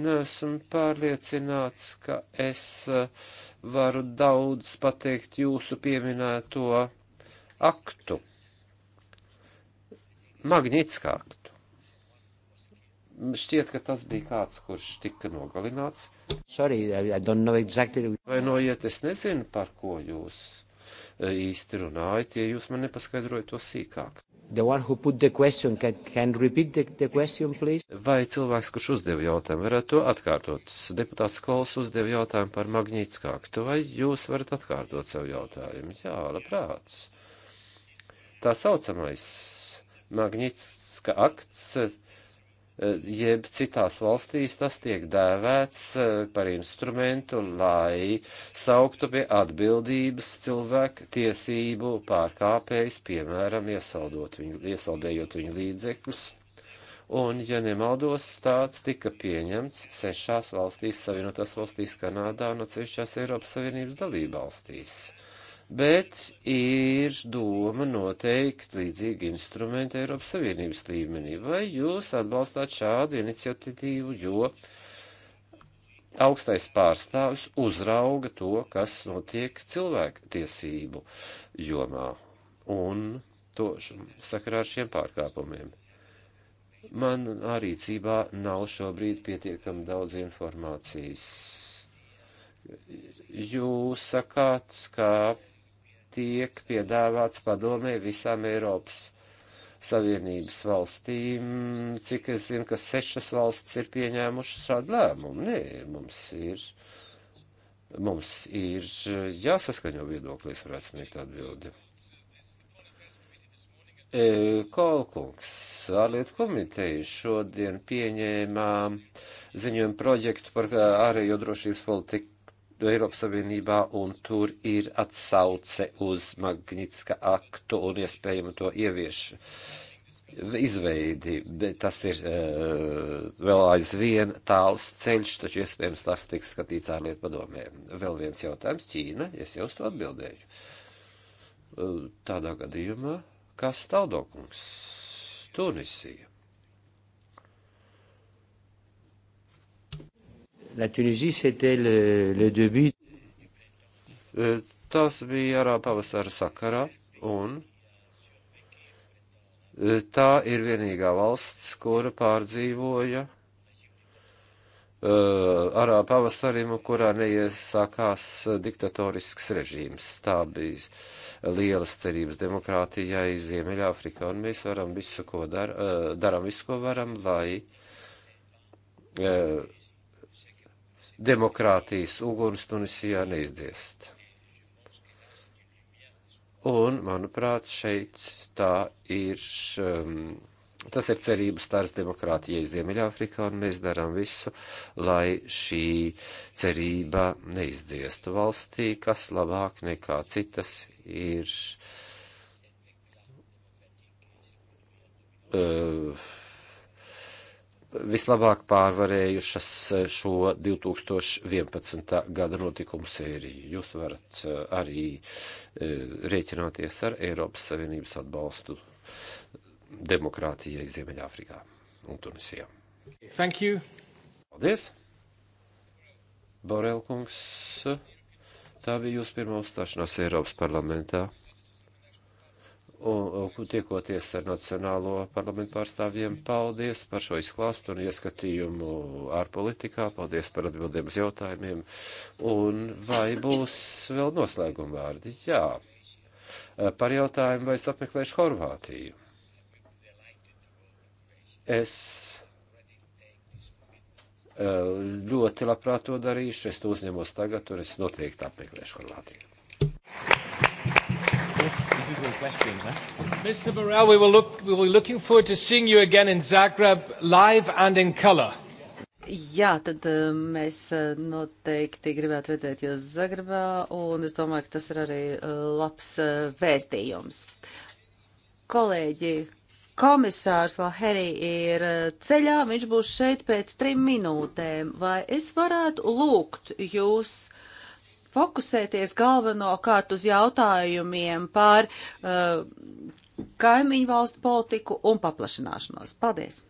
Nesmu pārliecināts, ka es eh, varu daudz pateikt jūsu pieminēto aktu. Magnitskā aktu Mm, šķiet, ka tas bija kāds, kurš tika nogalināts. Sorry, I don't know exactly. Vainojiet, es nezinu, par ko jūs e, īsti runājat, ja jūs man nepaskaidrojat to sīkāk. The one who put the question can, can repeat the, the question, please. Vai cilvēks, kurš uzdeva jautājumu, varētu to atkārtot? Deputāts Kols uzdeva jautājumu par Magnītiskā aktu, vai jūs varat atkārtot savu jautājumu? Jā, labprāt. Tā saucamais Magnītiska akts jeb citās valstīs tas tiek dēvēts eh, par instrumentu, lai sauktu pie atbildības cilvēku tiesību pārkāpējs, piemēram, viņu, iesaldējot viņu līdzekļus. Un, ja nemaldos, tāds tika pieņemts sešās valstīs, savienotās valstīs, Kanādā un no atsevišķās Eiropas Savienības dalībvalstīs. valstīs bet ir doma noteikt līdzīgi instrumenti Eiropas Savienības līmenī. Vai jūs atbalstāt šādu iniciatīvu, jo augstais pārstāvis uzrauga to, kas notiek cilvēktiesību jomā un to sakarā ar šiem pārkāpumiem? Man rīcībā nav šobrīd pietiekami daudz informācijas. Jūs sakāt, ka tiek piedāvāts padomē visām Eiropas Savienības valstīm, cik es zinu, ka sešas valstis ir pieņēmušas šādu lēmumu. Nē, mums ir, mums ir jāsaskaņo viedokli, es varētu sniegt atbildi. E, Kolkungs, ārlietu komiteja šodien pieņēmā ziņojumu projektu par ārējo drošības politiku Eiropas Savienībā, un tur ir atsauce uz Magnitska aktu un iespējamu to ieviešu izveidi, bet tas ir uh, vēl aizvien tāls ceļš, taču iespējams tas tiks skatīts ārlietu padomē. Vēl viens jautājums - Ķīna, es jau uz to atbildēju. Uh, tādā gadījumā, kas taldokungs? Tunisija. La Tunisie, c'était le, le début. Euh, tas bija arā pavasara sakarā, un euh, tā ir vienīgā valsts, kura pārdzīvoja uh, arā pavasarim, kurā neiesākās diktatorisks režīms. Tā bija lielas cerības demokrātijai Ziemeļāfrikā, un mēs varam visu, ko dar, uh, daram visu, ko varam, lai uh, demokrātijas uguns Tunisijā neizdziest. Un, manuprāt, šeit tā ir, um, tas ir cerības stars demokrātijai Ziemeļāfrikā, un mēs darām visu, lai šī cerība neizdziestu valstī, kas labāk nekā citas ir. Uh, vislabāk pārvarējušas eh, šo 2011. gada notikumu sēriju. Jūs varat eh, arī eh, rēķināties ar Eiropas Savienības atbalstu demokrātijai Ziemeļāfrikā un Tunisijā. Thank you! Paldies! Borelkungs, tā bija jūsu pirmā uzstāšanās Eiropas parlamentā un, un tiekoties ar Nacionālo parlamentu pārstāvjiem. Paldies par šo izklāstu un ieskatījumu ārpolitikā. Paldies par atbildiem uz jautājumiem. Un vai būs vēl noslēguma vārdi? Jā. Par jautājumu, vai es apmeklēšu Horvātiju. Es eh, ļoti labprāt to darīšu. Es to uzņemos tagad, un es noteikti apmeklēšu Horvātiju individual questions. Huh? Mr. Burrell, we will look, we will be looking forward to seeing you again in Zagreb, live and in color. Jā, tad eh, mēs eh, noteikti gribētu redzēt jūs Zagrebā, un es domāju, ka tas ir arī eh, labs vēstījums. Kolēģi, komisārs Laheri ir ceļā, viņš būs šeit pēc trim minūtēm. Vai es varētu lūgt jūs? Uh, fokusēties galvenokārt uz jautājumiem par uh, kaimiņu valstu politiku un paplašināšanos. Paldies!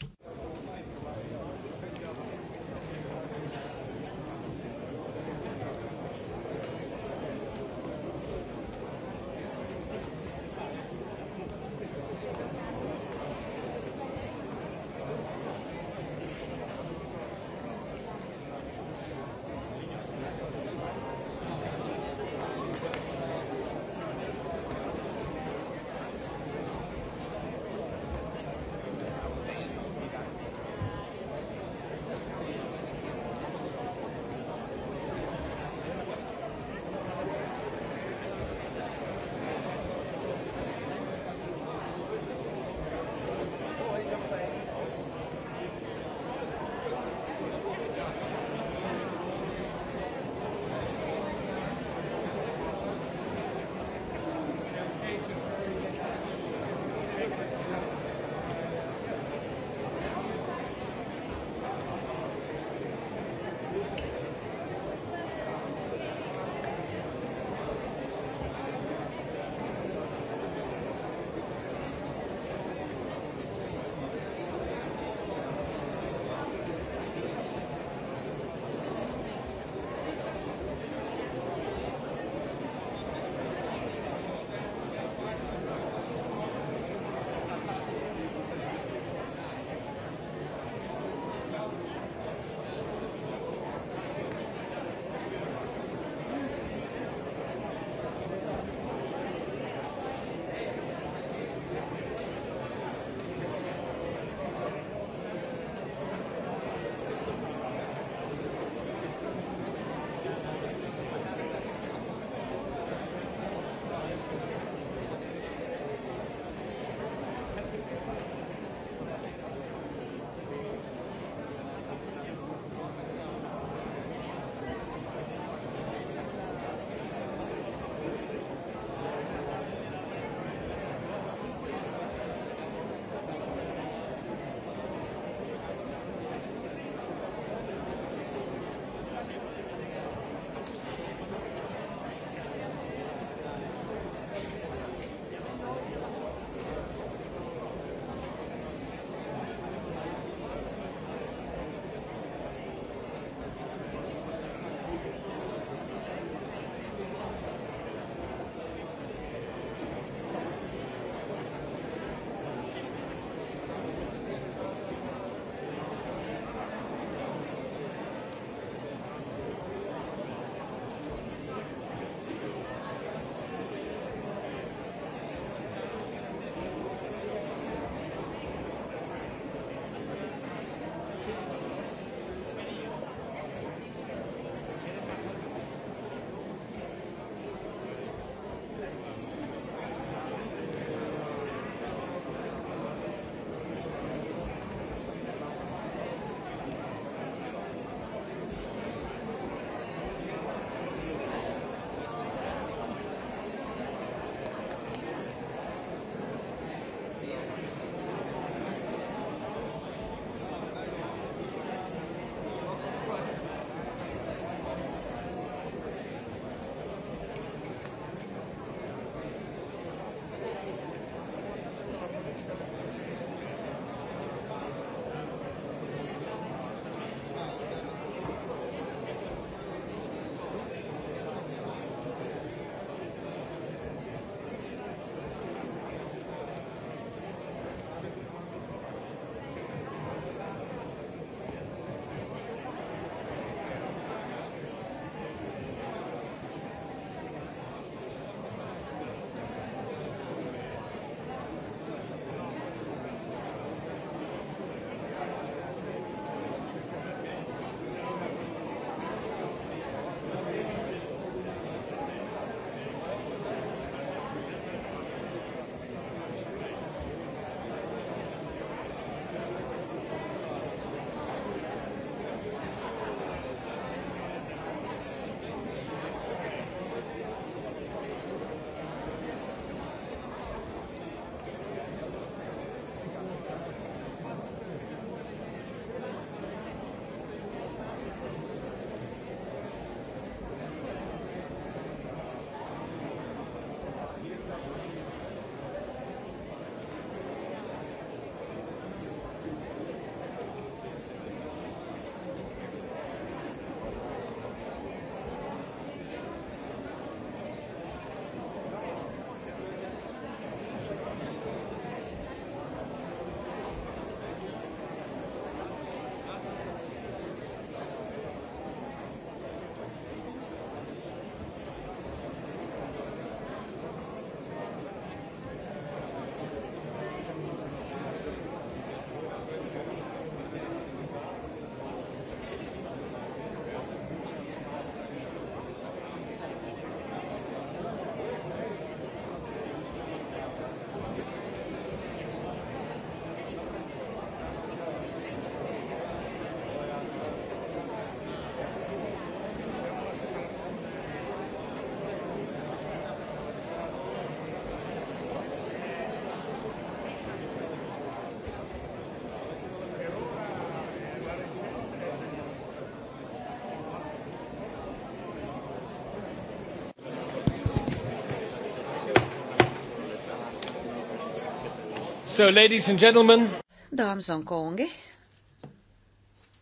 So, ladies and gentlemen. Dāmas un kungi,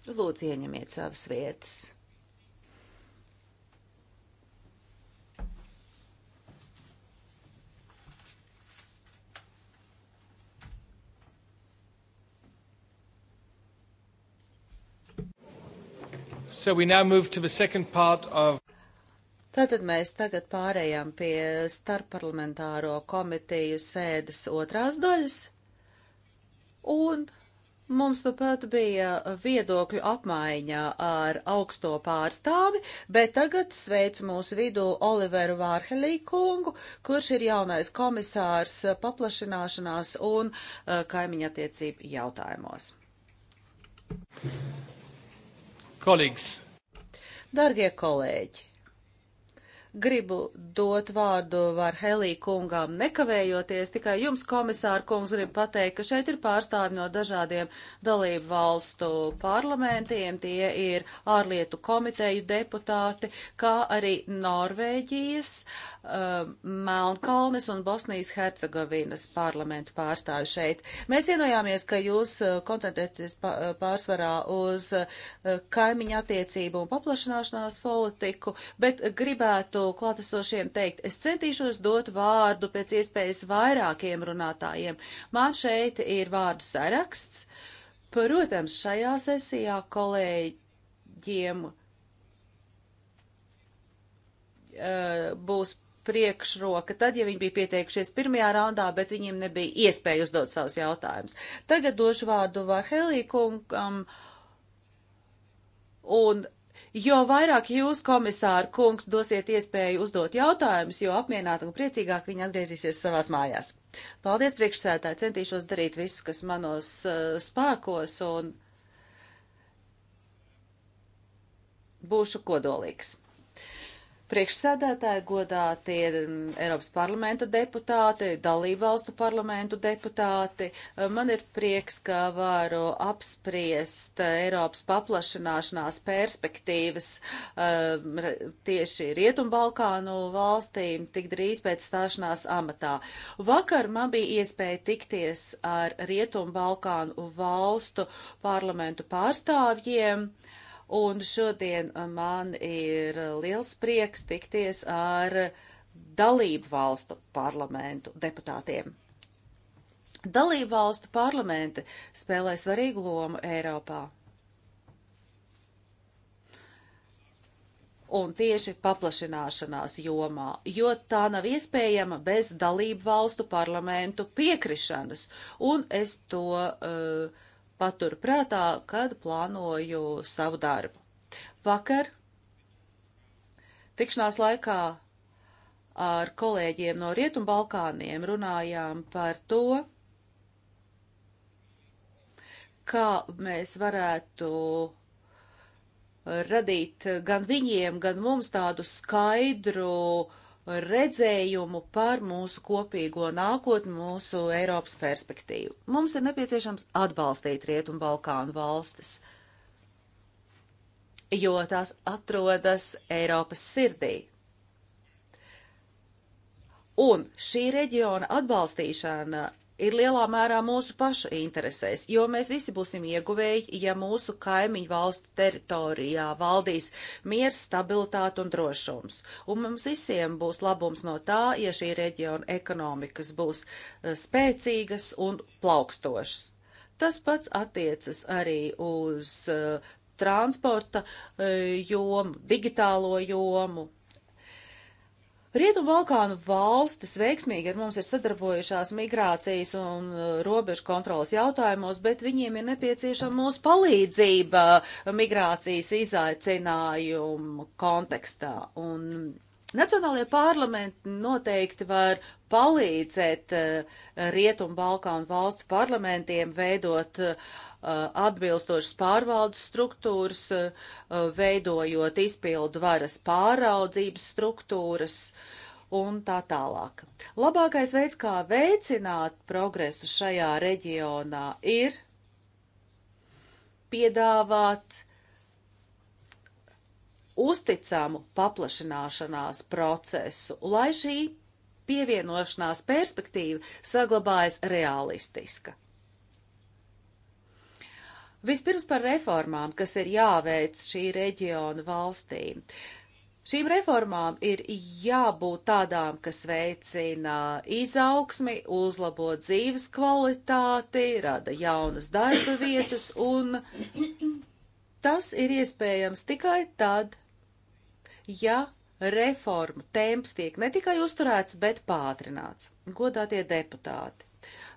lūdzu ieņemiet savas vietas. So we now move to the second part of Tātad mēs tagad pārējām pie starpparlamentāro komiteju sēdes otrās daļas. Un mums nu pat bija viedokļu apmaiņa ar augsto pārstāvi, bet tagad sveicu mūsu vidū Oliveru Vārhelī kungu, kurš ir jaunais komisārs paplašināšanās un uh, kaimiņa attiecību jautājumos. Kolīgs. Dargie kolēģi! Gribu dot vārdu Varhelī kungām nekavējoties, tikai jums, komisāra kungs, gribu pateikt, ka šeit ir pārstāvi no dažādiem dalību valstu parlamentiem, tie ir ārlietu komiteju deputāti, kā arī Norvēģijas, um, Melnkalnes un Bosnijas Hercegovinas parlamentu pārstāvi šeit. Mēs vienojāmies, ka jūs uh, koncentrēties uh, pārsvarā uz uh, kaimiņu attiecību un paplašanāšanās politiku, bet gribētu gribētu klātesošiem teikt, es centīšos dot vārdu pēc iespējas vairākiem runātājiem. Man šeit ir vārdu saraksts. Protams, šajā sesijā kolēģiem uh, būs priekšroka tad, ja viņi bija pieteikušies pirmajā raundā, bet viņiem nebija iespēja uzdot savus jautājumus. Tagad došu vārdu Vahelī kungam, um, un Jo vairāk jūs, komisāra kungs, dosiet iespēju uzdot jautājumus, jo apmierinātāk un priecīgāk viņi atgriezīsies savās mājās. Paldies, priekšsētāji, centīšos darīt visu, kas manos uh, spēkos, un būšu kodolīgs priekšsēdētāji, godātie mm, Eiropas parlamenta deputāti, dalībvalstu parlamentu deputāti. Eh, man ir prieks, ka varu apspriest eh, Eiropas paplašanāšanās perspektīvas eh, tieši Rietumbalkānu valstīm tik drīz pēc stāšanās amatā. Vakar man bija iespēja tikties ar Rietumbalkānu valstu parlamentu pārstāvjiem. Uh, un šodien uh, man ir uh, liels prieks tikties ar uh, dalību valstu parlamentu deputātiem. Dalību valstu parlamenti spēlē svarīgu lomu Eiropā. un tieši paplašināšanās jomā, jo tā nav iespējama bez dalību valstu parlamentu piekrišanas, un es to uh, patur prātā, kad plānoju savu darbu. Vakar tikšanās laikā ar kolēģiem no Rietumbalkāniem runājām par to, kā mēs varētu radīt gan viņiem, gan mums tādu skaidru uh, redzējumu par mūsu kopīgo nākotni, mūsu Eiropas perspektīvu. Mums ir nepieciešams atbalstīt Rietumu Balkānu valstis, jo tās atrodas Eiropas sirdī. Un šī reģiona atbalstīšana ir lielā mērā mūsu pašu interesēs, jo mēs visi būsim ieguvēji, ja mūsu kaimiņu valstu teritorijā valdīs miers, stabilitāte un drošums. Un mums visiem būs labums no tā, ja šī reģiona ekonomikas būs eh, spēcīgas un plaukstošas. Tas pats attiecas arī uz uh, transporta uh, jomu, digitālo jomu, Rietumbalkānu valstis veiksmīgi ar mums ir sadarbojušās migrācijas un uh, robežu kontrolas jautājumos, bet viņiem ir nepieciešama mūsu palīdzība migrācijas izaicinājumu kontekstā. Un Nacionālajie parlamenti noteikti var palīdzēt uh, Rietumbalkānu valstu parlamentiem veidot uh, Uh, atbilstošas pārvaldes struktūras, uh, veidojot izpildu varas pāraudzības struktūras un tā tālāk. Labākais veids, kā veicināt progresu šajā reģionā, ir piedāvāt uzticamu paplašināšanās procesu, lai šī pievienošanās perspektīva saglabājas realistiska. Vispirms par reformām, kas ir jāveic šī reģiona valstīm. Šīm reformām ir jābūt tādām, kas veicina izaugsmi, uzlabo dzīves kvalitāti, rada jaunas darba vietas, un tas ir iespējams tikai tad, ja reformu temps tiek ne tikai uzturēts, bet pātrināts. Godātie deputāti!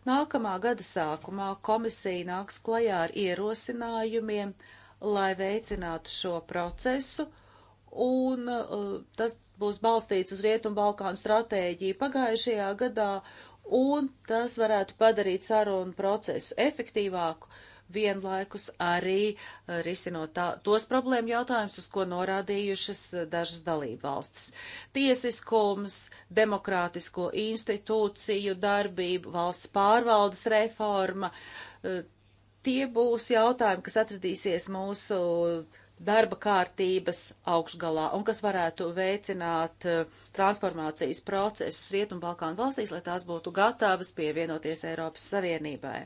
Nākamā gada sākumā komisija nāks klajā ar ierosinājumiem, lai veicinātu šo procesu, un uh, tas būs balstīts uz Rietumbalkānu stratēģiju pagājušajā gadā, un tas varētu padarīt sarunu procesu efektīvāku, uh, vienlaikus arī eh, risinot tā, tos problēmu jautājumus, uz ko norādījušas eh, dažas dalībvalstis. Tiesiskums, demokrātisko institūciju darbību, valsts pārvaldes reforma, eh, tie būs jautājumi, kas atradīsies mūsu darba kārtības augšgalā un kas varētu veicināt transformācijas procesus Rietumbalkānu valstīs, lai tās būtu gatavas pievienoties Eiropas Savienībai.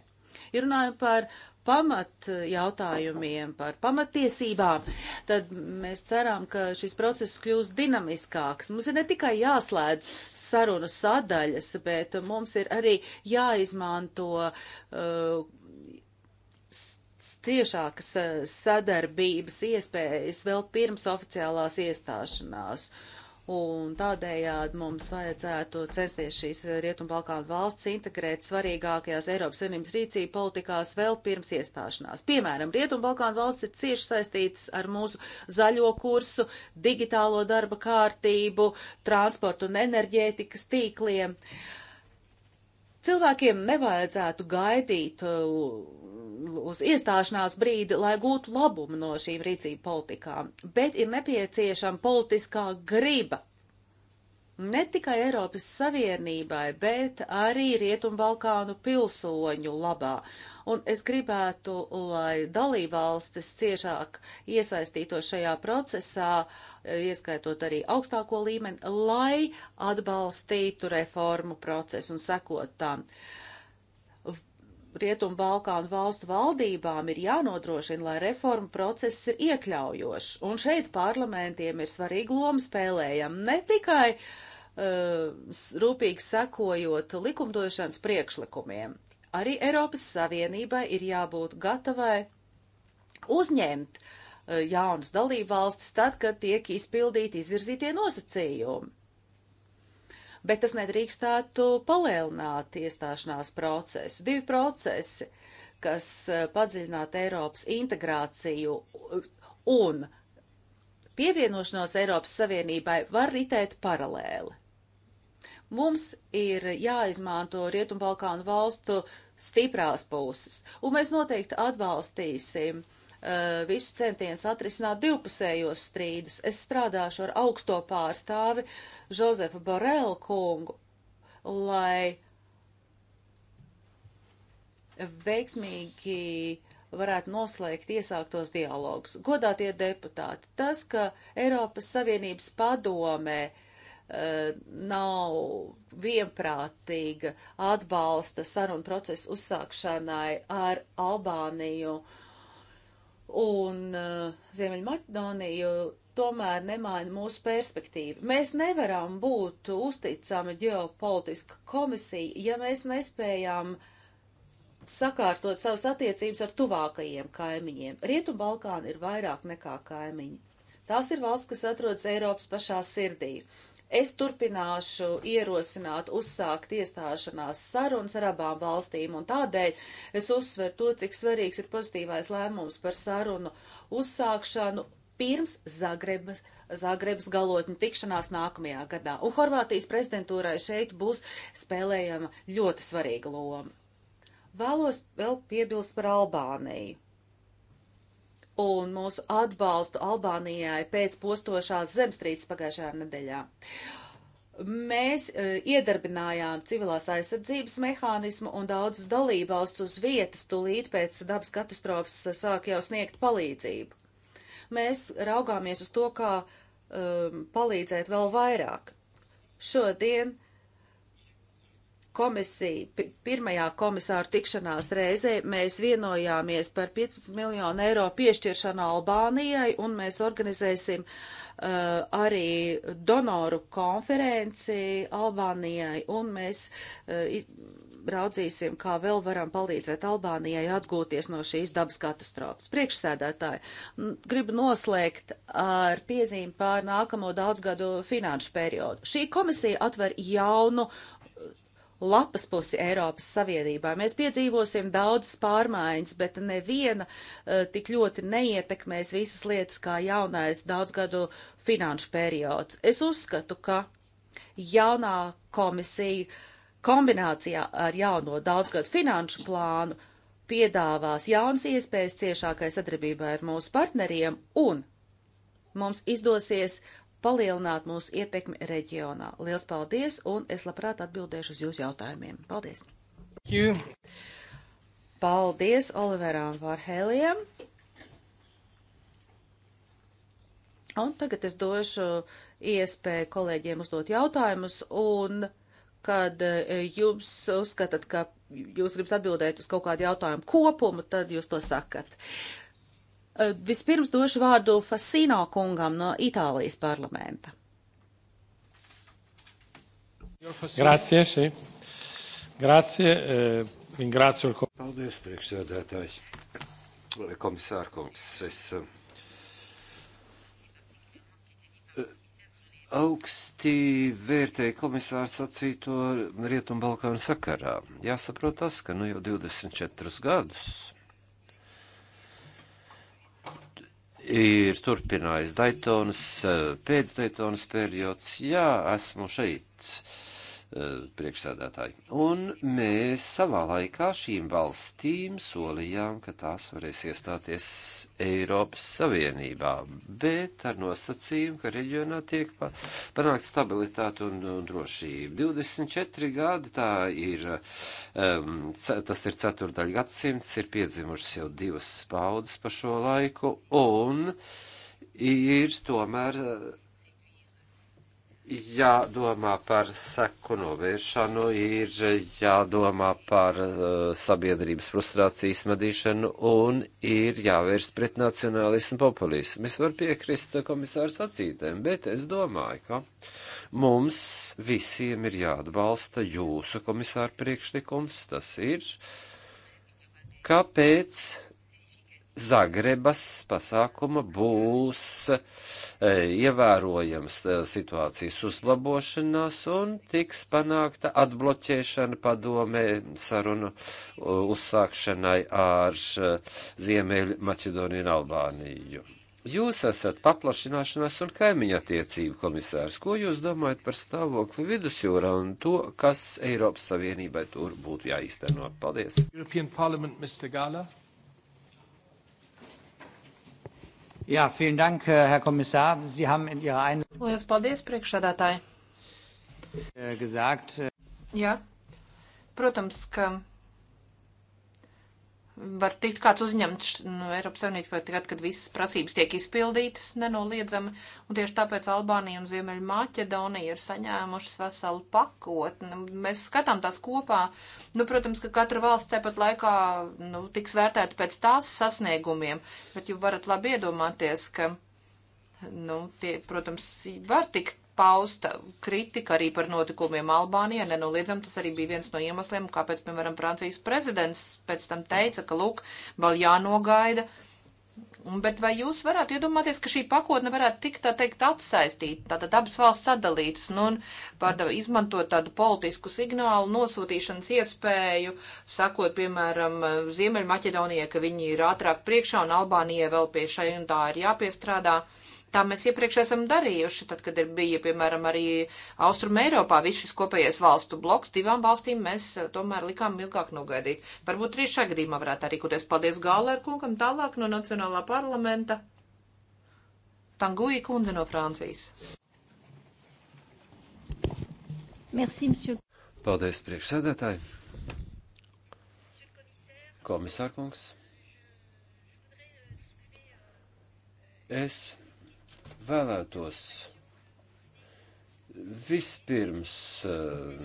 Ja runājam par pamat jautājumiem, par pamatiesībām, tad mēs ceram, ka šis process kļūs dinamiskāks. Mums ir ne tikai jāslēdz sarunu sadaļas, bet mums ir arī jāizmanto uh, tiešākas uh, sadarbības iespējas vēl pirms oficiālās iestāšanās. Uh, un tādējādi mums vajadzētu censties šīs Rietumbalkānu valsts integrēt svarīgākajās Eiropas Savienības rīcība politikās vēl pirms iestāšanās. Piemēram, Rietumbalkānu valsts ir cieši saistītas ar mūsu zaļo kursu, digitālo darba kārtību, transportu un enerģētikas tīkliem. Uh, Cilvēkiem nevajadzētu gaidīt uh, uz iestāšanās brīdi, lai gūtu labumu no šīm rīcību politikām, bet ir nepieciešama politiskā griba ne tikai Eiropas Savienībai, bet arī Rietumbalkānu pilsoņu labā. Un es gribētu, lai dalībvalstis ciešāk iesaistītos šajā procesā, ieskaitot arī augstāko līmeni, lai atbalstītu reformu procesu un sekot tam. Uh, Rietumu Balkānu valstu valdībām ir jānodrošina, lai reformu process ir iekļaujošs, un šeit parlamentiem ir svarīga loma spēlējama ne tikai uh, rūpīgi sekojot likumdošanas priekšlikumiem. Arī Eiropas Savienībai ir jābūt gatavai uzņemt uh, jaunas dalībvalstis tad, kad tiek izpildīti izvirzītie nosacījumi bet tas nedrīkstētu palēlināt iestāšanās procesu. Divi procesi, kas eh, padziļinātu Eiropas integrāciju un pievienošanos Eiropas Savienībai, var ritēt paralēli. Mums ir jāizmanto Rietumbalkānu valstu stiprās puses, un mēs noteikti atbalstīsim uh, Eh, visu centienus atrisināt divpusējos strīdus. Es strādāšu ar augsto pārstāvi Žozefu Borelu kungu, lai veiksmīgi varētu noslēgt iesāktos dialogus. Godātie deputāti, tas, ka Eiropas Savienības padomē uh, eh, nav vienprātīga atbalsta sarunu procesu uzsākšanai ar Albāniju uh, un uh, eh, Ziemeļmaķedoniju tomēr nemaina mūsu perspektīvu. Mēs nevaram būt uzticami ģeopolitiska komisija, ja mēs nespējām sakārtot savas attiecības ar tuvākajiem kaimiņiem. Rietumbalkāni ir vairāk nekā kaimiņi. Tās ir valsts, kas atrodas Eiropas pašā sirdī. Es turpināšu ierosināt uzsākt iestāšanās sarunas ar abām valstīm, un tādēļ es uzsveru to, cik svarīgs ir pozitīvais lēmums par sarunu uzsākšanu pirms Zagrebas, Zagrebas galotņu tikšanās nākamajā gadā. Un Horvātijas prezidentūrai šeit būs spēlējama ļoti svarīga loma. Vēlos vēl piebilst par Albāniju un mūsu atbalstu Albānijai pēc postošās zemstrīces pagājušajā nedēļā. Mēs e, iedarbinājām civilās aizsardzības mehānismu un daudzas dalībvalsts uz vietas tūlīt pēc dabas katastrofas sāk jau sniegt palīdzību. Mēs raugāmies uz to, kā um, e, palīdzēt vēl vairāk. Šodien uh, komisija, pirmajā komisāra tikšanās reizē mēs vienojāmies par 15 miljonu eiro piešķiršanu Albānijai un mēs organizēsim uh, arī donoru konferenci Albānijai un mēs uh, iz, raudzīsim, kā vēl varam palīdzēt Albānijai atgūties no šīs dabas katastrofas. Priekšsēdētāji, gribu noslēgt ar piezīmi pār nākamo daudzgadu finanšu periodu. Šī komisija atver jaunu lapas pusi Eiropas Savienībā. Mēs piedzīvosim daudzas pārmaiņas, bet neviena uh, tik ļoti neietekmēs visas lietas kā jaunais daudzgadu finanšu periods. Es uzskatu, ka jaunā komisija kombinācijā ar jauno daudzgadu finanšu plānu piedāvās jaunas iespējas ciešākai sadarbībai ar mūsu partneriem un mums izdosies palielināt mūsu ietekmi reģionā. Liels paldies, un es labprāt atbildēšu uz jūsu jautājumiem. Paldies! You. Paldies Oliveram Varhēlijam! Un tagad es došu iespēju kolēģiem uzdot jautājumus, un kad eh, jums uzskatāt, ka jūs gribat atbildēt uz kaut kādu jautājumu kopumu, tad jūs to sakat. Uh, Eh, vispirms došu vārdu Fasino kungam no Itālijas parlamenta. Grazie, šī. Grazie, eh, ringrācijo. Paldies, priekšsēdētāji. Komisārkungs, es eh, augstī vērtēja komisārs sacīto Rietumbalkānu sakarā. Jāsaprot tas, ka nu jau 24 gadus ir turpinājis Daitonas, eh, pēc Daitonas periods. Jā, esmu šeit. Eh, priekšsēdētāji. Un mēs savā laikā šīm valstīm solījām, ka tās varēs iestāties Eiropas Savienībā, bet ar nosacījumu, ka reģionā tiek panākt stabilitāte un, un drošība. 24 gadi tā ir, um, tas ir ceturdaļ gadsimts, ir piedzimušas jau divas spaudas pa šo laiku, un ir tomēr. Uh, jādomā par seku novēršanu, ir jādomā par uh, sabiedrības frustrācijas medīšanu un ir jāvērst pret nacionālismu populismu. Es varu piekrist komisārs acītēm, bet es domāju, ka mums visiem ir jāatbalsta jūsu komisāra priekšlikums, tas ir, kāpēc Zagrebas pasākuma būs e, ievērojams e, situācijas uzlabošanās un tiks panākta atbloķēšana padomē sarunu e, uzsākšanai ar e, Ziemeļu Maķedoniju un Albāniju. Jūs esat paplašināšanās un kaimiņa attiecību komisārs. Ko jūs domājat par stāvokli vidusjūrā un to, kas Eiropas Savienībai tur būtu jāizteno? Paldies! European Parliament, Mr. Gala. Jā, vielen dank, äh, Herr Kommissar. Sie haben in Ihrer ein... Lielas paldies, priekšsādātāji. Äh, gesagt. Äh, Jā. Protams, ka var tikt kāds uzņemts nu, Eiropas Savienībā tagad, kad visas prasības tiek izpildītas nenoliedzami, un tieši tāpēc Albānija un Ziemeļa Maķedonija ir saņēmušas veselu pakotni. Mēs skatām tās kopā, nu, protams, ka katra valsts cepat laikā, nu, tiks vērtēta pēc tās sasniegumiem, bet jūs varat labi iedomāties, ka, nu, tie, protams, var tikt pausta kritika arī par notikumiem Albānijā. Nenoliedzam, nu, tas arī bija viens no iemesliem, kāpēc, piemēram, Francijas prezidents pēc tam teica, ka, lūk, vēl jānogaida. Bet vai jūs varētu iedomāties, ka šī pakotne varētu tikt, tā teikt, atsaistīta, tātad abas valsts sadalītas, nu, un pārda, izmantot tādu politisku signālu nosūtīšanas iespēju, sakot, piemēram, Ziemeļmaķedonijai, ka viņi ir ātrāk priekšā un Albānijai vēl pie šai un tā ir jāpiestrādā. Uh, Tā mēs iepriekš esam darījuši, tad, kad ir bija, piemēram, arī Austrum Eiropā viss šis kopējais valstu bloks, divām valstīm mēs eh, tomēr likām ilgāk nogaidīt. Varbūt arī šajā gadījumā varētu arī, kur es paldies Gālēr kungam, tālāk no Nacionālā parlamenta. Tanguī kundze no Francijas. Merci, monsieur. Paldies, priekšsēdētāji. Komisārkungs. Es vēlētos vispirms eh,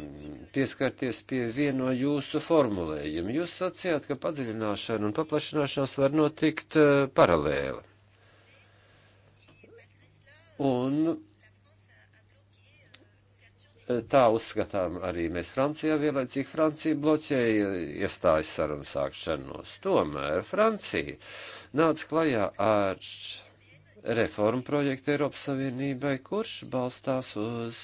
pieskarties pie vieno jūsu formulējumu. Jūs sacījāt, ka padziļināšana un paplašināšanās var notikt eh, paralēli. Un eh, tā uzskatām arī mēs Francijā, vienlaicīgi Francija bloķēja iestājas sarunu sākšanos. Tomēr Francija nāca klajā ar. Ārš reformu projektu Eiropas Savienībai, kurš balstās uz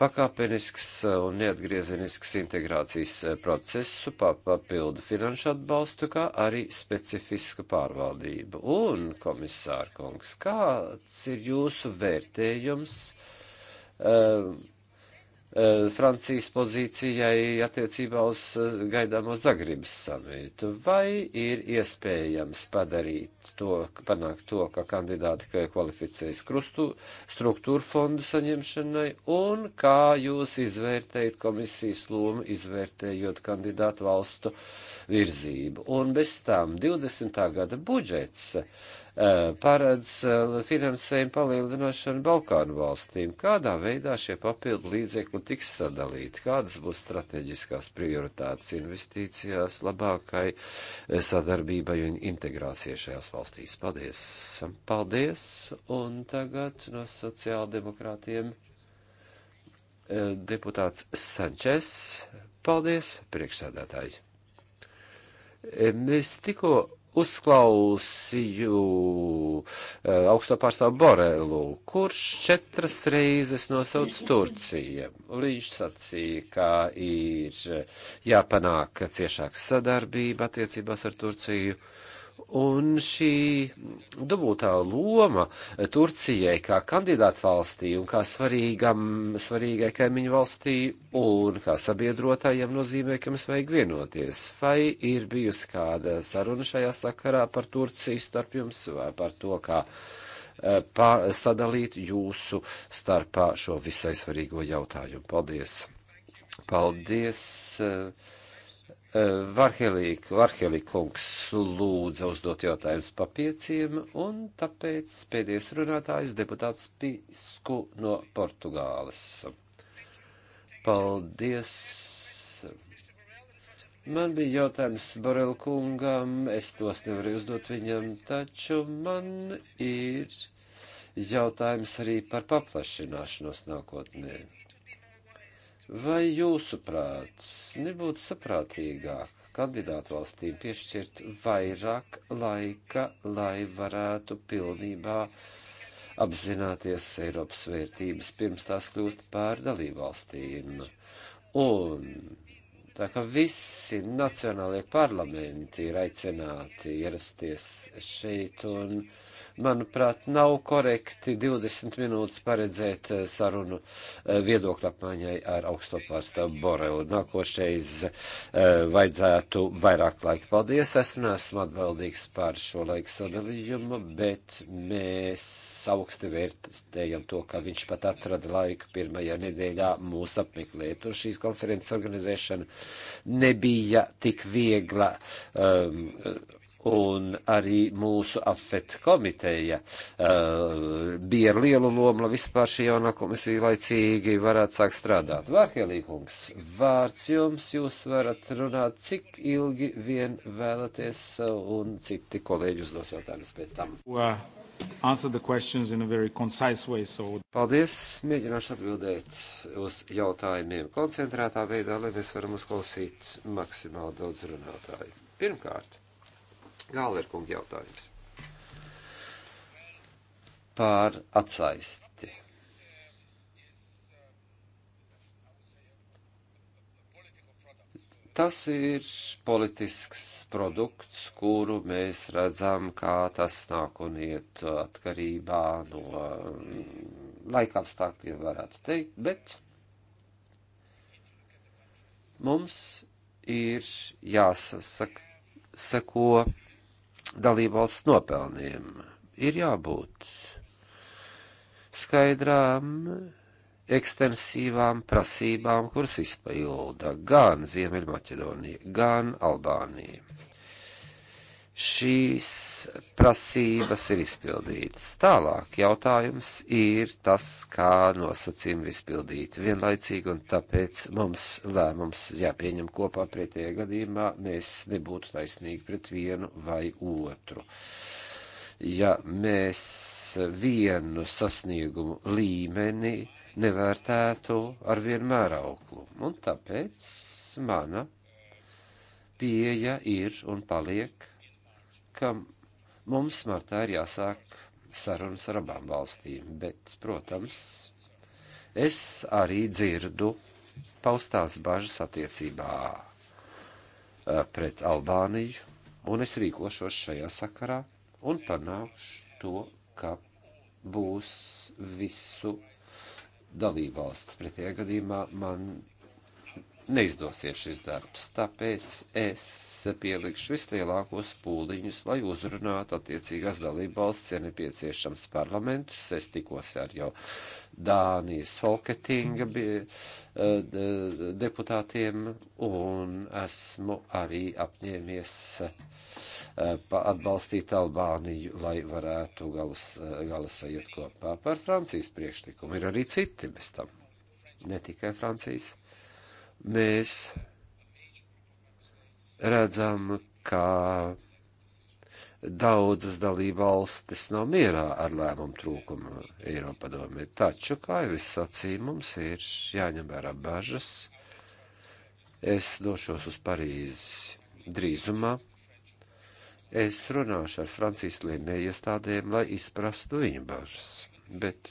pakāpenisks un neatgriezenisks integrācijas eh, procesu, papildu finanšu atbalstu, kā arī specifisku pārvaldību. Un, komisāra kungs, kāds ir jūsu vērtējums? Um, uh, Eh, Francijas pozīcijai attiecībā uz eh, gaidāmo Zagribas samitu, vai ir iespējams padarīt to, panākt to, ka kandidāti kvalificējas krustu struktūru fondu saņemšanai, un kā jūs izvērtējat komisijas lomu, izvērtējot kandidātu valstu virzību. Un bez tām 20. gada budžets Eh, paredz eh, finansējumu palielināšanu Balkānu valstīm. Kādā veidā šie papildu līdzekļi tiks sadalīti? Kādas būs strateģiskās prioritātes investīcijās labākai eh, sadarbībai un integrācijai šajās valstīs? Paldies! Paldies! Un tagad no sociāldemokrātiem deputāts Sančes. Paldies, priekšsēdētāji! Mēs tikko uzklausīju eh, augsto pārstāvu Borelu, kurš četras reizes nosauc Turciju. Viņš sacīja, ka ir eh, jāpanāk ciešāks sadarbība attiecībās ar Turciju. Uh, Un šī dubultā loma Turcijai kā kandidātu valstī un kā svarīgam, svarīgai kaimiņu valstī un kā sabiedrotājiem nozīmē, ka mums vajag vienoties. Vai ir bijusi kāda saruna šajā sakarā par Turciju starp jums vai par to, kā eh, pār, sadalīt jūsu starpā šo visai svarīgo jautājumu? Paldies! Paldies! Uh, Varhelīka, Varhelīka kungs lūdza uzdot jautājumus pa pieciem, un tāpēc pēdējais runātājs deputāts Pisku no Portugāles. Paldies! Man bija jautājums Borel kungam, es tos nevarēju uzdot viņam, taču man ir jautājums arī par paplašināšanos nākotnē. Vai jūsuprāt, nebūtu saprātīgāk kandidātu valstīm piešķirt vairāk laika, lai varētu pilnībā apzināties Eiropas vērtības pirms tās kļūst par dalībvalstīm? Un tā kā visi nacionālie parlamenti ir aicināti ierasties šeit un uh, manuprāt, nav korekti 20 minūtes paredzēt eh, sarunu eh, viedokļu apmaiņai ar augsto pārstāvu Borelu. Nākošais eh, vajadzētu vairāk laika. Paldies, es neesmu atbildīgs par šo laiku sadalījumu, bet mēs augsti vērtējam to, ka viņš pat atrada laiku pirmajā nedēļā mūs apmeklēt. Un šīs konferences organizēšana nebija tik viegla. Um, un arī mūsu afet komiteja uh, bija ar lielu lomu, lai vispār šī jaunā komisija laicīgi varētu sākt strādāt. Vārkelīkungs, vārds jums, jūs varat runāt, cik ilgi vien vēlaties, un citi kolēģi uzdos jautājumus pēc tam. Uh, way, so... Paldies, mēģināšu atbildēt uz jautājumiem koncentrētā veidā, lai mēs varam uzklausīt maksimāli daudz runātāju. Pirmkārt. Gālerkunga jautājums. Pār atsaisti. Tas ir politisks produkts, kuru mēs redzam, kā tas nāk un iet atkarībā no mm, laika apstākļiem, varētu teikt, bet mums ir jāsasako dalībvalsts nopelniem. Ir jābūt skaidrām, ekstensīvām prasībām, kuras izpilda gan Ziemeļmaķedonija, gan Albānija šīs prasības ir izpildītas. Tālāk jautājums ir tas, kā nosacījumi izpildīt vienlaicīgi, un tāpēc mums lēmums jāpieņem kopā pretējā gadījumā, mēs nebūtu taisnīgi pret vienu vai otru. Ja mēs vienu sasniegumu līmeni nevērtētu ar vienmēr auklu, un tāpēc mana pieeja ir un paliek ka mums martā ir jāsāk sarunas ar abām valstīm, bet, protams, es arī dzirdu paustās bažas attiecībā pret Albāniju, un es rīkošos šajā sakarā un panākšu to, ka būs visu dalībvalsts. Pretējā gadījumā man neizdosies šis darbs, tāpēc es pielikšu vislielākos pūliņus, lai uzrunātu attiecīgās dalību valsts, ja nepieciešams parlamentus. Es tikos ar jau Dānijas Folketinga eh, deputātiem un esmu arī apņēmies eh, atbalstīt Albāniju, lai varētu galas, eh, galas iet kopā par Francijas priekšlikumu. Ir arī citi bez tam, ne tikai Francijas mēs redzam, ka daudzas dalībvalstis nav mierā ar lēmumu trūkumu Eiropadomē. Taču, kā jau es sacīju, mums ir jāņem vērā bažas. Es došos uz Parīzi drīzumā. Es runāšu ar Francijas līmeņa iestādēm, lai izprastu viņu bažas. Bet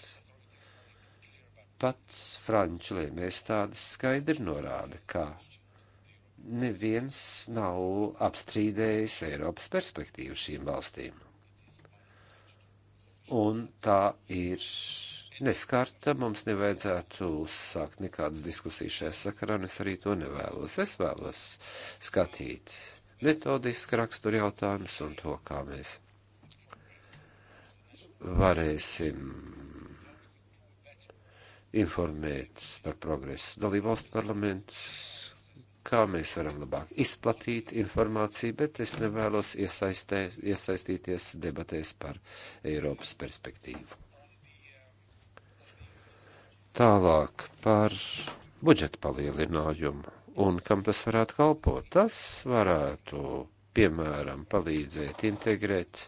Pats Franču lēmēstādes skaidri norāda, ka neviens nav apstrīdējis Eiropas perspektīvu šīm valstīm. Un tā ir neskarta, mums nevajadzētu uzsākt nekādas diskusijas šajā sakarā, un es arī to nevēlos. Es vēlos skatīt metodiski raksturu jautājumus un to, kā mēs varēsim informēts par progresu dalībvalstu parlamentus, kā mēs varam labāk izplatīt informāciju, bet es nevēlos iesaistīties debatēs par Eiropas perspektīvu. Tālāk par budžeta palielinājumu un kam tas varētu kalpot. Tas varētu piemēram, palīdzēt integrēt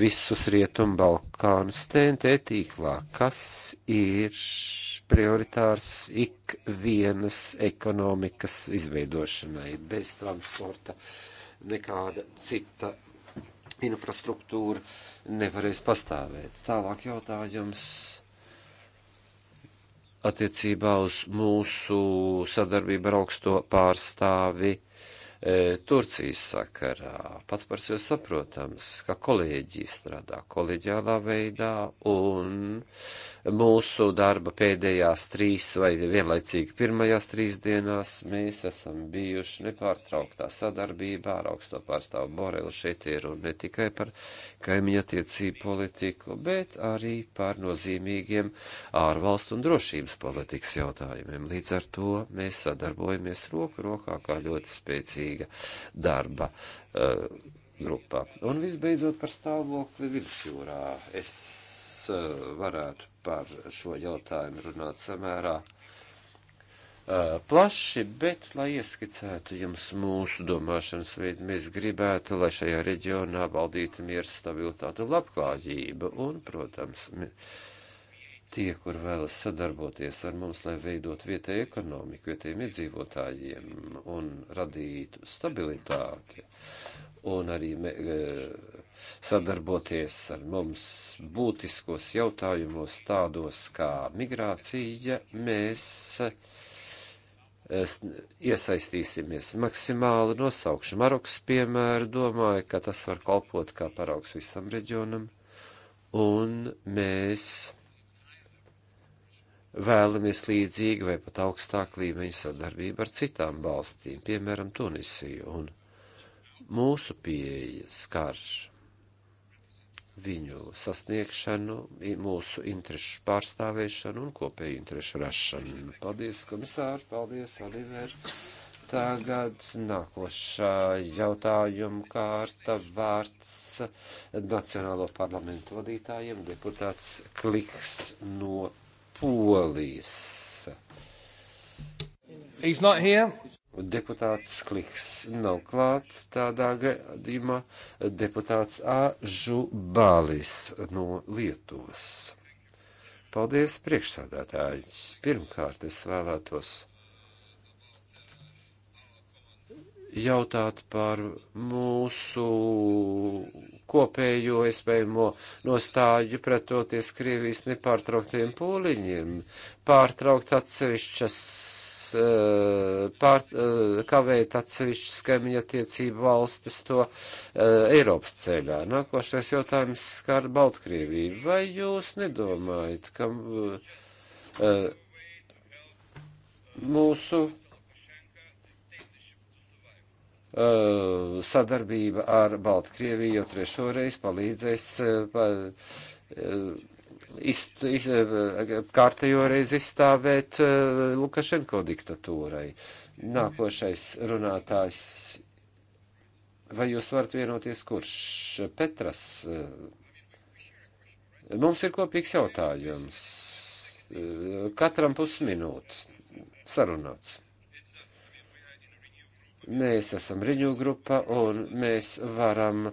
visus Rietumu Balkānu stentē tīklā, kas ir prioritārs ik vienas ekonomikas izveidošanai bez transporta nekāda cita infrastruktūra nevarēs pastāvēt. Tālāk jautājums attiecībā uz mūsu sadarbību ar augsto pārstāvi E, Turcijas sakarā. Pats par sevi saprotams, ka kolēģi strādā kolēģiālā veidā un mūsu darba pēdējās trīs vai vienlaicīgi pirmajās trīs dienās mēs esam bijuši nepārtrauktā sadarbībā ar augsto pārstāvu Borelu šeit ir un ne tikai par kaimiņa attiecību politiku, bet arī par nozīmīgiem ārvalstu un drošības politikas jautājumiem. Līdz ar to mēs sadarbojamies roku rokā kā ļoti spēcīgi kopīga darba uh, eh, grupā. Un visbeidzot par stāvokli vidusjūrā. Es uh, varētu par šo jautājumu runāt samērā uh, plaši, bet, lai ieskicētu jums mūsu domāšanas veidu, mēs gribētu, lai šajā reģionā valdītu mieru, stabilitāte un labklājība. Un, protams, mēs tie, kur vēlas sadarboties ar mums, lai veidot vietēju ekonomiku, vietējiem iedzīvotājiem un radītu stabilitāti, un arī me, e, sadarboties ar mums būtiskos jautājumos tādos kā migrācija, mēs e, iesaistīsimies maksimāli, nosaukšu Marokas piemēru, domāju, ka tas var kalpot kā paraugs visam reģionam, un mēs vēlamies līdzīgu vai pat augstāku līmeņu sadarbību ar citām valstīm, piemēram, Tunisiju, un mūsu pieeja skar viņu sasniegšanu, mūsu interešu pārstāvēšanu un kopēju interešu rašanu. Paldies, komisāri, paldies, Oliver. Tagad nākošā jautājuma kārta vārds Nacionālo parlamentu vadītājiem, deputāts Kliks no Polijas. He's not here. Deputāts Kliks nav klāts, tādā gadījumā deputāts Āžu Bālis no Lietuvas. Paldies, priekšsādātāji! Pirmkārt, es vēlētos jautāt par mūsu kopējo iespējamo nostāju pretoties Krievijas nepārtrauktiem pūliņiem, pārtraukt atsevišķas, eh, pār, eh, kavēt atsevišķas kaimiņa attiecību valstis to eh, Eiropas ceļā. Nākošais jautājums skar Baltkrieviju. Vai jūs nedomājat, ka mūsu uh, sadarbība ar Baltkrieviju jau trešo reizi palīdzēs uh, pa, uh, iz, iz, uh, kārtējo reizi izstāvēt Lukašenko diktatūrai. Nākošais runātājs. Vai jūs varat vienoties, kurš Petras? Mums ir kopīgs jautājums. Katram pusminūtes sarunāts. Mēs esam riņu grupa un mēs varam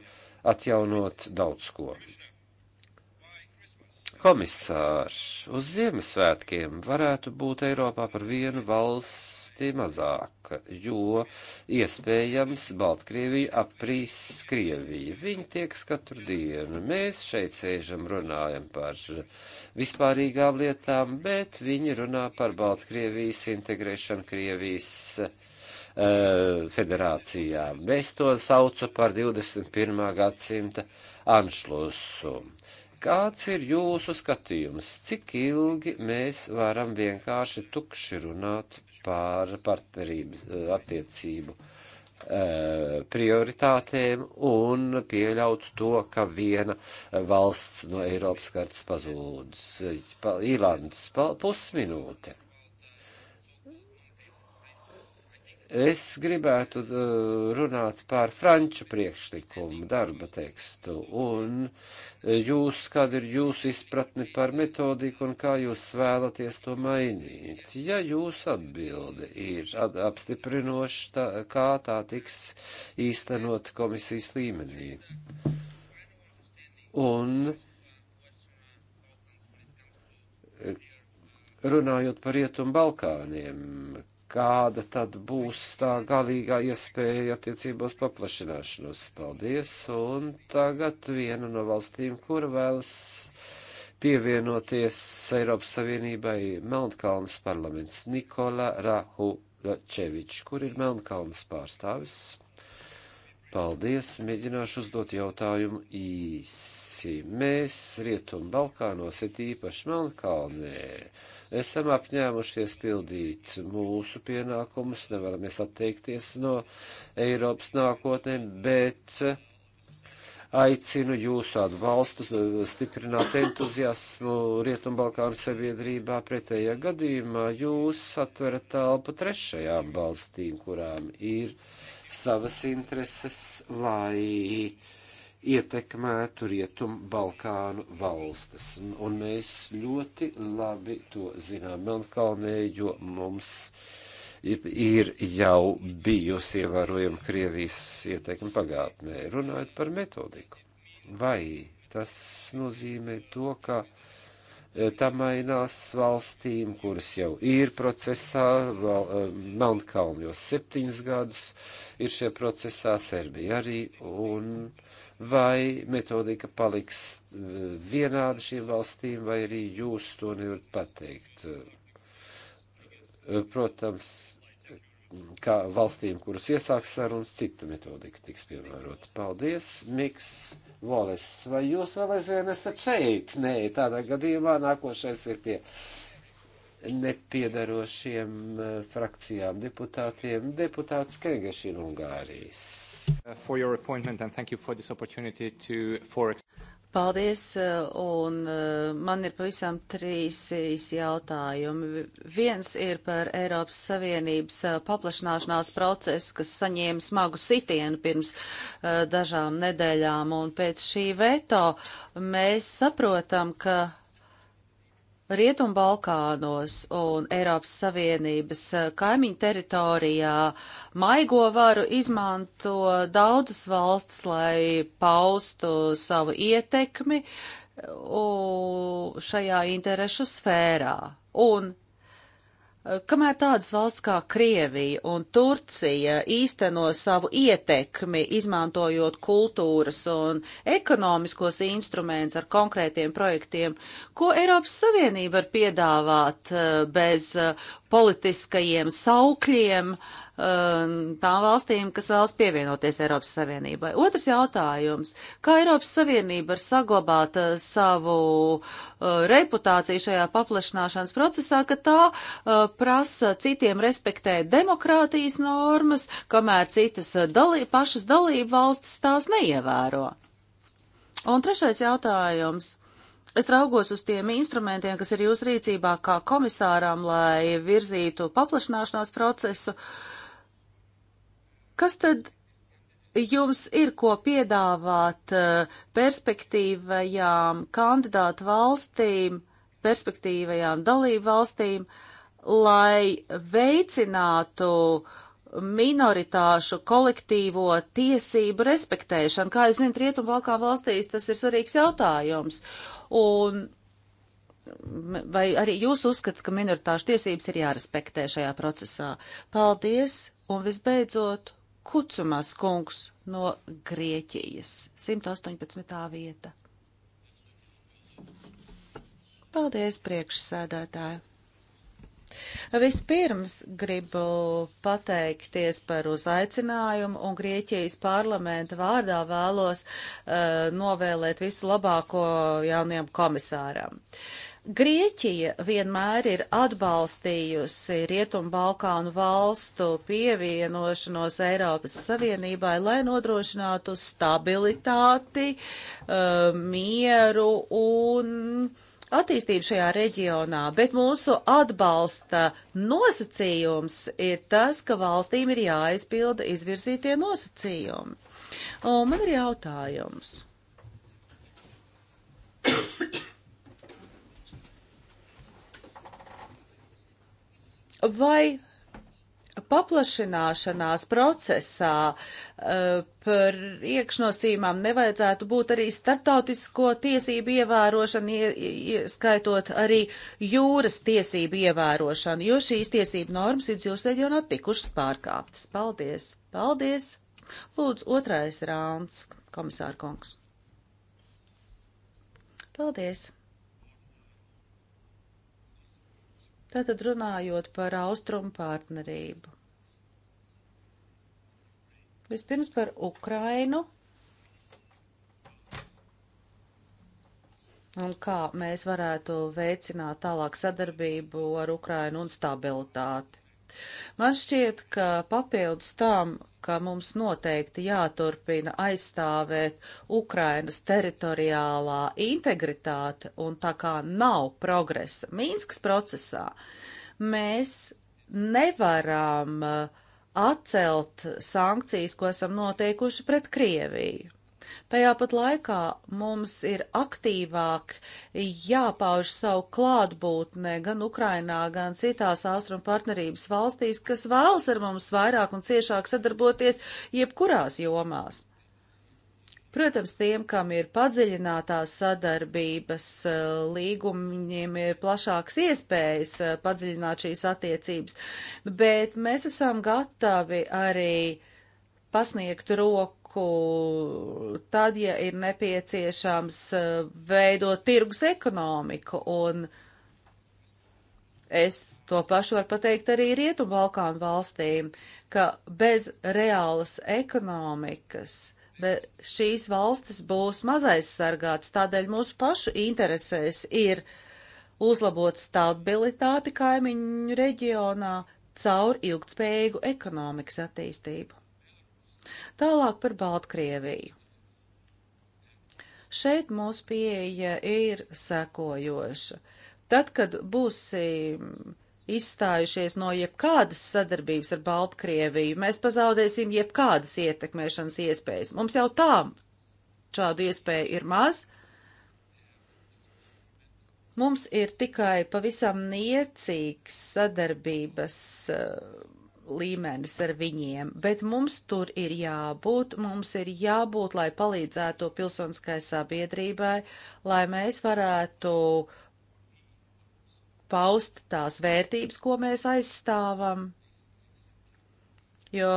atjaunot daudz ko. Komisārs uz Ziemassvētkiem varētu būt Eiropā par vienu valsti mazāk, jo iespējams Baltkrievija aprīs Krieviju. Viņi tieks katru dienu. Mēs šeit sēžam runājam par vispārīgām lietām, bet viņi runā par Baltkrievijas integrēšanu Krievijas Eh, federācijā. Es to saucu par 21. gadsimta anšlusu. Kāds ir jūsu skatījums? Cik ilgi mēs varam vienkārši tukši runāt par partnerības eh, attiecību? Eh, prioritātēm un pieļaut to, ka viena valsts no Eiropas kartas pazūdas. Ilants, pusminūte. Es gribētu uh, runāt par franču priekšlikumu darba tekstu un jūs, kāda ir jūsu izpratne par metodiku un kā jūs vēlaties to mainīt. Ja jūs atbildi ir apstiprinoši, tā, kā tā tiks īstenot komisijas līmenī. Un eh, runājot par Rietumu Balkāniem, kāda tad būs tā galīgā iespēja attiecībos paplašināšanos. Paldies! Un tagad viena no valstīm, kur vēlas pievienoties Eiropas Savienībai, Melnkalnas parlaments Nikola Rahuļačevičs, kur ir Melnkalnas pārstāvis. Paldies, mēģināšu uzdot jautājumu īsi. Mēs Rietumu Balkānos, ir īpaši Melnkalnē, esam apņēmušies pildīt mūsu pienākumus, nevaramies atteikties no Eiropas nākotnēm, bet aicinu jūsu atbalstu stiprināt entuziasmu Rietumu Balkānu sabiedrībā, pretējā gadījumā jūs atverat telpu trešajām valstīm, kurām ir. Uh, savas intereses, lai ietekmētu Rietumu Balkānu valstis. Un mēs ļoti labi to zinām Melnkalnē, jo mums ir jau bijusi ievērojama Krievijas ietekme pagātnē. Runājot par metodiku, vai tas nozīmē to, ka Eh, tamainās valstīm, kuras jau ir procesā, val, eh, Melnkalnjos septiņus gadus ir šie procesā, Serbija arī, un vai metodika paliks eh, vienāda šīm valstīm, vai arī jūs to nevarat pateikt. Protams, kā valstīm, kuras iesāks sarunas, cita metodika tiks piemērota. Paldies, Miks! Voles, vai jūs vēl aizvien esat šeit? Nē, tādā gadījumā nākošais ir pie nepiedarošiem eh, frakcijām deputātiem deputāts Kengeš ir Ungārijas. Uh, for your appointment and thank you for this opportunity to for Paldies, eh, un eh, man ir pavisam trīs īsi jautājumi. Viens ir par Eiropas Savienības eh, paplašanāšanās procesu, kas saņēma smagu sitienu pirms dažām nedēļām, un pēc šī veto mēs saprotam, ka Rietumbalkānos un Eiropas Savienības eh, kaimiņu teritorijā maigo varu izmanto daudzas valstis, lai paustu savu ietekmi eh, šajā interešu sfērā. Un Eh, kamēr tādas valsts kā Krievija un Turcija īsteno savu ietekmi, izmantojot kultūras un ekonomiskos instrumentus ar konkrētiem projektiem, ko Eiropas Savienība var piedāvāt eh, bez eh, politiskajiem saukļiem, uh, Um, tām valstīm, kas vēlas pievienoties Eiropas Savienībai. Otrs jautājums - kā Eiropas Savienība var saglabāt uh, savu uh, reputāciju šajā paplašināšanas procesā, ka tā uh, prasa citiem respektēt demokrātijas normas, kamēr citas dalī, pašas dalību valstis tās neievēro? Un trešais jautājums. Es raugos uz tiem instrumentiem, kas ir jūsu rīcībā kā komisāram, lai virzītu paplašināšanās procesu. Uh, Kas tad jums ir ko piedāvāt eh, perspektīvajām kandidātu valstīm, perspektīvajām dalību valstīm, lai veicinātu minoritāšu kolektīvo tiesību respektēšanu. Kā jūs zināt, Rietumbalkā valstīs tas ir svarīgs jautājums. Un vai arī jūs uzskatāt, ka minoritāšu tiesības ir jārespektē šajā procesā? Paldies! Un visbeidzot, Kucumas kungs no Grieķijas, 118. vieta. Paldies, priekšsēdētāji! Vispirms gribu pateikties par uzaicinājumu un Grieķijas parlamenta vārdā vēlos uh, novēlēt visu labāko jaunajam komisāram. Uh, Grieķija vienmēr ir atbalstījusi Rietumbalkānu valstu pievienošanos Eiropas Savienībai, lai nodrošinātu stabilitāti, eh, mieru un attīstību šajā reģionā, bet mūsu atbalsta nosacījums ir tas, ka valstīm ir jāizpilda izvirzītie nosacījumi. Un man ir jautājums. Vai paplašināšanās procesā eh, par iekšnosīmām nevajadzētu būt arī starptautisko tiesību ievērošanu, ieskaitot arī jūras tiesību ievērošanu, jo šīs tiesību normas ir jūras reģionā tikušas pārkāptas. Paldies! Paldies! Lūdzu, otrais rāns, komisāra kungs. Paldies! Tātad runājot par austrumu partnerību. Vispirms par Ukrainu un kā mēs varētu veicināt tālāk sadarbību ar Ukrainu un stabilitāti. Man šķiet, ka papildus tam, ka mums noteikti jāturpina aizstāvēt Ukrainas teritoriālā integritāte un tā kā nav progresa Mīnskas procesā, mēs nevaram uh, atcelt sankcijas, ko esam noteikuši pret Krieviju. Tajā pat laikā mums ir aktīvāk jāpauž savu klātbūtne gan Ukrainā, gan citās austrumu partnerības valstīs, kas vēlas ar mums vairāk un ciešāk sadarboties jebkurās jomās. Protams, tiem, kam ir padziļinātās sadarbības e, līgumiem, ir plašāks iespējas e, padziļināt šīs attiecības, bet mēs esam gatavi arī pasniegt roku politiku tad, ja ir nepieciešams eh, veidot tirgus ekonomiku. Un es to pašu varu pateikt arī Rietumbalkānu valstīm, ka bez reālas ekonomikas bet šīs valstis būs mazais sargāts, tādēļ mūsu pašu interesēs ir uzlabot stabilitāti kaimiņu reģionā caur ilgtspējīgu ekonomikas attīstību. Tālāk par Baltkrieviju. Šeit mūsu pieeja ir sekojoša. Tad, kad būsim izstājušies no jebkādas sadarbības ar Baltkrieviju, mēs pazaudēsim jebkādas ietekmēšanas iespējas. Mums jau tā šādu iespēju ir maz. Mums ir tikai pavisam niecīgs sadarbības uh, līmenis ar viņiem, bet mums tur ir jābūt, mums ir jābūt, lai palīdzētu pilsoniskai sabiedrībai, lai mēs varētu paust tās vērtības, ko mēs aizstāvam. Jo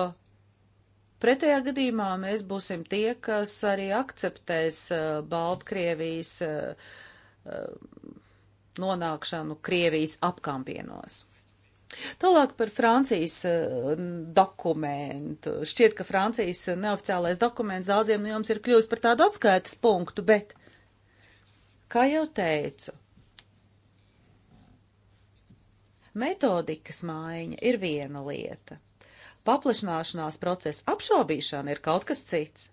pretējā gadījumā mēs būsim tie, kas arī akceptēs uh, Baltkrievijas uh, uh, nonākšanu Krievijas apkampienos. Tālāk par Francijas eh, dokumentu. Šķiet, ka Francijas neoficiālais dokuments daudziem no jums ir kļuvis par tādu atskaites punktu, bet, kā jau teicu, metodikas maiņa ir viena lieta. Paplašināšanās procesa apšaubīšana ir kaut kas cits.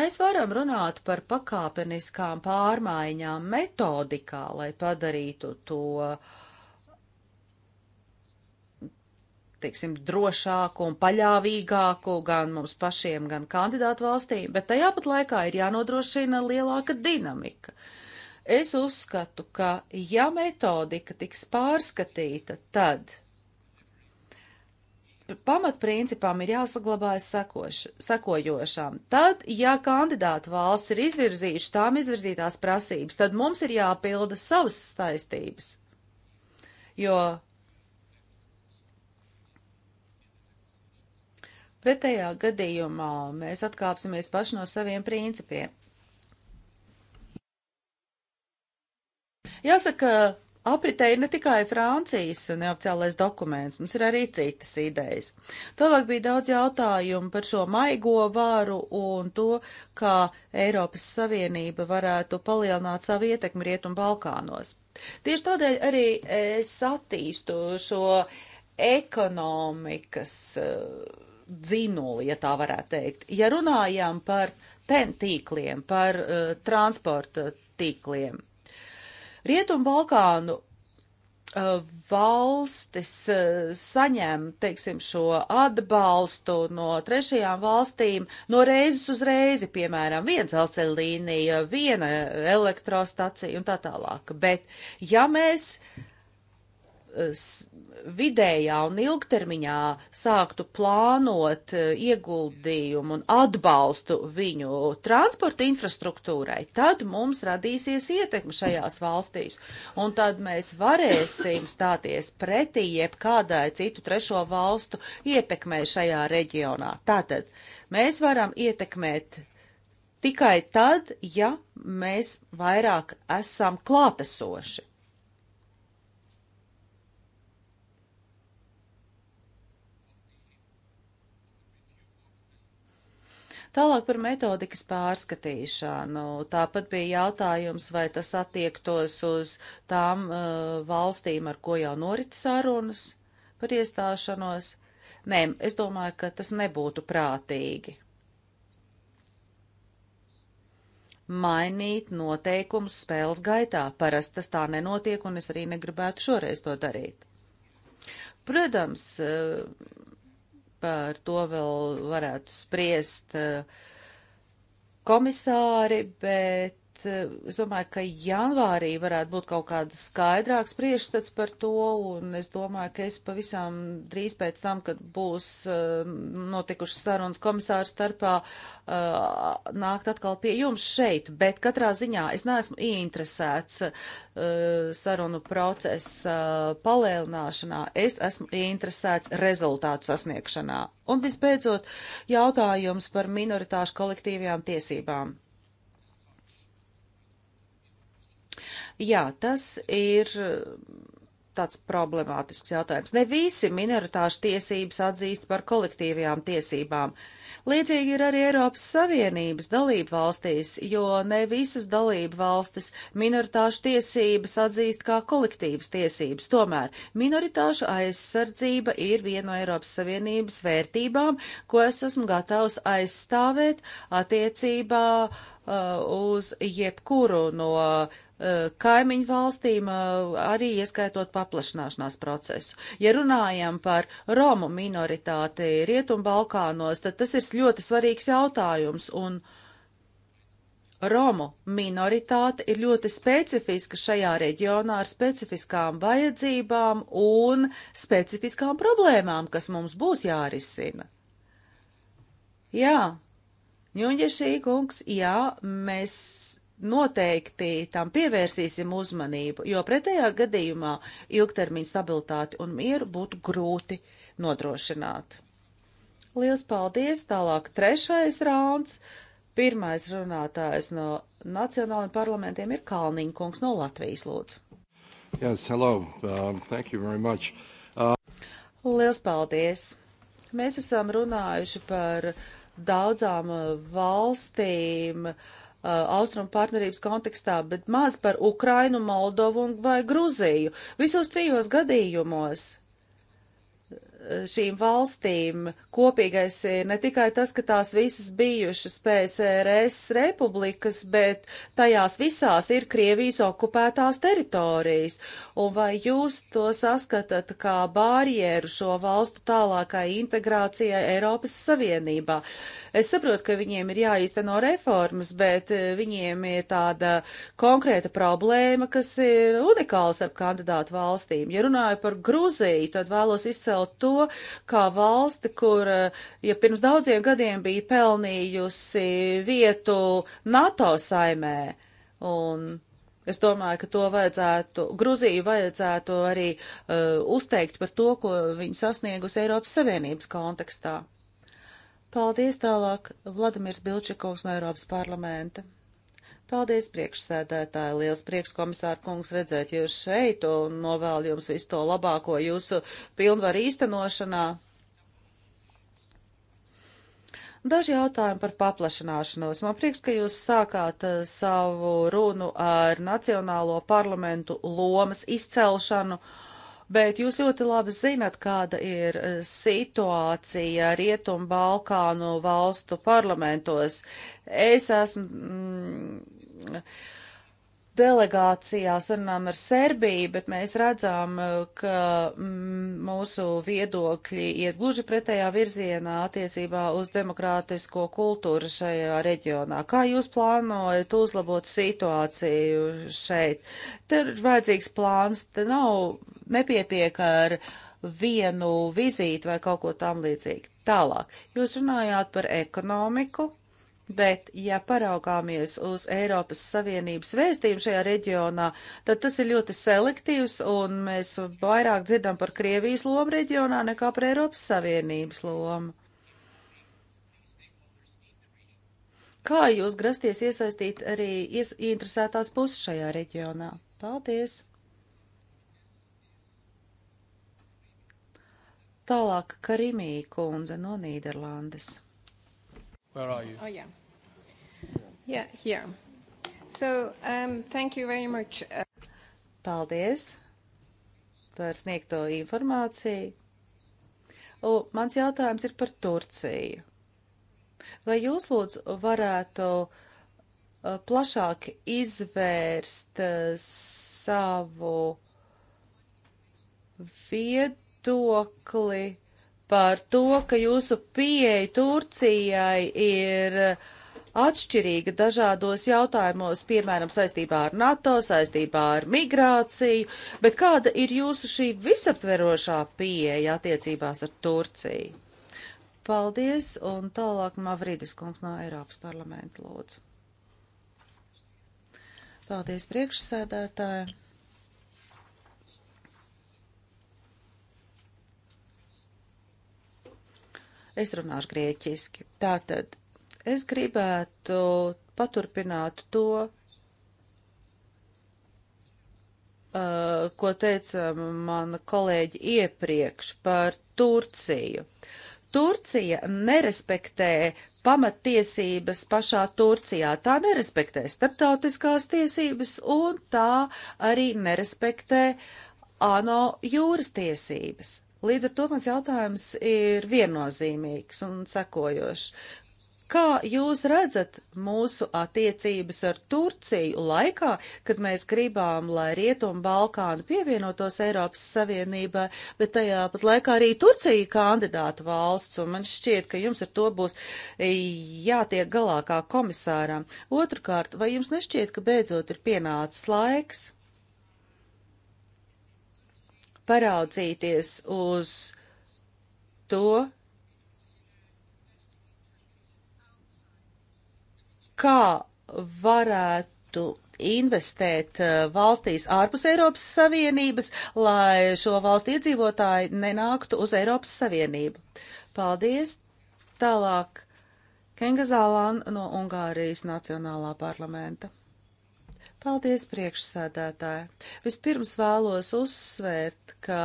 Mēs varam runāt par pakāpeniskām pārmaiņām metodikā, lai padarītu to uh, teiksim, drošāku un paļāvīgāku gan mums pašiem, gan kandidātu valstīm, bet tajā pat laikā ir jānodrošina lielāka dinamika. Es uzskatu, ka ja metodika tiks pārskatīta, tad pamatprincipām ir jāsaglabājas sekoš, sekojošām. Tad, ja kandidātu valsts ir izvirzījuši tām izvirzītās prasības, tad mums ir jāpilda savas saistības. Jo Pretējā gadījumā mēs atkāpsimies paši no saviem principiem. Jāsaka, apritē ir ne tikai Francijas neoficiālais dokuments, mums ir arī citas idejas. Tālāk bija daudz jautājumu par šo maigo varu un to, kā Eiropas Savienība varētu palielināt savu ietekmi Rietumu Balkānos. Tieši tādēļ arī es attīstu šo ekonomikas uh, dzinuli, ja tā varētu teikt. Ja runājām par ten tīkliem, par uh, transporta tīkliem, Rietumu Balkānu uh, valstis uh, saņem, teiksim, šo atbalstu no trešajām valstīm no reizes uz reizi, piemēram, viena dzelzceļa līnija, viena elektrostacija un tā tālāk. Bet, ja mēs uh, vidējā un ilgtermiņā sāktu plānot e, ieguldījumu un atbalstu viņu transporta infrastruktūrai, tad mums radīsies ietekme šajās valstīs, un tad mēs varēsim stāties pretī jebkādai citu trešo valstu iepekmē šajā reģionā. Tātad mēs varam ietekmēt tikai tad, ja mēs vairāk esam klātesoši. Tālāk par metodikas pārskatīšanu. Tāpat bija jautājums, vai tas attiektos uz tām uh, valstīm, ar ko jau norit sarunas par iestāšanos. Nē, es domāju, ka tas nebūtu prātīgi. mainīt noteikumus spēles gaitā. Parasti tas tā nenotiek, un es arī negribētu šoreiz to darīt. Protams, uh, par to vēl varētu spriest eh, komisāri, bet Eh, es domāju, ka janvārī varētu būt kaut kāds skaidrāks priekšstats par to, un es domāju, ka es pavisam drīz pēc tam, kad būs eh, notikušas sarunas komisāru starpā, eh, nākt atkal pie jums šeit, bet katrā ziņā es neesmu ieinteresēts sarunu procesa palēlināšanā, es esmu ieinteresēts rezultātu sasniegšanā. Un visbeidzot, jautājums par minoritāšu kolektīvajām tiesībām. Jā, tas ir uh, tāds problemātisks jautājums. Ne visi minoritāšu tiesības atzīst par kolektīvajām tiesībām. Līdzīgi ir arī Eiropas Savienības dalību valstīs, jo ne visas dalību valstis minoritāšu tiesības atzīst kā kolektīvas tiesības. Tomēr minoritāšu aizsardzība ir viena no Eiropas Savienības vērtībām, ko es esmu gatavs aizstāvēt attiecībā uh, uz jebkuru no uh, kaimiņu valstīm, arī ieskaitot paplašināšanās procesu. Ja runājam par Romu minoritāti Rietumbalkānos, tad tas ir ļoti svarīgs jautājums, un Romu minoritāte ir ļoti specifiska šajā reģionā ar specifiskām vajadzībām un specifiskām problēmām, kas mums būs jārisina. Jā, Ņuņģešī kungs, jā, mēs noteikti tam pievērsīsim uzmanību, jo pretējā gadījumā ilgtermiņa stabilitāti un mieru būtu grūti nodrošināt. Liels paldies! Tālāk trešais rauns. Pirmais runātājs no nacionālajiem parlamentiem ir Kalniņa kungs no Latvijas lūdzu. Yes, hello. Um, uh, thank you very much. Uh... Liels paldies! Mēs esam runājuši par daudzām valstīm, uh, Uh, austrumu partnerības kontekstā, bet maz par Ukrainu, Moldovu vai Gruziju. Visos trijos gadījumos šīm valstīm kopīgais ir ne tikai tas, ka tās visas bijušas PSRS republikas, bet tajās visās ir Krievijas okupētās teritorijas. Un vai jūs to saskatāt kā barjeru šo valstu tālākai integrācijai Eiropas Savienībā? Es saprotu, ka viņiem ir jāīsteno reformas, bet eh, viņiem ir tāda konkrēta problēma, kas ir unikāls ar kandidātu valstīm. Ja runāju par Gruziju, tad vēlos izcelt to, to, kā valsti, kur, eh, ja pirms daudziem gadiem bija pelnījusi vietu NATO saimē, un Es domāju, ka to vajadzētu, Gruziju vajadzētu arī uh, uzteikt par to, ko viņi sasniegusi Eiropas Savienības kontekstā. Paldies tālāk, Vladimirs Bilčikovs no Eiropas parlamenta. Paldies, priekšsēdētāji. Liels prieks, komisāra kungs, redzēt jūs šeit un novēlu jums visu to labāko jūsu pilnvaru īstenošanā. Daži jautājumi par paplašināšanos. Man prieks, ka jūs sākāt eh, savu runu ar Nacionālo parlamentu lomas izcelšanu, bet jūs ļoti labi zinat, kāda ir eh, situācija Rietumu Balkānu valstu parlamentos. Es esmu. Mm, delegācijās runām ar Serbiju, bet mēs redzam, ka mm, mūsu viedokļi iet gluži pretējā virzienā attiecībā uz demokrātisko kultūru šajā reģionā. Kā jūs plānojat uzlabot situāciju šeit? Te ir vajadzīgs plāns, te nav nepiepiek ar vienu vizīti vai kaut ko tam līdzīgi. Tālāk, jūs runājāt par ekonomiku, Bet, ja paraugāmies uz Eiropas Savienības vēstījumu šajā reģionā, tad tas ir ļoti selektīvs, un mēs vairāk dzirdam par Krievijas lomu reģionā nekā par Eiropas Savienības lomu. Kā jūs grasties iesaistīt arī ieinteresētās puses šajā reģionā? Paldies! Tālāk Karimī kundze no Nīderlandes. Where are you? Oh, yeah. Yeah, here. So, um, thank you very much. Uh, Paldies par sniegto informāciju. Un mans jautājums ir par Turciju. Vai jūs, lūdzu, varētu uh, plašāk izvērst uh, savu viedokli par to, ka jūsu pieeja Turcijai ir uh, atšķirīga dažādos jautājumos, piemēram, saistībā ar NATO, saistībā ar migrāciju, bet kāda ir jūsu šī visaptverošā pieeja attiecībās ar Turciju? Paldies, un tālāk Mavridis kungs no Eiropas parlamenta lūdzu. Paldies priekšsēdētāji. Es runāšu grieķiski. Tātad Es gribētu paturpināt to, Uh, ko teica mana kolēģi iepriekš par Turciju. Turcija nerespektē pamatiesības pašā Turcijā. Tā nerespektē starptautiskās tiesības un tā arī nerespektē ANO jūras tiesības. Līdz ar to mans jautājums ir viennozīmīgs un sekojošs. Kā jūs redzat mūsu attiecības ar Turciju laikā, kad mēs gribām, lai Rietumu Balkānu pievienotos Eiropas Savienībai, bet tajā pat laikā arī Turcija kandidāta valsts, un man šķiet, ka jums ar to būs jātiek galā kā komisāram. Otrkārt, vai jums nešķiet, ka beidzot ir pienācis laiks paraudzīties uz to, kā varētu investēt uh, valstīs ārpus Eiropas Savienības, lai šo valstu iedzīvotāji nenāktu uz Eiropas Savienību. Paldies! Tālāk Kenga Zālāna no Ungārijas Nacionālā parlamenta. Paldies, priekšsēdētāji! Vispirms vēlos uzsvērt, ka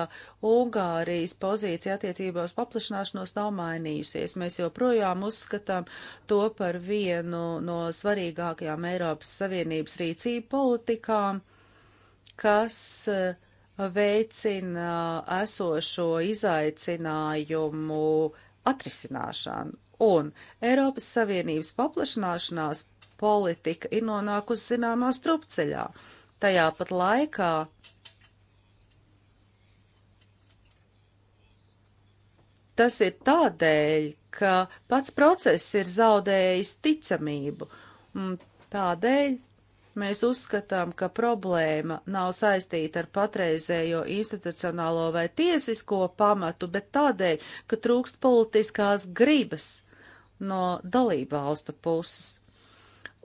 Ungārijas pozīcija attiecībā uz paplašināšanos nav mainījusies. Mēs joprojām uzskatām to par vienu no svarīgākajām Eiropas Savienības rīcību politikām, kas eh, veicina esošo izaicinājumu atrisināšanu. Un Eiropas Savienības paplašināšanās politika ir nonākusi zināmā strupceļā. Tajā pat laikā tas ir tādēļ, ka pats process ir zaudējis ticamību. Tādēļ mēs uzskatām, ka problēma nav saistīta ar patreizējo institucionālo vai tiesisko pamatu, bet tādēļ, ka trūkst politiskās gribas no dalībvalstu puses.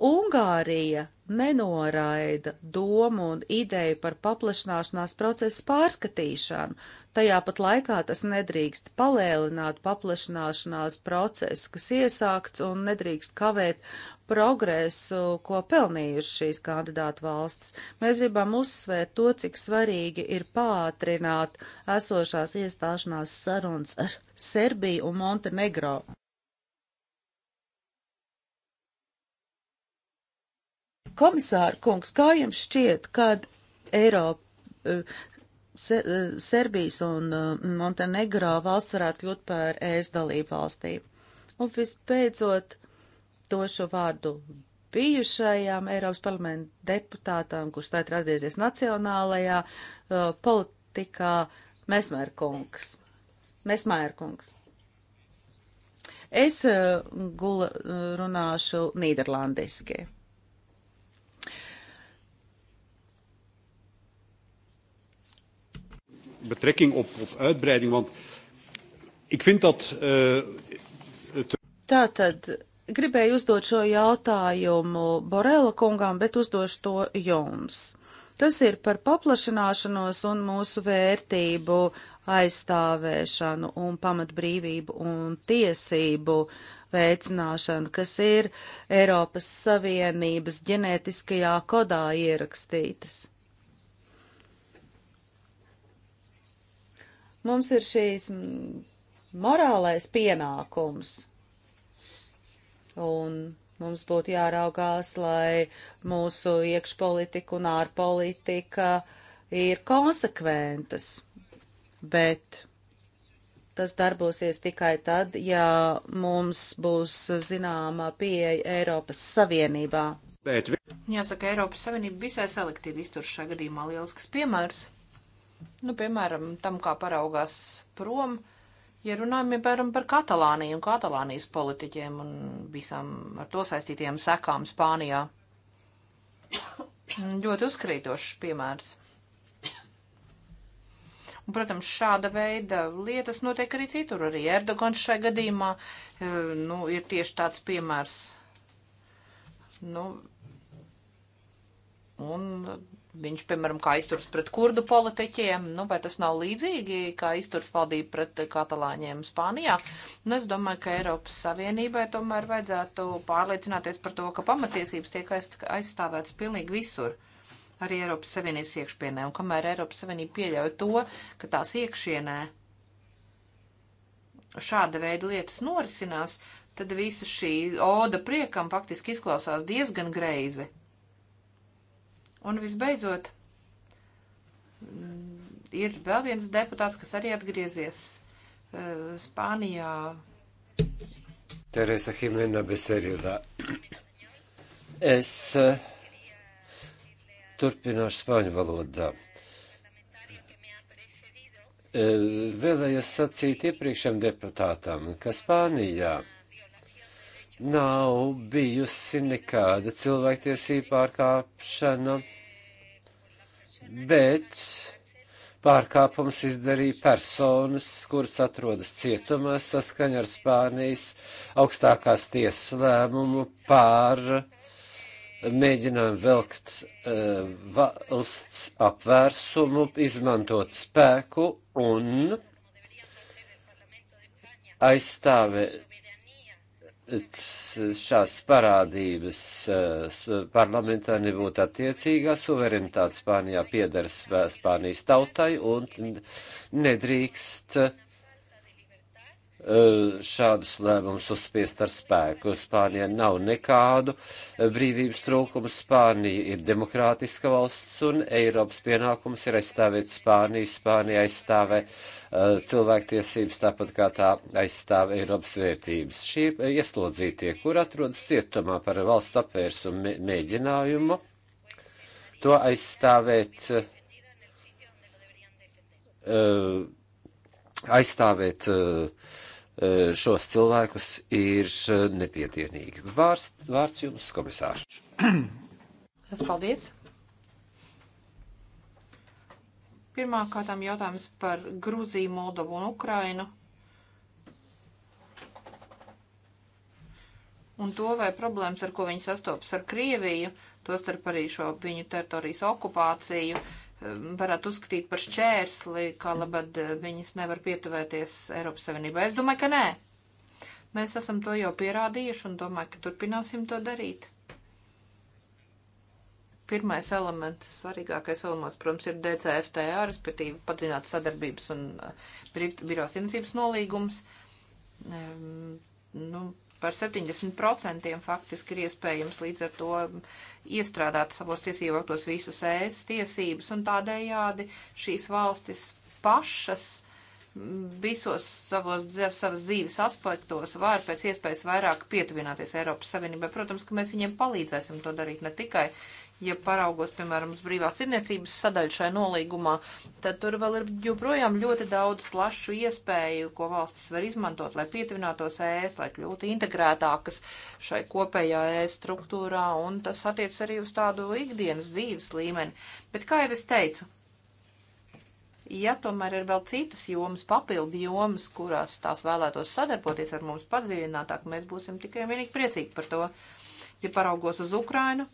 Ungārija nenoraida domu un ideju par paplašināšanās procesu pārskatīšanu, tajā pat laikā tas nedrīkst palēlināt paplašināšanās procesu, kas iesākts un nedrīkst kavēt progresu, ko pelnījuši šīs kandidātu valstis. Mēs gribam uzsvērt to, cik svarīgi ir pātrināt esošās iestāšanās sarunas ar Serbiju un Montenegro. Komisāra kungs, kā jums šķiet, kad Eiropa, eh, se, eh, Serbijas un eh, Montenegro valsts varētu kļūt par ES dalību valstīm? Un vispēcot došu vārdu bijušajām Eiropas parlamenta deputātām, kurš tā ir atgriezies nacionālajā uh, politikā, Mesmērkungs. Mesmērkungs. Es uh, gula runāšu nīderlandiski. betrekking op, op uitbreiding. Want ik vind dat. Uh, eh, te... Tātad gribēju uzdot šo jautājumu Borela kungām, bet uzdošu to jums. Tas ir par paplašināšanos un mūsu vērtību aizstāvēšanu un pamatbrīvību un tiesību veicināšanu, kas ir Eiropas Savienības ģenētiskajā kodā ierakstītas. Mums ir šīs morālais pienākums. Un mums būtu jāraugās, lai mūsu iekšpolitika un ārpolitika ir konsekventas. Bet tas darbosies tikai tad, ja mums būs zināma pieeja Eiropas Savienībā. Bet... Jāsaka, Eiropas Savienība visai selektīvi iztur šā gadījumā lielisks piemērs. Nu, piemēram, tam, kā paraugās prom, ja runājam, piemēram, par Katalāniju un Katalānijas politiķiem un visām ar to saistītiem sekām Spānijā. Ļoti uzkrītošs piemērs. Un, protams, šāda veida lietas notiek arī citur. Arī Erdogans šai gadījumā eh, nu, ir tieši tāds piemērs. Nu, un Viņš, piemēram, kā izturs pret kurdu politiķiem, nu, vai tas nav līdzīgi, kā izturs valdība pret katalāņiem Spānijā. Nu, es domāju, ka Eiropas Savienībai tomēr vajadzētu pārliecināties par to, ka pamatiesības tiek aizstāvētas pilnīgi visur, arī Eiropas Savienības iekšpienē. Un kamēr Eiropas Savienība pieļauj to, ka tās iekšienē šāda veida lietas norisinās, tad visa šī oda priekam faktiski izklausās diezgan greizi. Un visbeidzot, ir vēl viens deputāts, kas arī atgriezies uh, Spānijā. Teresa Jimena Beserīdā. Es uh, turpināšu spāņu valodā. Uh, vēlējos sacīt iepriekšējam deputātam, ka Spānijā uh, nav bijusi nekāda cilvēktiesība pārkāpšana, bet pārkāpums izdarīja personas, kuras atrodas cietumā saskaņā ar Spānijas augstākās tiesas lēmumu pār mēģinājumu velkt uh, valsts apvērsumu, izmantot spēku un aizstāvēt šās parādības eh, parlamentā nebūtu attiecīgā suverenitāte Spānijā piedara Spānijas tautai un nedrīkst uh, Eh, šādus lēmumus uzspiest ar spēku. Spānijā nav nekādu eh, brīvības trūkumu. Spānija ir demokrātiska valsts un Eiropas pienākums ir aizstāvēt Spāniju. Spānija aizstāvē uh, cilvēktiesības tāpat kā tā aizstāv Eiropas vērtības. Šie ieslodzītie, kur atrodas cietumā par valsts apvērsumu mēģinājumu, to aizstāvēt. Uh, aizstāvēt uh, Eh, šos cilvēkus ir eh, nepietienīgi. Vārst, vārds jums, komisārs. Es paldies. Pirmkārt, jautājums par Grūziju, Moldovu un Ukrainu. Un to, vai problēmas, ar ko viņi sastopas ar Krieviju, tostarp arī šo viņu teritorijas okupāciju, uh, varētu uzskatīt par šķērsli, kā labad viņas nevar pietuvēties Eiropas Savienībā. Es domāju, ka nē. Mēs esam to jau pierādījuši un domāju, ka turpināsim to darīt. Pirmais elements, svarīgākais elements, protams, ir DCFTA, respektīvi padzināt sadarbības un uh, birojas incības nolīgums. Um, nu, par 70% faktiski ir iespējams līdz ar to iestrādāt savos tiesību aktos visus ēs tiesības, un tādējādi šīs valstis pašas visos savos dzīves, savas dzīves aspektos var pēc iespējas vairāk pietuvināties Eiropas Savienībai. Protams, ka mēs viņiem palīdzēsim to darīt ne tikai uh, Ja paraugos, piemēram, uz brīvās irniecības sadaļu šai nolīgumā, tad tur vēl ir joprojām ļoti daudz plašu iespēju, ko valstis var izmantot, lai pietuvinātos ES, lai kļūtu integrētākas šai kopējā ES struktūrā, un tas attiec arī uz tādu ikdienas dzīves līmeni. Bet, kā jau es teicu, ja tomēr ir vēl citas jomas, papildu jomas, kurās tās vēlētos sadarboties ar mums padziļinātāk, mēs būsim tikai vienīgi priecīgi par to. Ja paraugos uz Ukrainu,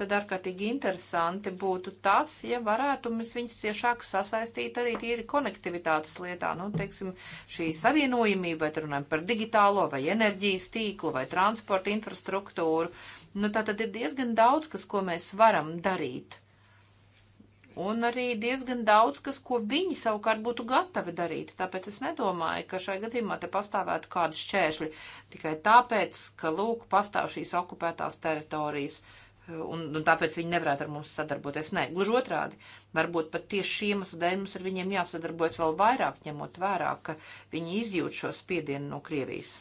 tad ārkārtīgi interesanti būtu tas, ja varētu mēs viņus ciešāk sasaistīt arī tīri konektivitātes lietā. Nu, teiksim, šī savienojumība, vai te runājam par digitālo, vai enerģijas tīklu, vai transporta infrastruktūru. Nu, tā tad ir diezgan daudz, kas, ko mēs varam darīt. Un arī diezgan daudz, kas, ko viņi savukārt būtu gatavi darīt. Tāpēc es nedomāju, ka šai gadījumā te pastāvētu kādi šķēršļi. Tikai tāpēc, ka, lūk, pastāv šīs okupētās teritorijas. Uh, un, un tāpēc viņi nevarētu ar mums sadarboties. Nē, gluži otrādi. Varbūt pat tieši šī iemesla dēļ mums ar viņiem jāsadarbojas vēl vairāk, ņemot vērā, ka viņi izjūt šo spiedienu no Krievijas.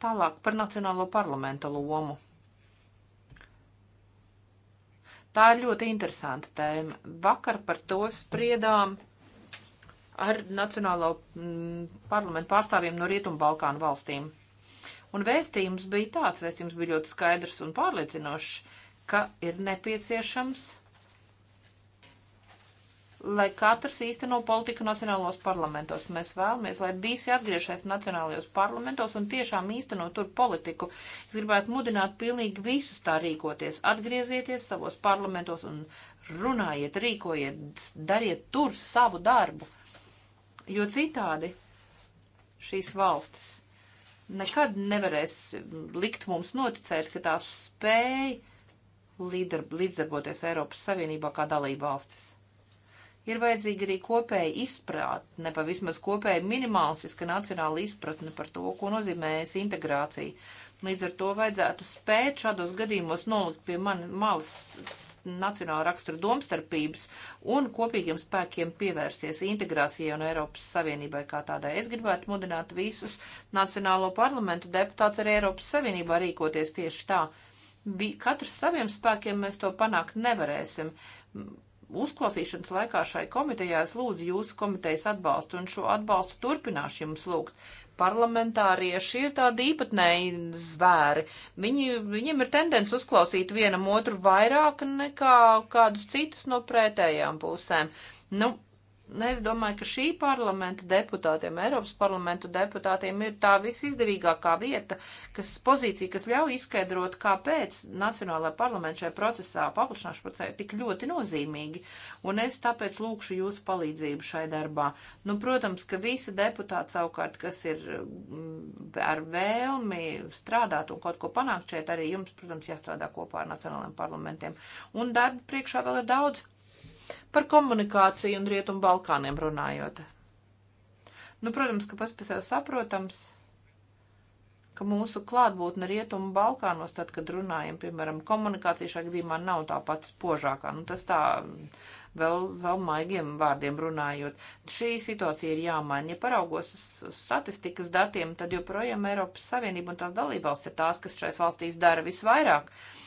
Tālāk par Nacionālo parlamenta lomu. Tā ir ļoti interesanta tēma. Vakar par to spriedām ar Nacionālo mm, parlamentu pārstāvjiem no Rietumbalkānu valstīm. Un vēstījums bija tāds, vēstījums bija ļoti skaidrs un pārliecinošs, ka ir nepieciešams, lai katrs īsteno politiku nacionālos parlamentos. Mēs vēlamies, lai visi atgriežas nacionālajos parlamentos un tiešām īsteno tur politiku. Es gribētu mudināt pilnīgi visus tā rīkoties. Atgriezieties savos parlamentos un runājiet, rīkojiet, dariet tur savu darbu. Jo citādi šīs valstis nekad nevarēs likt mums noticēt, ka tās spēja līdzdarboties Eiropas Savienībā kā dalība valstis. Ir vajadzīga arī kopēja izpratne, vai vismaz kopēja minimalistiska nacionāla izpratne par to, ko nozīmēs integrācija. Līdz ar to vajadzētu spēt šādos gadījumos nolikt pie man malas nacionāla rakstura domstarpības un kopīgiem spēkiem pievērsties integrācijai un Eiropas Savienībai kā tādai. Es gribētu mudināt visus nacionālo parlamentu deputātus arī Eiropas Savienībā rīkoties tieši tā. Katrs saviem spēkiem mēs to panākt nevarēsim uzklausīšanas laikā šai komitejā es lūdzu jūsu komitejas atbalstu un šo atbalstu turpināšu jums lūgt. Parlamentārieši ir tādi īpatnēji zvēri. Viņi, viņiem ir tendence uzklausīt vienam otru vairāk nekā kādus citus no pretējām pusēm. Nu, Es domāju, ka šī parlamenta deputātiem, Eiropas parlamentu deputātiem ir tā visizdevīgākā vieta, kas pozīcija, kas ļauj izskaidrot, kāpēc Nacionālajā parlamentā šajā procesā, paplašināšanas procesā ir tik ļoti nozīmīgi. Un es tāpēc lūkšu jūsu palīdzību šai darbā. Nu, protams, ka visi deputāti savukārt, kas ir mm, ar vēlmi strādāt un kaut ko panākt šeit, arī jums, protams, jāstrādā kopā ar Nacionālajiem parlamentiem. Un darba priekšā vēl ir daudz. Par komunikāciju un Rietumu Balkāniem runājot. Nu, protams, ka pats par sevi saprotams, ka mūsu klātbūtne Rietumu Balkānos, tad, kad runājam, piemēram, komunikācija šajā gadījumā nav tā pats spožākā. Nu, tas tā vēl, vēl maigiem vārdiem runājot. Šī situācija ir jāmaina. Ja paraugos uz statistikas datiem, tad joprojām Eiropas Savienība un tās dalībvalsts ir tās, kas šais valstīs dara visvairāk. Uh,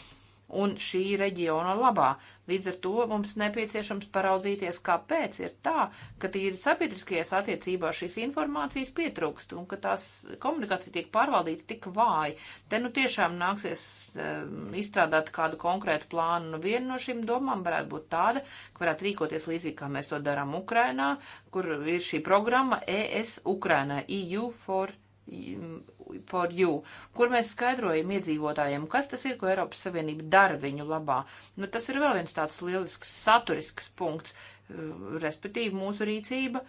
un šī reģiona labā. Līdz ar to mums nepieciešams paraudzīties, kāpēc ir tā, ka tīri sabiedriskajās attiecībās šīs informācijas pietrūkst un ka tās komunikācija tiek pārvaldīta tik vāji. Te nu tiešām nāksies um, izstrādāt kādu konkrētu plānu. Nu, viena no šīm domām varētu būt tāda, ka varētu rīkoties līdzīgi, kā mēs to darām Ukrainā, kur ir šī programma ES Ukrainai, EU for for you, kur mēs skaidrojam iedzīvotājiem, kas tas ir, ko Eiropas Savienība dara viņu labā. Nu, tas ir vēl viens tāds lielisks saturisks punkts, eh, respektīvi mūsu rīcība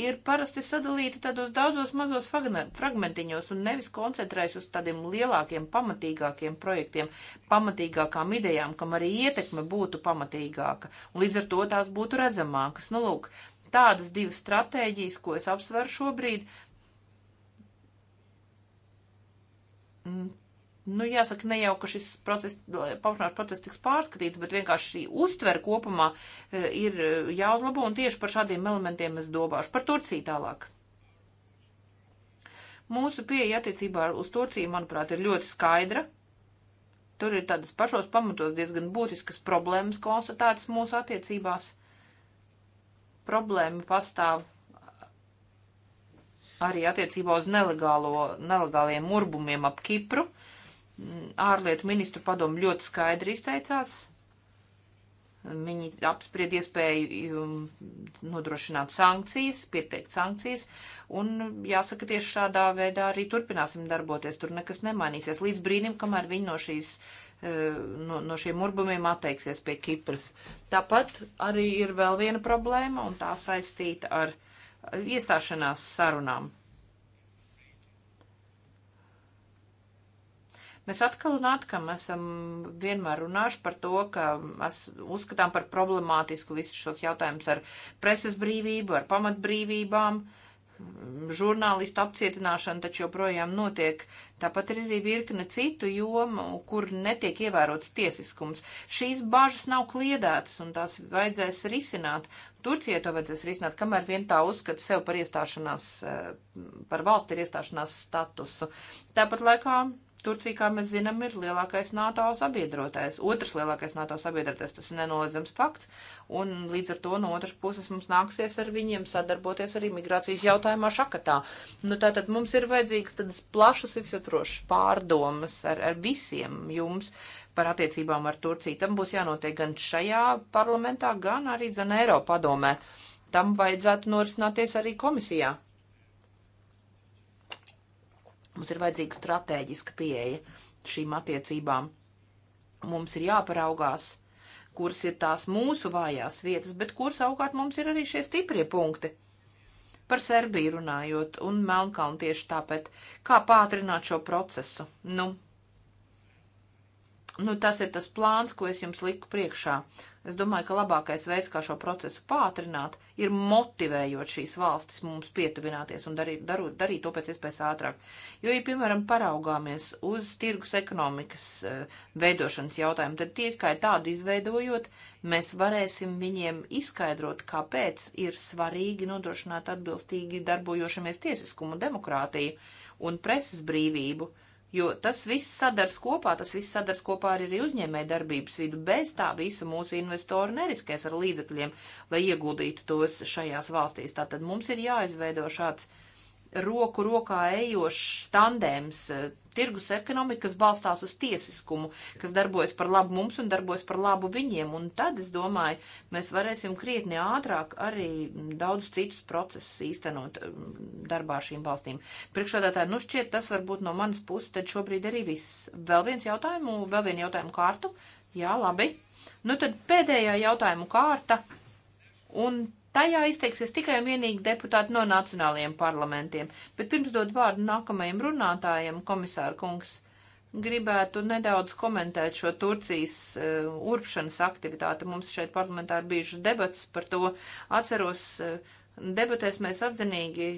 ir parasti sadalīta tādos daudzos mazos fragmentiņos un nevis koncentrējas uz tādiem lielākiem, pamatīgākiem projektiem, pamatīgākām idejām, kam arī ietekme būtu pamatīgāka, un līdz ar to tās būtu redzamākas. Nu, lūk, tādas divas stratēģijas, ko es apsveru šobrīd. Mm, nu, jāsaka, ne jau, ka šis process, paplašināšanās process tiks pārskatīts, bet vienkārši šī uztver kopumā e, ir e, jāuzlabo, un tieši par šādiem elementiem es domāšu. Par Turciju tālāk. Mūsu pieeja attiecībā uz Turciju, manuprāt, ir ļoti skaidra. Tur ir tādas pašos pamatos diezgan būtiskas problēmas konstatētas mūsu attiecībās problēma pastāv arī attiecībā uz nelegālo, nelegāliem urbumiem ap Kipru. Mm, ārlietu ministru padomu ļoti skaidri izteicās. Viņi apspried iespēju um, nodrošināt sankcijas, pieteikt sankcijas, un jāsaka, tieši šādā veidā arī turpināsim darboties. Tur nekas nemainīsies līdz brīdim, kamēr viņi no šīs Eh, no, no šiem urbumiem atteiksies pie Kipras. Tāpat arī ir vēl viena problēma, un tā saistīta ar eh, iestāšanās sarunām. Mēs atkal un atkal esam vienmēr runājuši par to, ka mēs uzskatām par problemātisku visus šos jautājumus ar preses brīvību, ar pamatbrīvībām. Uh, žurnālistu apcietināšana taču joprojām notiek. Tāpat ir arī virkne citu jomu, kur netiek ievērots tiesiskums. Šīs bāžas nav kliedētas un tās vajadzēs risināt. Turcija to vajadzēs risināt, kamēr vien tā uzskata sev par iestāšanās, eh, par valsti ir iestāšanās statusu. Tāpat laikā Turcija, kā mēs zinām, ir lielākais NATO sabiedrotais, otrs lielākais NATO sabiedrotais, tas ir nenoliedzams fakts, un līdz ar to no otras puses mums nāksies ar viņiem sadarboties arī migrācijas jautājumā šakatā. Nu, tātad mums ir vajadzīgs tādas plašas, izsatrošas pārdomas ar, ar visiem jums par attiecībām ar Turciju. Tam būs jānotiek gan šajā parlamentā, gan arī, zan, Eiropadomē. Tam vajadzētu norisināties arī komisijā. Mums ir vajadzīga strateģiska pieeja šīm attiecībām. Mums ir jāparaugās, kuras ir tās mūsu vājās vietas, bet kur savukārt mums ir arī šie stiprie punkti. Par Serbiju runājot un Melnkalnu tieši tāpēc, kā pātrināt šo procesu. Nu, Nu, tas ir tas plāns, ko es jums liku priekšā. Es domāju, ka labākais veids, kā šo procesu pātrināt, ir motivējot šīs valstis mums pietuvināties un darīt, daru, darīt to pēc iespējas ātrāk. Jo, ja, piemēram, paraugāmies uz tirgus ekonomikas uh, veidošanas jautājumu, tad tikai tādu izveidojot, mēs varēsim viņiem izskaidrot, kāpēc ir svarīgi nodrošināt atbilstīgi darbojošamies tiesiskumu, demokrātiju un preses brīvību. Uh, jo tas viss sadars kopā, tas viss sadars kopā arī ar uzņēmēju darbības vidu. Bez tā visa mūsu investori neriskēs ar līdzekļiem, lai ieguldītu tos šajās valstīs. Tātad mums ir jāizveido šāds roku rokā ejošs tandēms eh, tirgus ekonomika, kas balstās uz tiesiskumu, kas darbojas par labu mums un darbojas par labu viņiem. Un tad, es domāju, mēs varēsim krietni ātrāk arī daudz citus procesus īstenot eh, darbā šīm valstīm. Priekšādātāji, nu šķiet, tas varbūt no manas puses, tad šobrīd arī viss. Vēl viens jautājumu, vēl vienu jautājumu kārtu. Jā, labi. Nu tad pēdējā jautājumu kārta. Un Tajā izteiksies tikai un vienīgi deputāti no nacionālajiem parlamentiem, bet pirms dod vārdu nākamajam runātājam, komisāra kungs, gribētu nedaudz komentēt šo Turcijas uh, urpšanas aktivitāti. Mums šeit parlamentā ir bijušas debats par to. Atceros, uh, debatēs mēs atzinīgi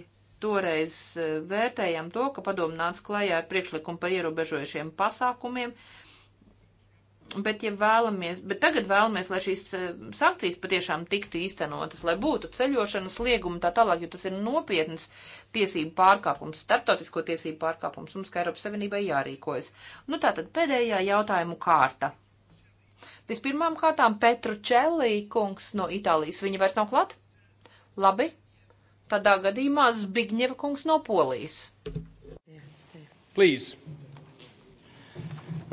toreiz uh, vērtējam to, ka padomu nāca klajā ar priekšlikumu par ierobežojušiem pasākumiem. Uh, Bet, ja vēlamies, bet tagad vēlamies, lai šīs eh, sankcijas patiešām tiktu īstenotas, lai būtu ceļošanas lieguma tā tālāk, jo tas ir nopietns tiesību pārkāpums, starptautisko tiesību pārkāpums, mums kā Eiropas Savienībai jārīkojas. Nu tā tad pēdējā jautājumu kārta. Vispirmām kārtām Petru Čelī kungs no Itālijas, viņa vairs nav klāt? Labi, tādā gadījumā Zbigņeva kungs no Polijas. Please.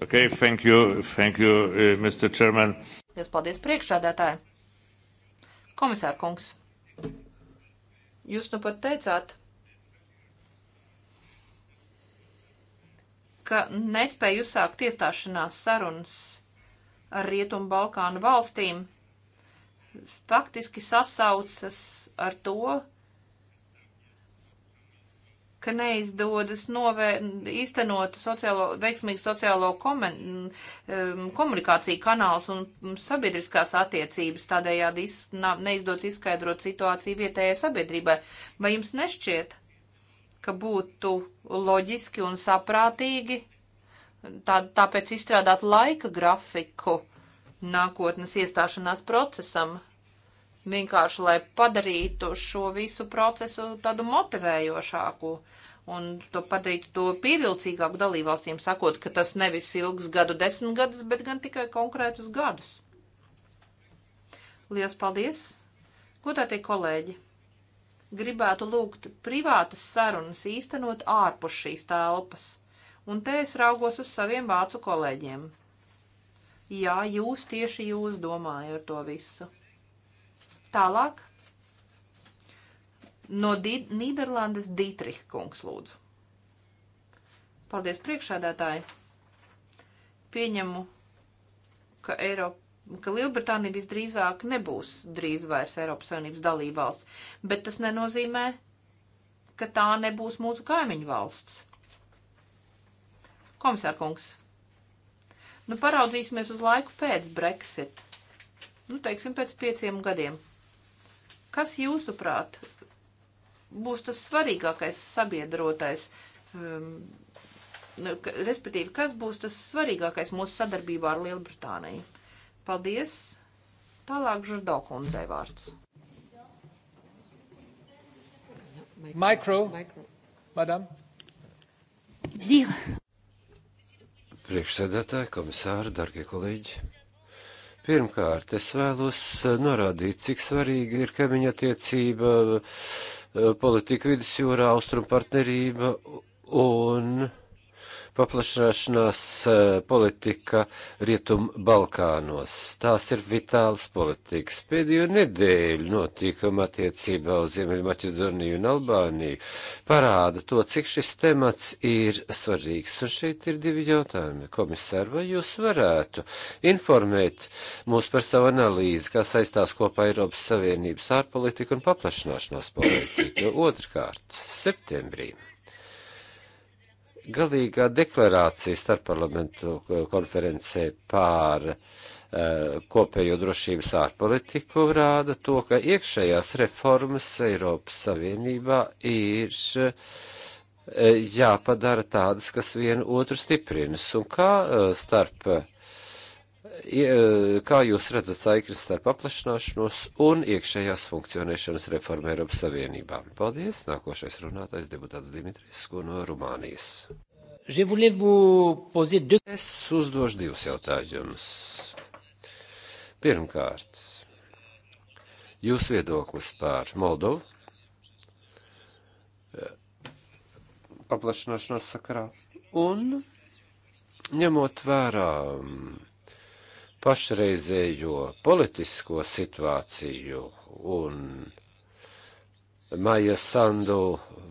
Okay, thank you, thank you, uh, Mr. Chairman. Es paldies priekšādātāji. Komisār kungs, jūs nu pat teicāt, ka nespēja uzsākt iestāšanās sarunas ar Rietumu Balkānu valstīm faktiski sasaucas ar to, ka neizdodas novē, īstenot sociālo, veiksmīgu sociālo komen, um, komunikāciju kanāls un sabiedriskās attiecības, tādējādi iz, neizdodas izskaidrot situāciju vietējai sabiedrībai. Vai jums nešķiet, ka būtu loģiski un saprātīgi tā, tāpēc izstrādāt laika grafiku nākotnes iestāšanās procesam? vienkārši, lai padarītu šo visu procesu tādu motivējošāku un to padarītu to pievilcīgāku dalībvalstīm, sakot, ka tas nevis ilgs gadu desmit gadus, bet gan tikai konkrētus gadus. Lielas paldies! Godātie kolēģi! Gribētu lūgt privātas sarunas īstenot ārpus šīs telpas, un te es raugos uz saviem vācu kolēģiem. Jā, jūs tieši jūs domājat ar to visu. Tālāk no Di Nīderlandes Dītriha kungs lūdzu. Paldies priekšādātāji. Pieņemu, ka Eiropa ka Lielbritānija visdrīzāk nebūs drīz vairs Eiropas Savienības dalībvalsts, bet tas nenozīmē, ka tā nebūs mūsu kaimiņu valsts. Komisārkungs, nu paraudzīsimies uz laiku pēc Brexit, nu teiksim pēc pieciem gadiem. Kas jūsuprāt būs tas svarīgākais sabiedrotais? Um, nu, respektīvi, kas būs tas svarīgākais mūsu sadarbībā ar Lielbritāniju? Paldies! Tālāk Žurdo kundzei vārds. Mikro. Mikro. Madam. Dieva. Priekšsēdētāji, komisāri, darbie kolēģi. Pirmkārt, es vēlos eh, norādīt, cik svarīgi ir kaimiņa attiecība, eh, politika vidusjūrā, austrumu partnerība un paplašināšanās eh, politika Rietum Balkānos. Tās ir vitāls politikas. Pēdējo nedēļu notikuma attiecībā uz Ziemeļmaķedoniju un Albāniju parāda to, cik šis temats ir svarīgs. Un šeit ir divi jautājumi. Komisāri, vai jūs varētu informēt mūs par savu analīzi, kā saistās kopā Eiropas Savienības ārpolitika un paplašināšanās politika? Otrkārt, septembrī. Galīgā deklarācija starpparlamentu konferencē pār eh, kopējo drošības ārpolitiku rāda to, ka iekšējās reformas Eiropas Savienībā ir eh, jāpadara tādas, kas vienu otru stiprinas, un kā eh, starp Eh, kā jūs redzat saiknes starp paplašināšanos un iekšējās funkcionēšanas reformu Eiropas Savienībā? Paldies! Nākošais runātais deputāts Dimitris Sku no Rumānijas. Es uzdošu divus jautājumus. Pirmkārt, jūs viedoklis pār Moldovu eh, paplašināšanās sakarā un ņemot vērā mm, pašreizējo politisko situāciju un Maija Sandu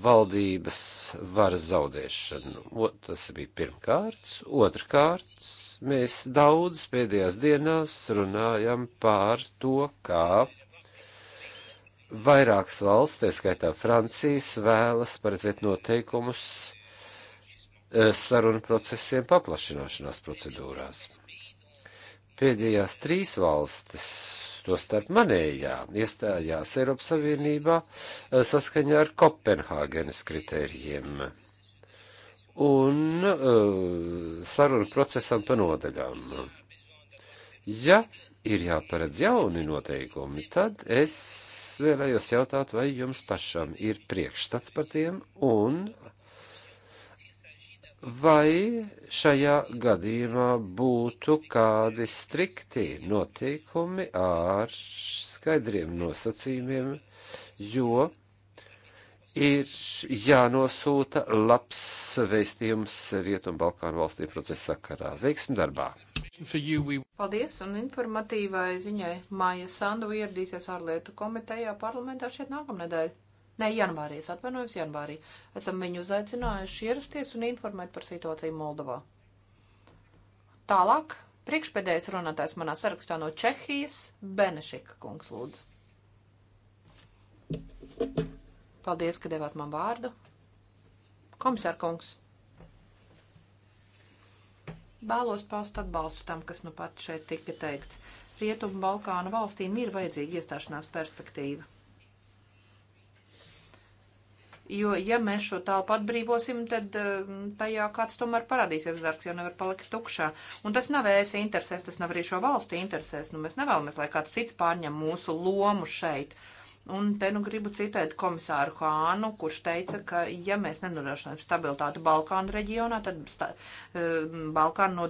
valdības varas zaudēšanu. O, tas bija pirmkārt. Otrkārt, mēs daudz pēdējās dienās runājam pār to, kā vairākas valsts, tā skaitā Francijas, vēlas paredzēt noteikumus eh, sarunu procesiem paplašināšanās procedūrās pēdējās trīs valstis, to starp manējā, iestājās Eiropas Savienībā eh, saskaņā ar Kopenhāgenes kritērijiem un uh, eh, sarunu procesam pa nodaļām. Ja ir jāparedz jauni noteikumi, tad es vēlējos jautāt, vai jums pašam ir priekšstats par tiem un Vai šajā gadījumā būtu kādi strikti noteikumi ar skaidriem nosacījumiem, jo ir jānosūta labs vēstījums Rietumbalkānu valstī procesa sakarā. Veiksim darbā! Paldies un informatīvai ziņai Māja Sandu ieradīsies ārlietu komitejā parlamentā šeit nākamnedēļ. Nē, janvārī, es atvainojos, janvārī. Esam viņu uzaicinājuši ierasties un informēt par situāciju Moldovā. Tālāk, priekšpēdējais runātājs manā sarakstā no Čehijas, Benešika kungs lūdzu. Paldies, ka devāt man vārdu. Komisār kungs. Vēlos paust atbalstu tam, kas nu pat šeit tika teikts. Rietumu Balkānu valstīm ir vajadzīga iestāšanās perspektīva. Jo, ja mēs šo tālpu atbrīvosim, tad um, tajā kāds tomēr parādīsies zarks, jo nevar palikt tukšā. Un tas nav ES interesēs, tas nav arī šo valstu interesēs. Nu, mēs nevēlamies, lai kāds cits pārņem mūsu lomu šeit. Un te nu gribu citēt komisāru Hānu, kurš teica, ka ja mēs nenodrošinām stabilitāti Balkānu reģionā, tad sta, um, Balkānu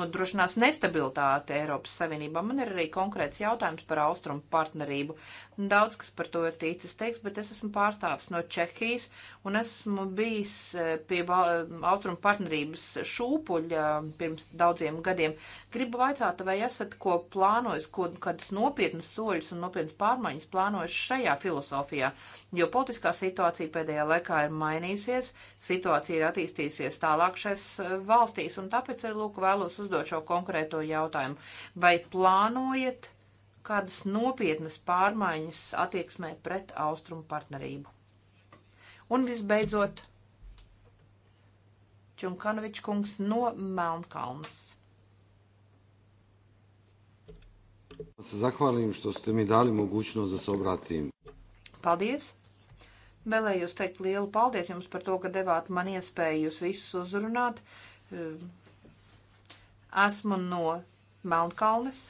nodrošinās nestabilitāti Eiropas Savienībā. Man ir arī konkrēts jautājums par austrumu partnerību. Daudz kas par to ir ticis teiks, bet es esmu pārstāvis no Čehijas un es esmu bijis e, pie Austrumu partnerības šūpuļa e, pirms daudziem gadiem. Gribu vaicāt, vai esat ko plānojis, ko, kādus nopietnus soļus un nopietnas pārmaiņas plānojis šajā filozofijā, jo politiskā situācija pēdējā laikā ir mainījusies, situācija ir attīstījusies tālāk šais e, valstīs un tāpēc arī lūk vēlos uzdot šo konkrēto jautājumu. Vai plānojat? kādas nopietnas pārmaiņas attieksmē pret austrumu partnerību. Un visbeidzot, Čunkanovičs kungs no Melnkalnas. Zahvalim, što ste mi dali mogućnost da se obratim. Paldies! Vēlējos teikt lielu paldies jums par to, ka devāt man iespēju jūs visus uzrunāt. Ehm, esmu no Melnkalnes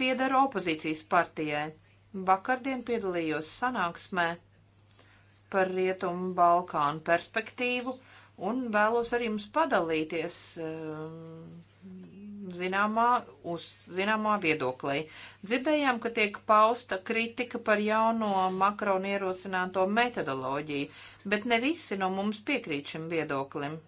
piedara opozīcijas partijai. Vakardien piedalījos sanāksmē par Rietumu Balkānu perspektīvu un vēlos ar jums padalīties eh, zināmā, uz zināmā viedoklī. Dzirdējām, ka tiek pausta kritika par jauno Makrona ierosināto metodoloģiju, bet ne visi no mums piekrīt šim viedoklim.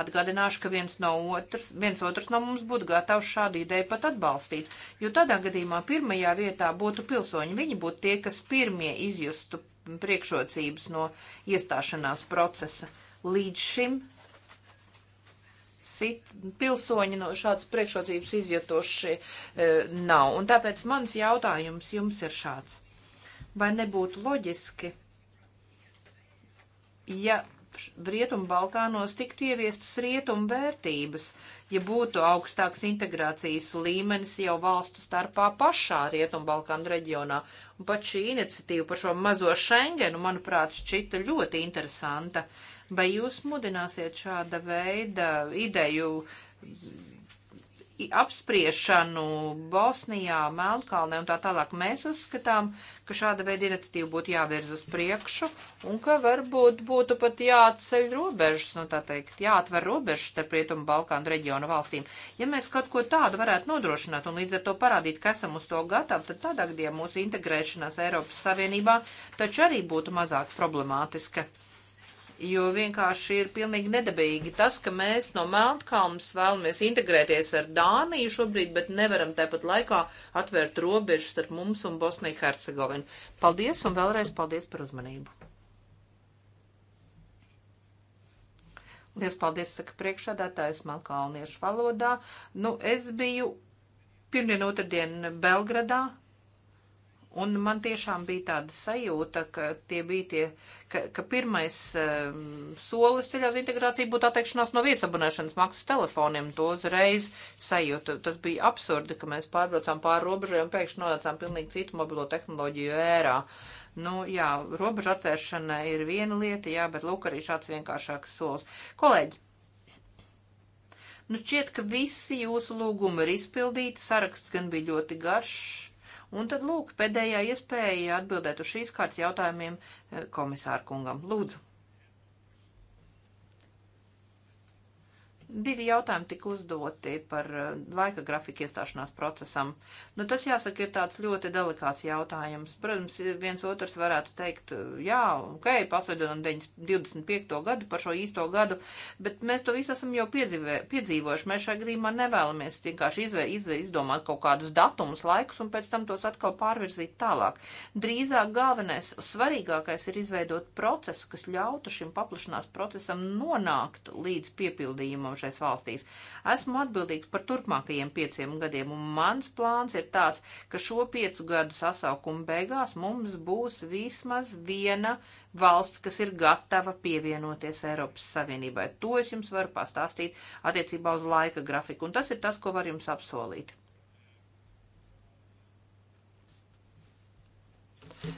Atgādināšu, ka viens, no otrs, viens otrs no mums būtu gatavs šādu ideju pat atbalstīt, jo tādā gadījumā pirmajā vietā būtu pilsoņi. Viņi būtu tie, kas pirmie izjustu priekšrocības no iestāšanās procesa. Līdz šim sit, pilsoņi no šādas priekšrocības izjutoši e, nav. Un tāpēc mans jautājums jums ir šāds. Vai nebūtu loģiski, ja Rietumu Balkānos tiktu ieviestas rietumu vērtības, ja būtu augstāks integrācijas līmenis jau valstu starpā pašā Rietumu Balkānu reģionā. Un pat šī iniciatīva par šo mazo Schengenu, manuprāt, šķita ļoti interesanta. Vai jūs mudināsiet šāda veida ideju apspriešanu Bosnijā, Melnkalnē un tā tālāk. Mēs uzskatām, ka šāda veida iniciatīva būtu jāvirz uz priekšu un ka varbūt būtu pat jāatceļ robežas, nu tā teikt, jāatver robežas starp Rietumu Balkānu reģionu valstīm. Ja mēs kaut ko tādu varētu nodrošināt un līdz ar to parādīt, ka esam uz to gatavi, tad tādā gadījumā mūsu integrēšanās Eiropas Savienībā taču arī būtu mazāk problemātiska jo vienkārši ir pilnīgi nedabīgi tas, ka mēs no Melnkalnas vēlamies integrēties ar Dāniju šobrīd, bet nevaram tāpat laikā atvērt robežas starp mums un Bosniju Hercegovinu. Paldies un vēlreiz paldies par uzmanību. Liels paldies, saka priekšādātājs Melnkalniešu valodā. Nu, es biju pirmdien otrdien Belgradā Un man tiešām bija tāda sajūta, ka tie bija tie, ka, ka pirmais uh, solis ceļā uz integrāciju būtu atteikšanās no viesabunēšanas maksas telefoniem. To uzreiz sajūtu. Tas bija absurdi, ka mēs pārbraucām pāri robežai un pēkšņi nonācām pilnīgi citu mobilo tehnoloģiju ērā. Nu, jā, robeža atvēršana ir viena lieta, jā, bet lūk arī šāds vienkāršāks solis. Kolēģi! Nu, šķiet, ka visi jūsu lūgumi ir izpildīti, saraksts gan bija ļoti garš Un tad, lūk, pēdējā iespēja atbildēt uz šīs kārtas jautājumiem eh, komisāra kungam. Lūdzu! Divi jautājumi tika uzdoti par eh, laika grafiku iestāšanās procesam. Nu, tas, jāsaka, ir tāds ļoti delikāts jautājums. Protams, viens otrs varētu teikt, eh, jā, ok, pasveidojam 25. gadu par šo īsto gadu, bet mēs to visu esam jau piedzīvē, piedzīvojuši. Mēs šajā gadījumā nevēlamies vienkārši izvē, izvē, izdomāt kaut kādus datumus, laikus un pēc tam tos atkal pārvirzīt tālāk. Drīzāk galvenais, svarīgākais ir izveidot procesu, kas ļautu šim paplašanās procesam nonākt līdz piepildījumam esošais valstīs. Esmu atbildīgs par turpmākajiem pieciem gadiem, un mans plāns ir tāds, ka šo piecu gadu sasaukumu beigās mums būs vismaz viena valsts, kas ir gatava pievienoties Eiropas Savienībai. To es jums varu pastāstīt attiecībā uz laika grafiku, un tas ir tas, ko var jums apsolīt.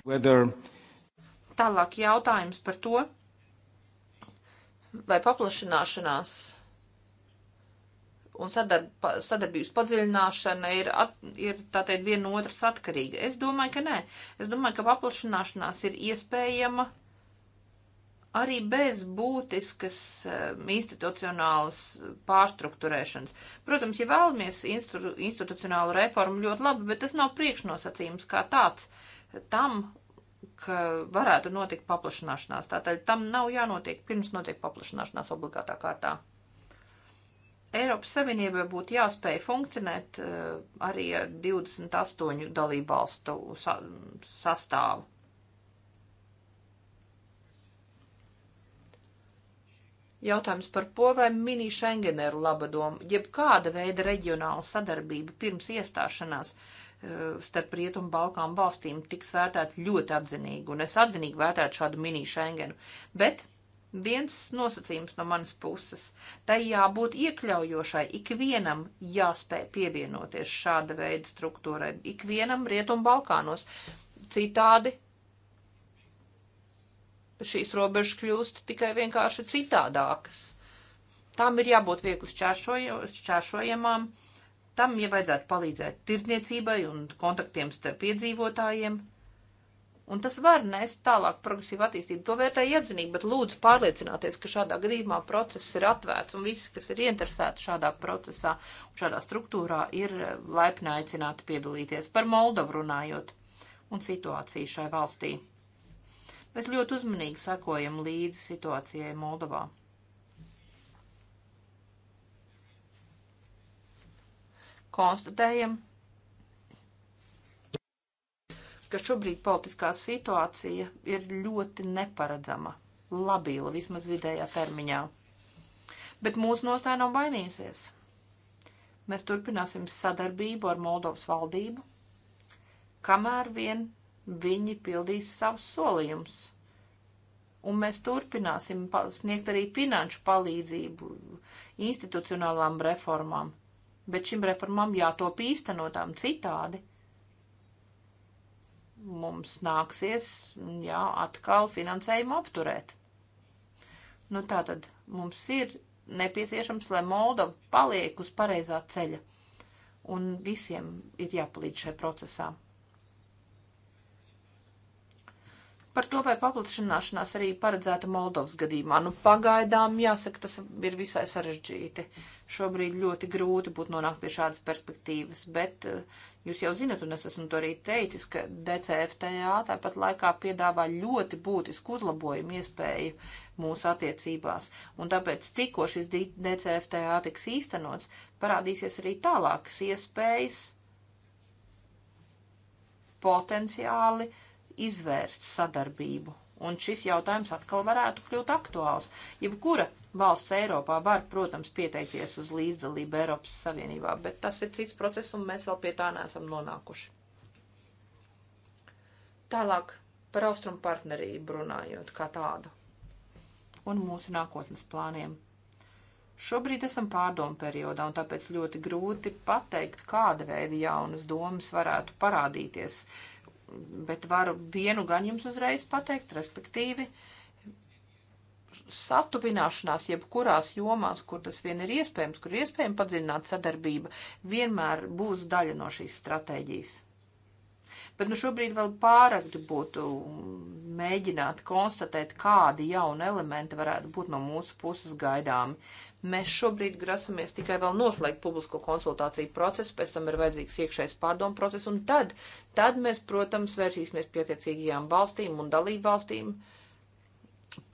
Whether... Tālāk jautājums par to, vai paplašināšanās un sadarb, sadarbības padziļināšana ir, at, ir tā teikt, viena otras atkarīga. Es domāju, ka nē. Es domāju, ka paplašanāšanās ir iespējama arī bez būtiskas um, institucionālas pārstruktūrēšanas. Protams, ja vēlamies instru, institucionālu reformu ļoti labi, bet tas nav priekšnosacījums kā tāds tam, ka varētu notikt paplašanāšanās. Tātad tam nav jānotiek pirms notiek paplašanāšanās obligātā kārtā. Eiropas Savienībai būtu jāspēj funkcionēt eh, arī ar 28 dalībvalstu sa sastāvu. Jautājums par to, vai mini Schengen ir laba doma, jeb kāda veida reģionāla sadarbība pirms iestāšanās eh, starp Rietumu Balkānu valstīm tiks vērtēta ļoti atzinīgi, un es atzinīgi vērtētu šādu mini Schengenu. Bet viens nosacījums no manas puses. Tai jābūt iekļaujošai, ikvienam jāspēj pievienoties šāda veida struktūrai, ikvienam Rietumbalkānos. Citādi šīs robežas kļūst tikai vienkārši citādākas. Tām ir jābūt viegli šķēršojamām, tam, ja vajadzētu palīdzēt tirdniecībai un kontaktiem starp iedzīvotājiem. Un tas var nest tālāk progresīvu attīstību. To vērtēja iedzinīgi, bet lūdzu pārliecināties, ka šādā gadījumā process ir atvērts un visi, kas ir interesēti šādā procesā un šādā struktūrā, ir eh, laipni aicināti piedalīties par Moldovu runājot un situāciju šai valstī. Mēs ļoti uzmanīgi sekojam līdzi situācijai Moldovā. Konstatējam, ka šobrīd politiskā situācija ir ļoti neparedzama, labila vismaz vidējā termiņā. Bet mūsu nostāja nav mainījusies. Mēs turpināsim sadarbību ar Moldovas valdību, kamēr vien viņi pildīs savus solījumus. Un mēs turpināsim sniegt arī finanšu palīdzību institucionālām reformām, bet šīm reformām jātop īstenotām citādi – mums nāksies, jā, atkal finansējumu apturēt. Nu tā tad mums ir nepieciešams, lai Moldova paliek uz pareizā ceļa. Un visiem ir jāpalīdz šajā procesā. Par to, vai paplašināšanās arī paredzēta Moldovas gadījumā. Nu, pagaidām, jāsaka, tas ir visai sarežģīti. Šobrīd ļoti grūti būtu nonākt pie šādas perspektīvas, bet uh, Jūs jau zinat, un es esmu to arī teicis, ka DCFTA tāpat laikā piedāvā ļoti būtisku uzlabojumu iespēju mūsu attiecībās. Un tāpēc tikko šis DCFTA tiks īstenots, parādīsies arī tālākas iespējas potenciāli izvērst sadarbību. Un šis jautājums atkal varētu kļūt aktuāls. Jebkura valsts Eiropā var, protams, pieteikties uz līdzdalību Eiropas Savienībā, bet tas ir cits process, un mēs vēl pie tā neesam nonākuši. Tālāk par austrumu partnerību runājot kā tādu un mūsu nākotnes plāniem. Šobrīd esam pārdomu periodā, un tāpēc ļoti grūti pateikt, kāda veida jaunas domas varētu parādīties, bet varu vienu gan jums uzreiz pateikt, respektīvi, uh, satuvināšanās, jebkurās jomās, kur tas vien ir iespējams, kur ir iespējams padziļināt sadarbība, vienmēr būs daļa no šīs stratēģijas. Bet nu šobrīd vēl pāragri būtu mēģināt konstatēt, kādi jauni elementi varētu būt no mūsu puses gaidāmi. Mēs šobrīd grasamies tikai vēl noslēgt publisko konsultāciju procesu, pēc tam ir vajadzīgs iekšējais pārdomu process, un tad, tad mēs, protams, vērsīsimies pieteicīgajām valstīm un dalību valstīm. Uh,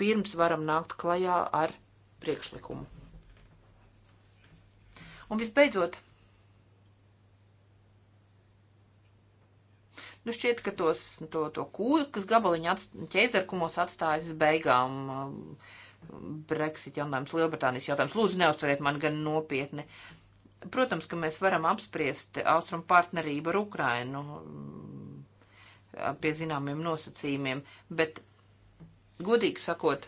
pirms varam nākt klajā ar priekšlikumu. Un visbeidzot, nu šķiet, ka tos, to, to kūkas gabaliņu atst, ķēzerkumos atstājas beigām um, Brexit jautājums, Lielbritānijas jautājums. Lūdzu, neuzsveriet man gan nopietni. Protams, ka mēs varam apspriest austrumu partnerību ar Ukrainu um, pie zināmiem nosacījumiem, bet Godīgi sakot,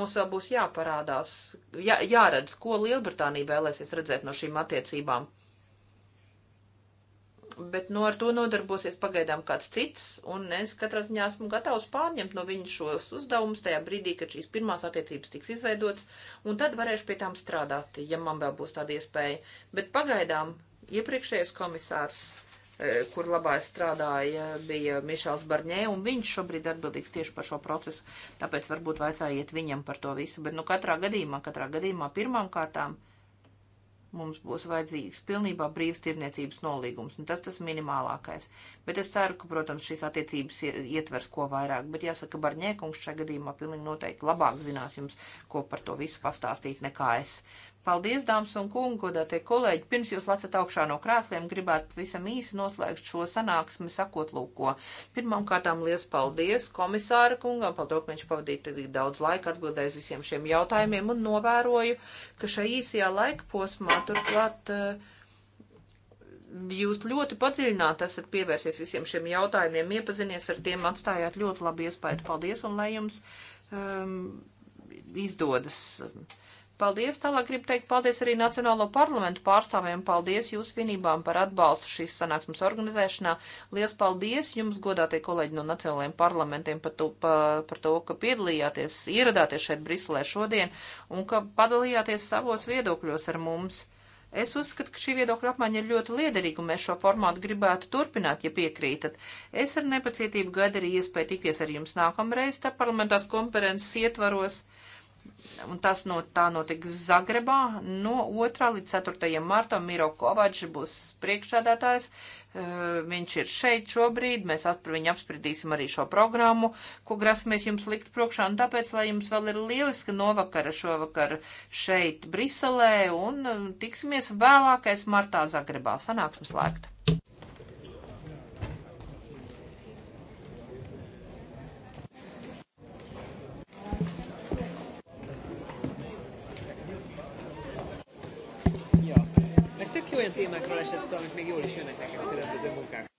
mums vēl būs jāparādās, jā, jāredz, ko Lielbritānija vēlēsies redzēt no šīm attiecībām. Bet nu, ar to nodarbosies pagaidām kāds cits, un es katrā ziņā esmu gatavs pārņemt no viņa šos uzdevumus tajā brīdī, kad šīs pirmās attiecības tiks izveidotas, un tad varēšu pie tām strādāt, ja man vēl būs tāda iespēja. Bet pagaidām iepriekšējais komisārs E, kur labā strādāja, e, bija Mišels Barņē, un viņš šobrīd atbildīgs tieši par šo procesu, tāpēc varbūt vajadzējiet viņam par to visu, bet nu katrā gadījumā, katrā gadījumā pirmām kārtām mums būs vajadzīgs pilnībā brīvs tirniecības nolīgums, un nu, tas tas minimālākais, bet es ceru, ka, protams, šīs attiecības ietvers ko vairāk, bet jāsaka, Barņē kungs šajā gadījumā pilnīgi noteikti labāk zinās jums, ko par to visu pastāstīt nekā es, Paldies, dāmas un kungi, godātie kolēģi! Pirms jūs lecat augšā no krēsliem, gribētu pavisam īsi noslēgt šo sanāksmi, sakot lūko. Pirmkārtām liels paldies komisāra kungam, paldies, ka viņš pavadīja tik daudz laika atbildējis visiem šiem jautājumiem un novēroju, ka šajā īsajā laika posmā turklāt eh, jūs ļoti padziļināti esat pievērsies visiem šiem jautājumiem, iepazinies ar tiem, atstājāt ļoti labu iespēju. Paldies un lai jums um, izdodas. Um, Paldies, tālāk gribu teikt paldies arī Nacionālo parlamentu pārstāvēm. Paldies jūsu vienībām par atbalstu šīs sanāksmes organizēšanā. Lielas paldies jums, godātie kolēģi no Nacionālajiem parlamentiem, par to, pa, par to, ka piedalījāties, ieradāties šeit Briselē šodien un ka padalījāties savos viedokļos ar mums. Es uzskatu, ka šī viedokļa apmaiņa ir ļoti liederīga, un mēs šo formātu gribētu turpināt, ja piekrītat. Es ar nepacietību gaidu arī iespēju tikties ar jums nākamreiz, tā parlamentās konferences ietvaros. Un tas no tā notiks Zagrebā no 2. līdz 4. martam. Miro Kovačs būs priekšsādātājs. Viņš ir šeit šobrīd. Mēs par viņu apspriedīsim arī šo programmu, ko grasamies jums likt priekšā. Un tāpēc, lai jums vēl ir lieliska novakara šovakar šeit Briselē un um, tiksimies vēlākais martā Zagrebā. Sanāksmes lēkta! olyan témákról esett szó, amik még jól is jönnek nekem a különböző munkák.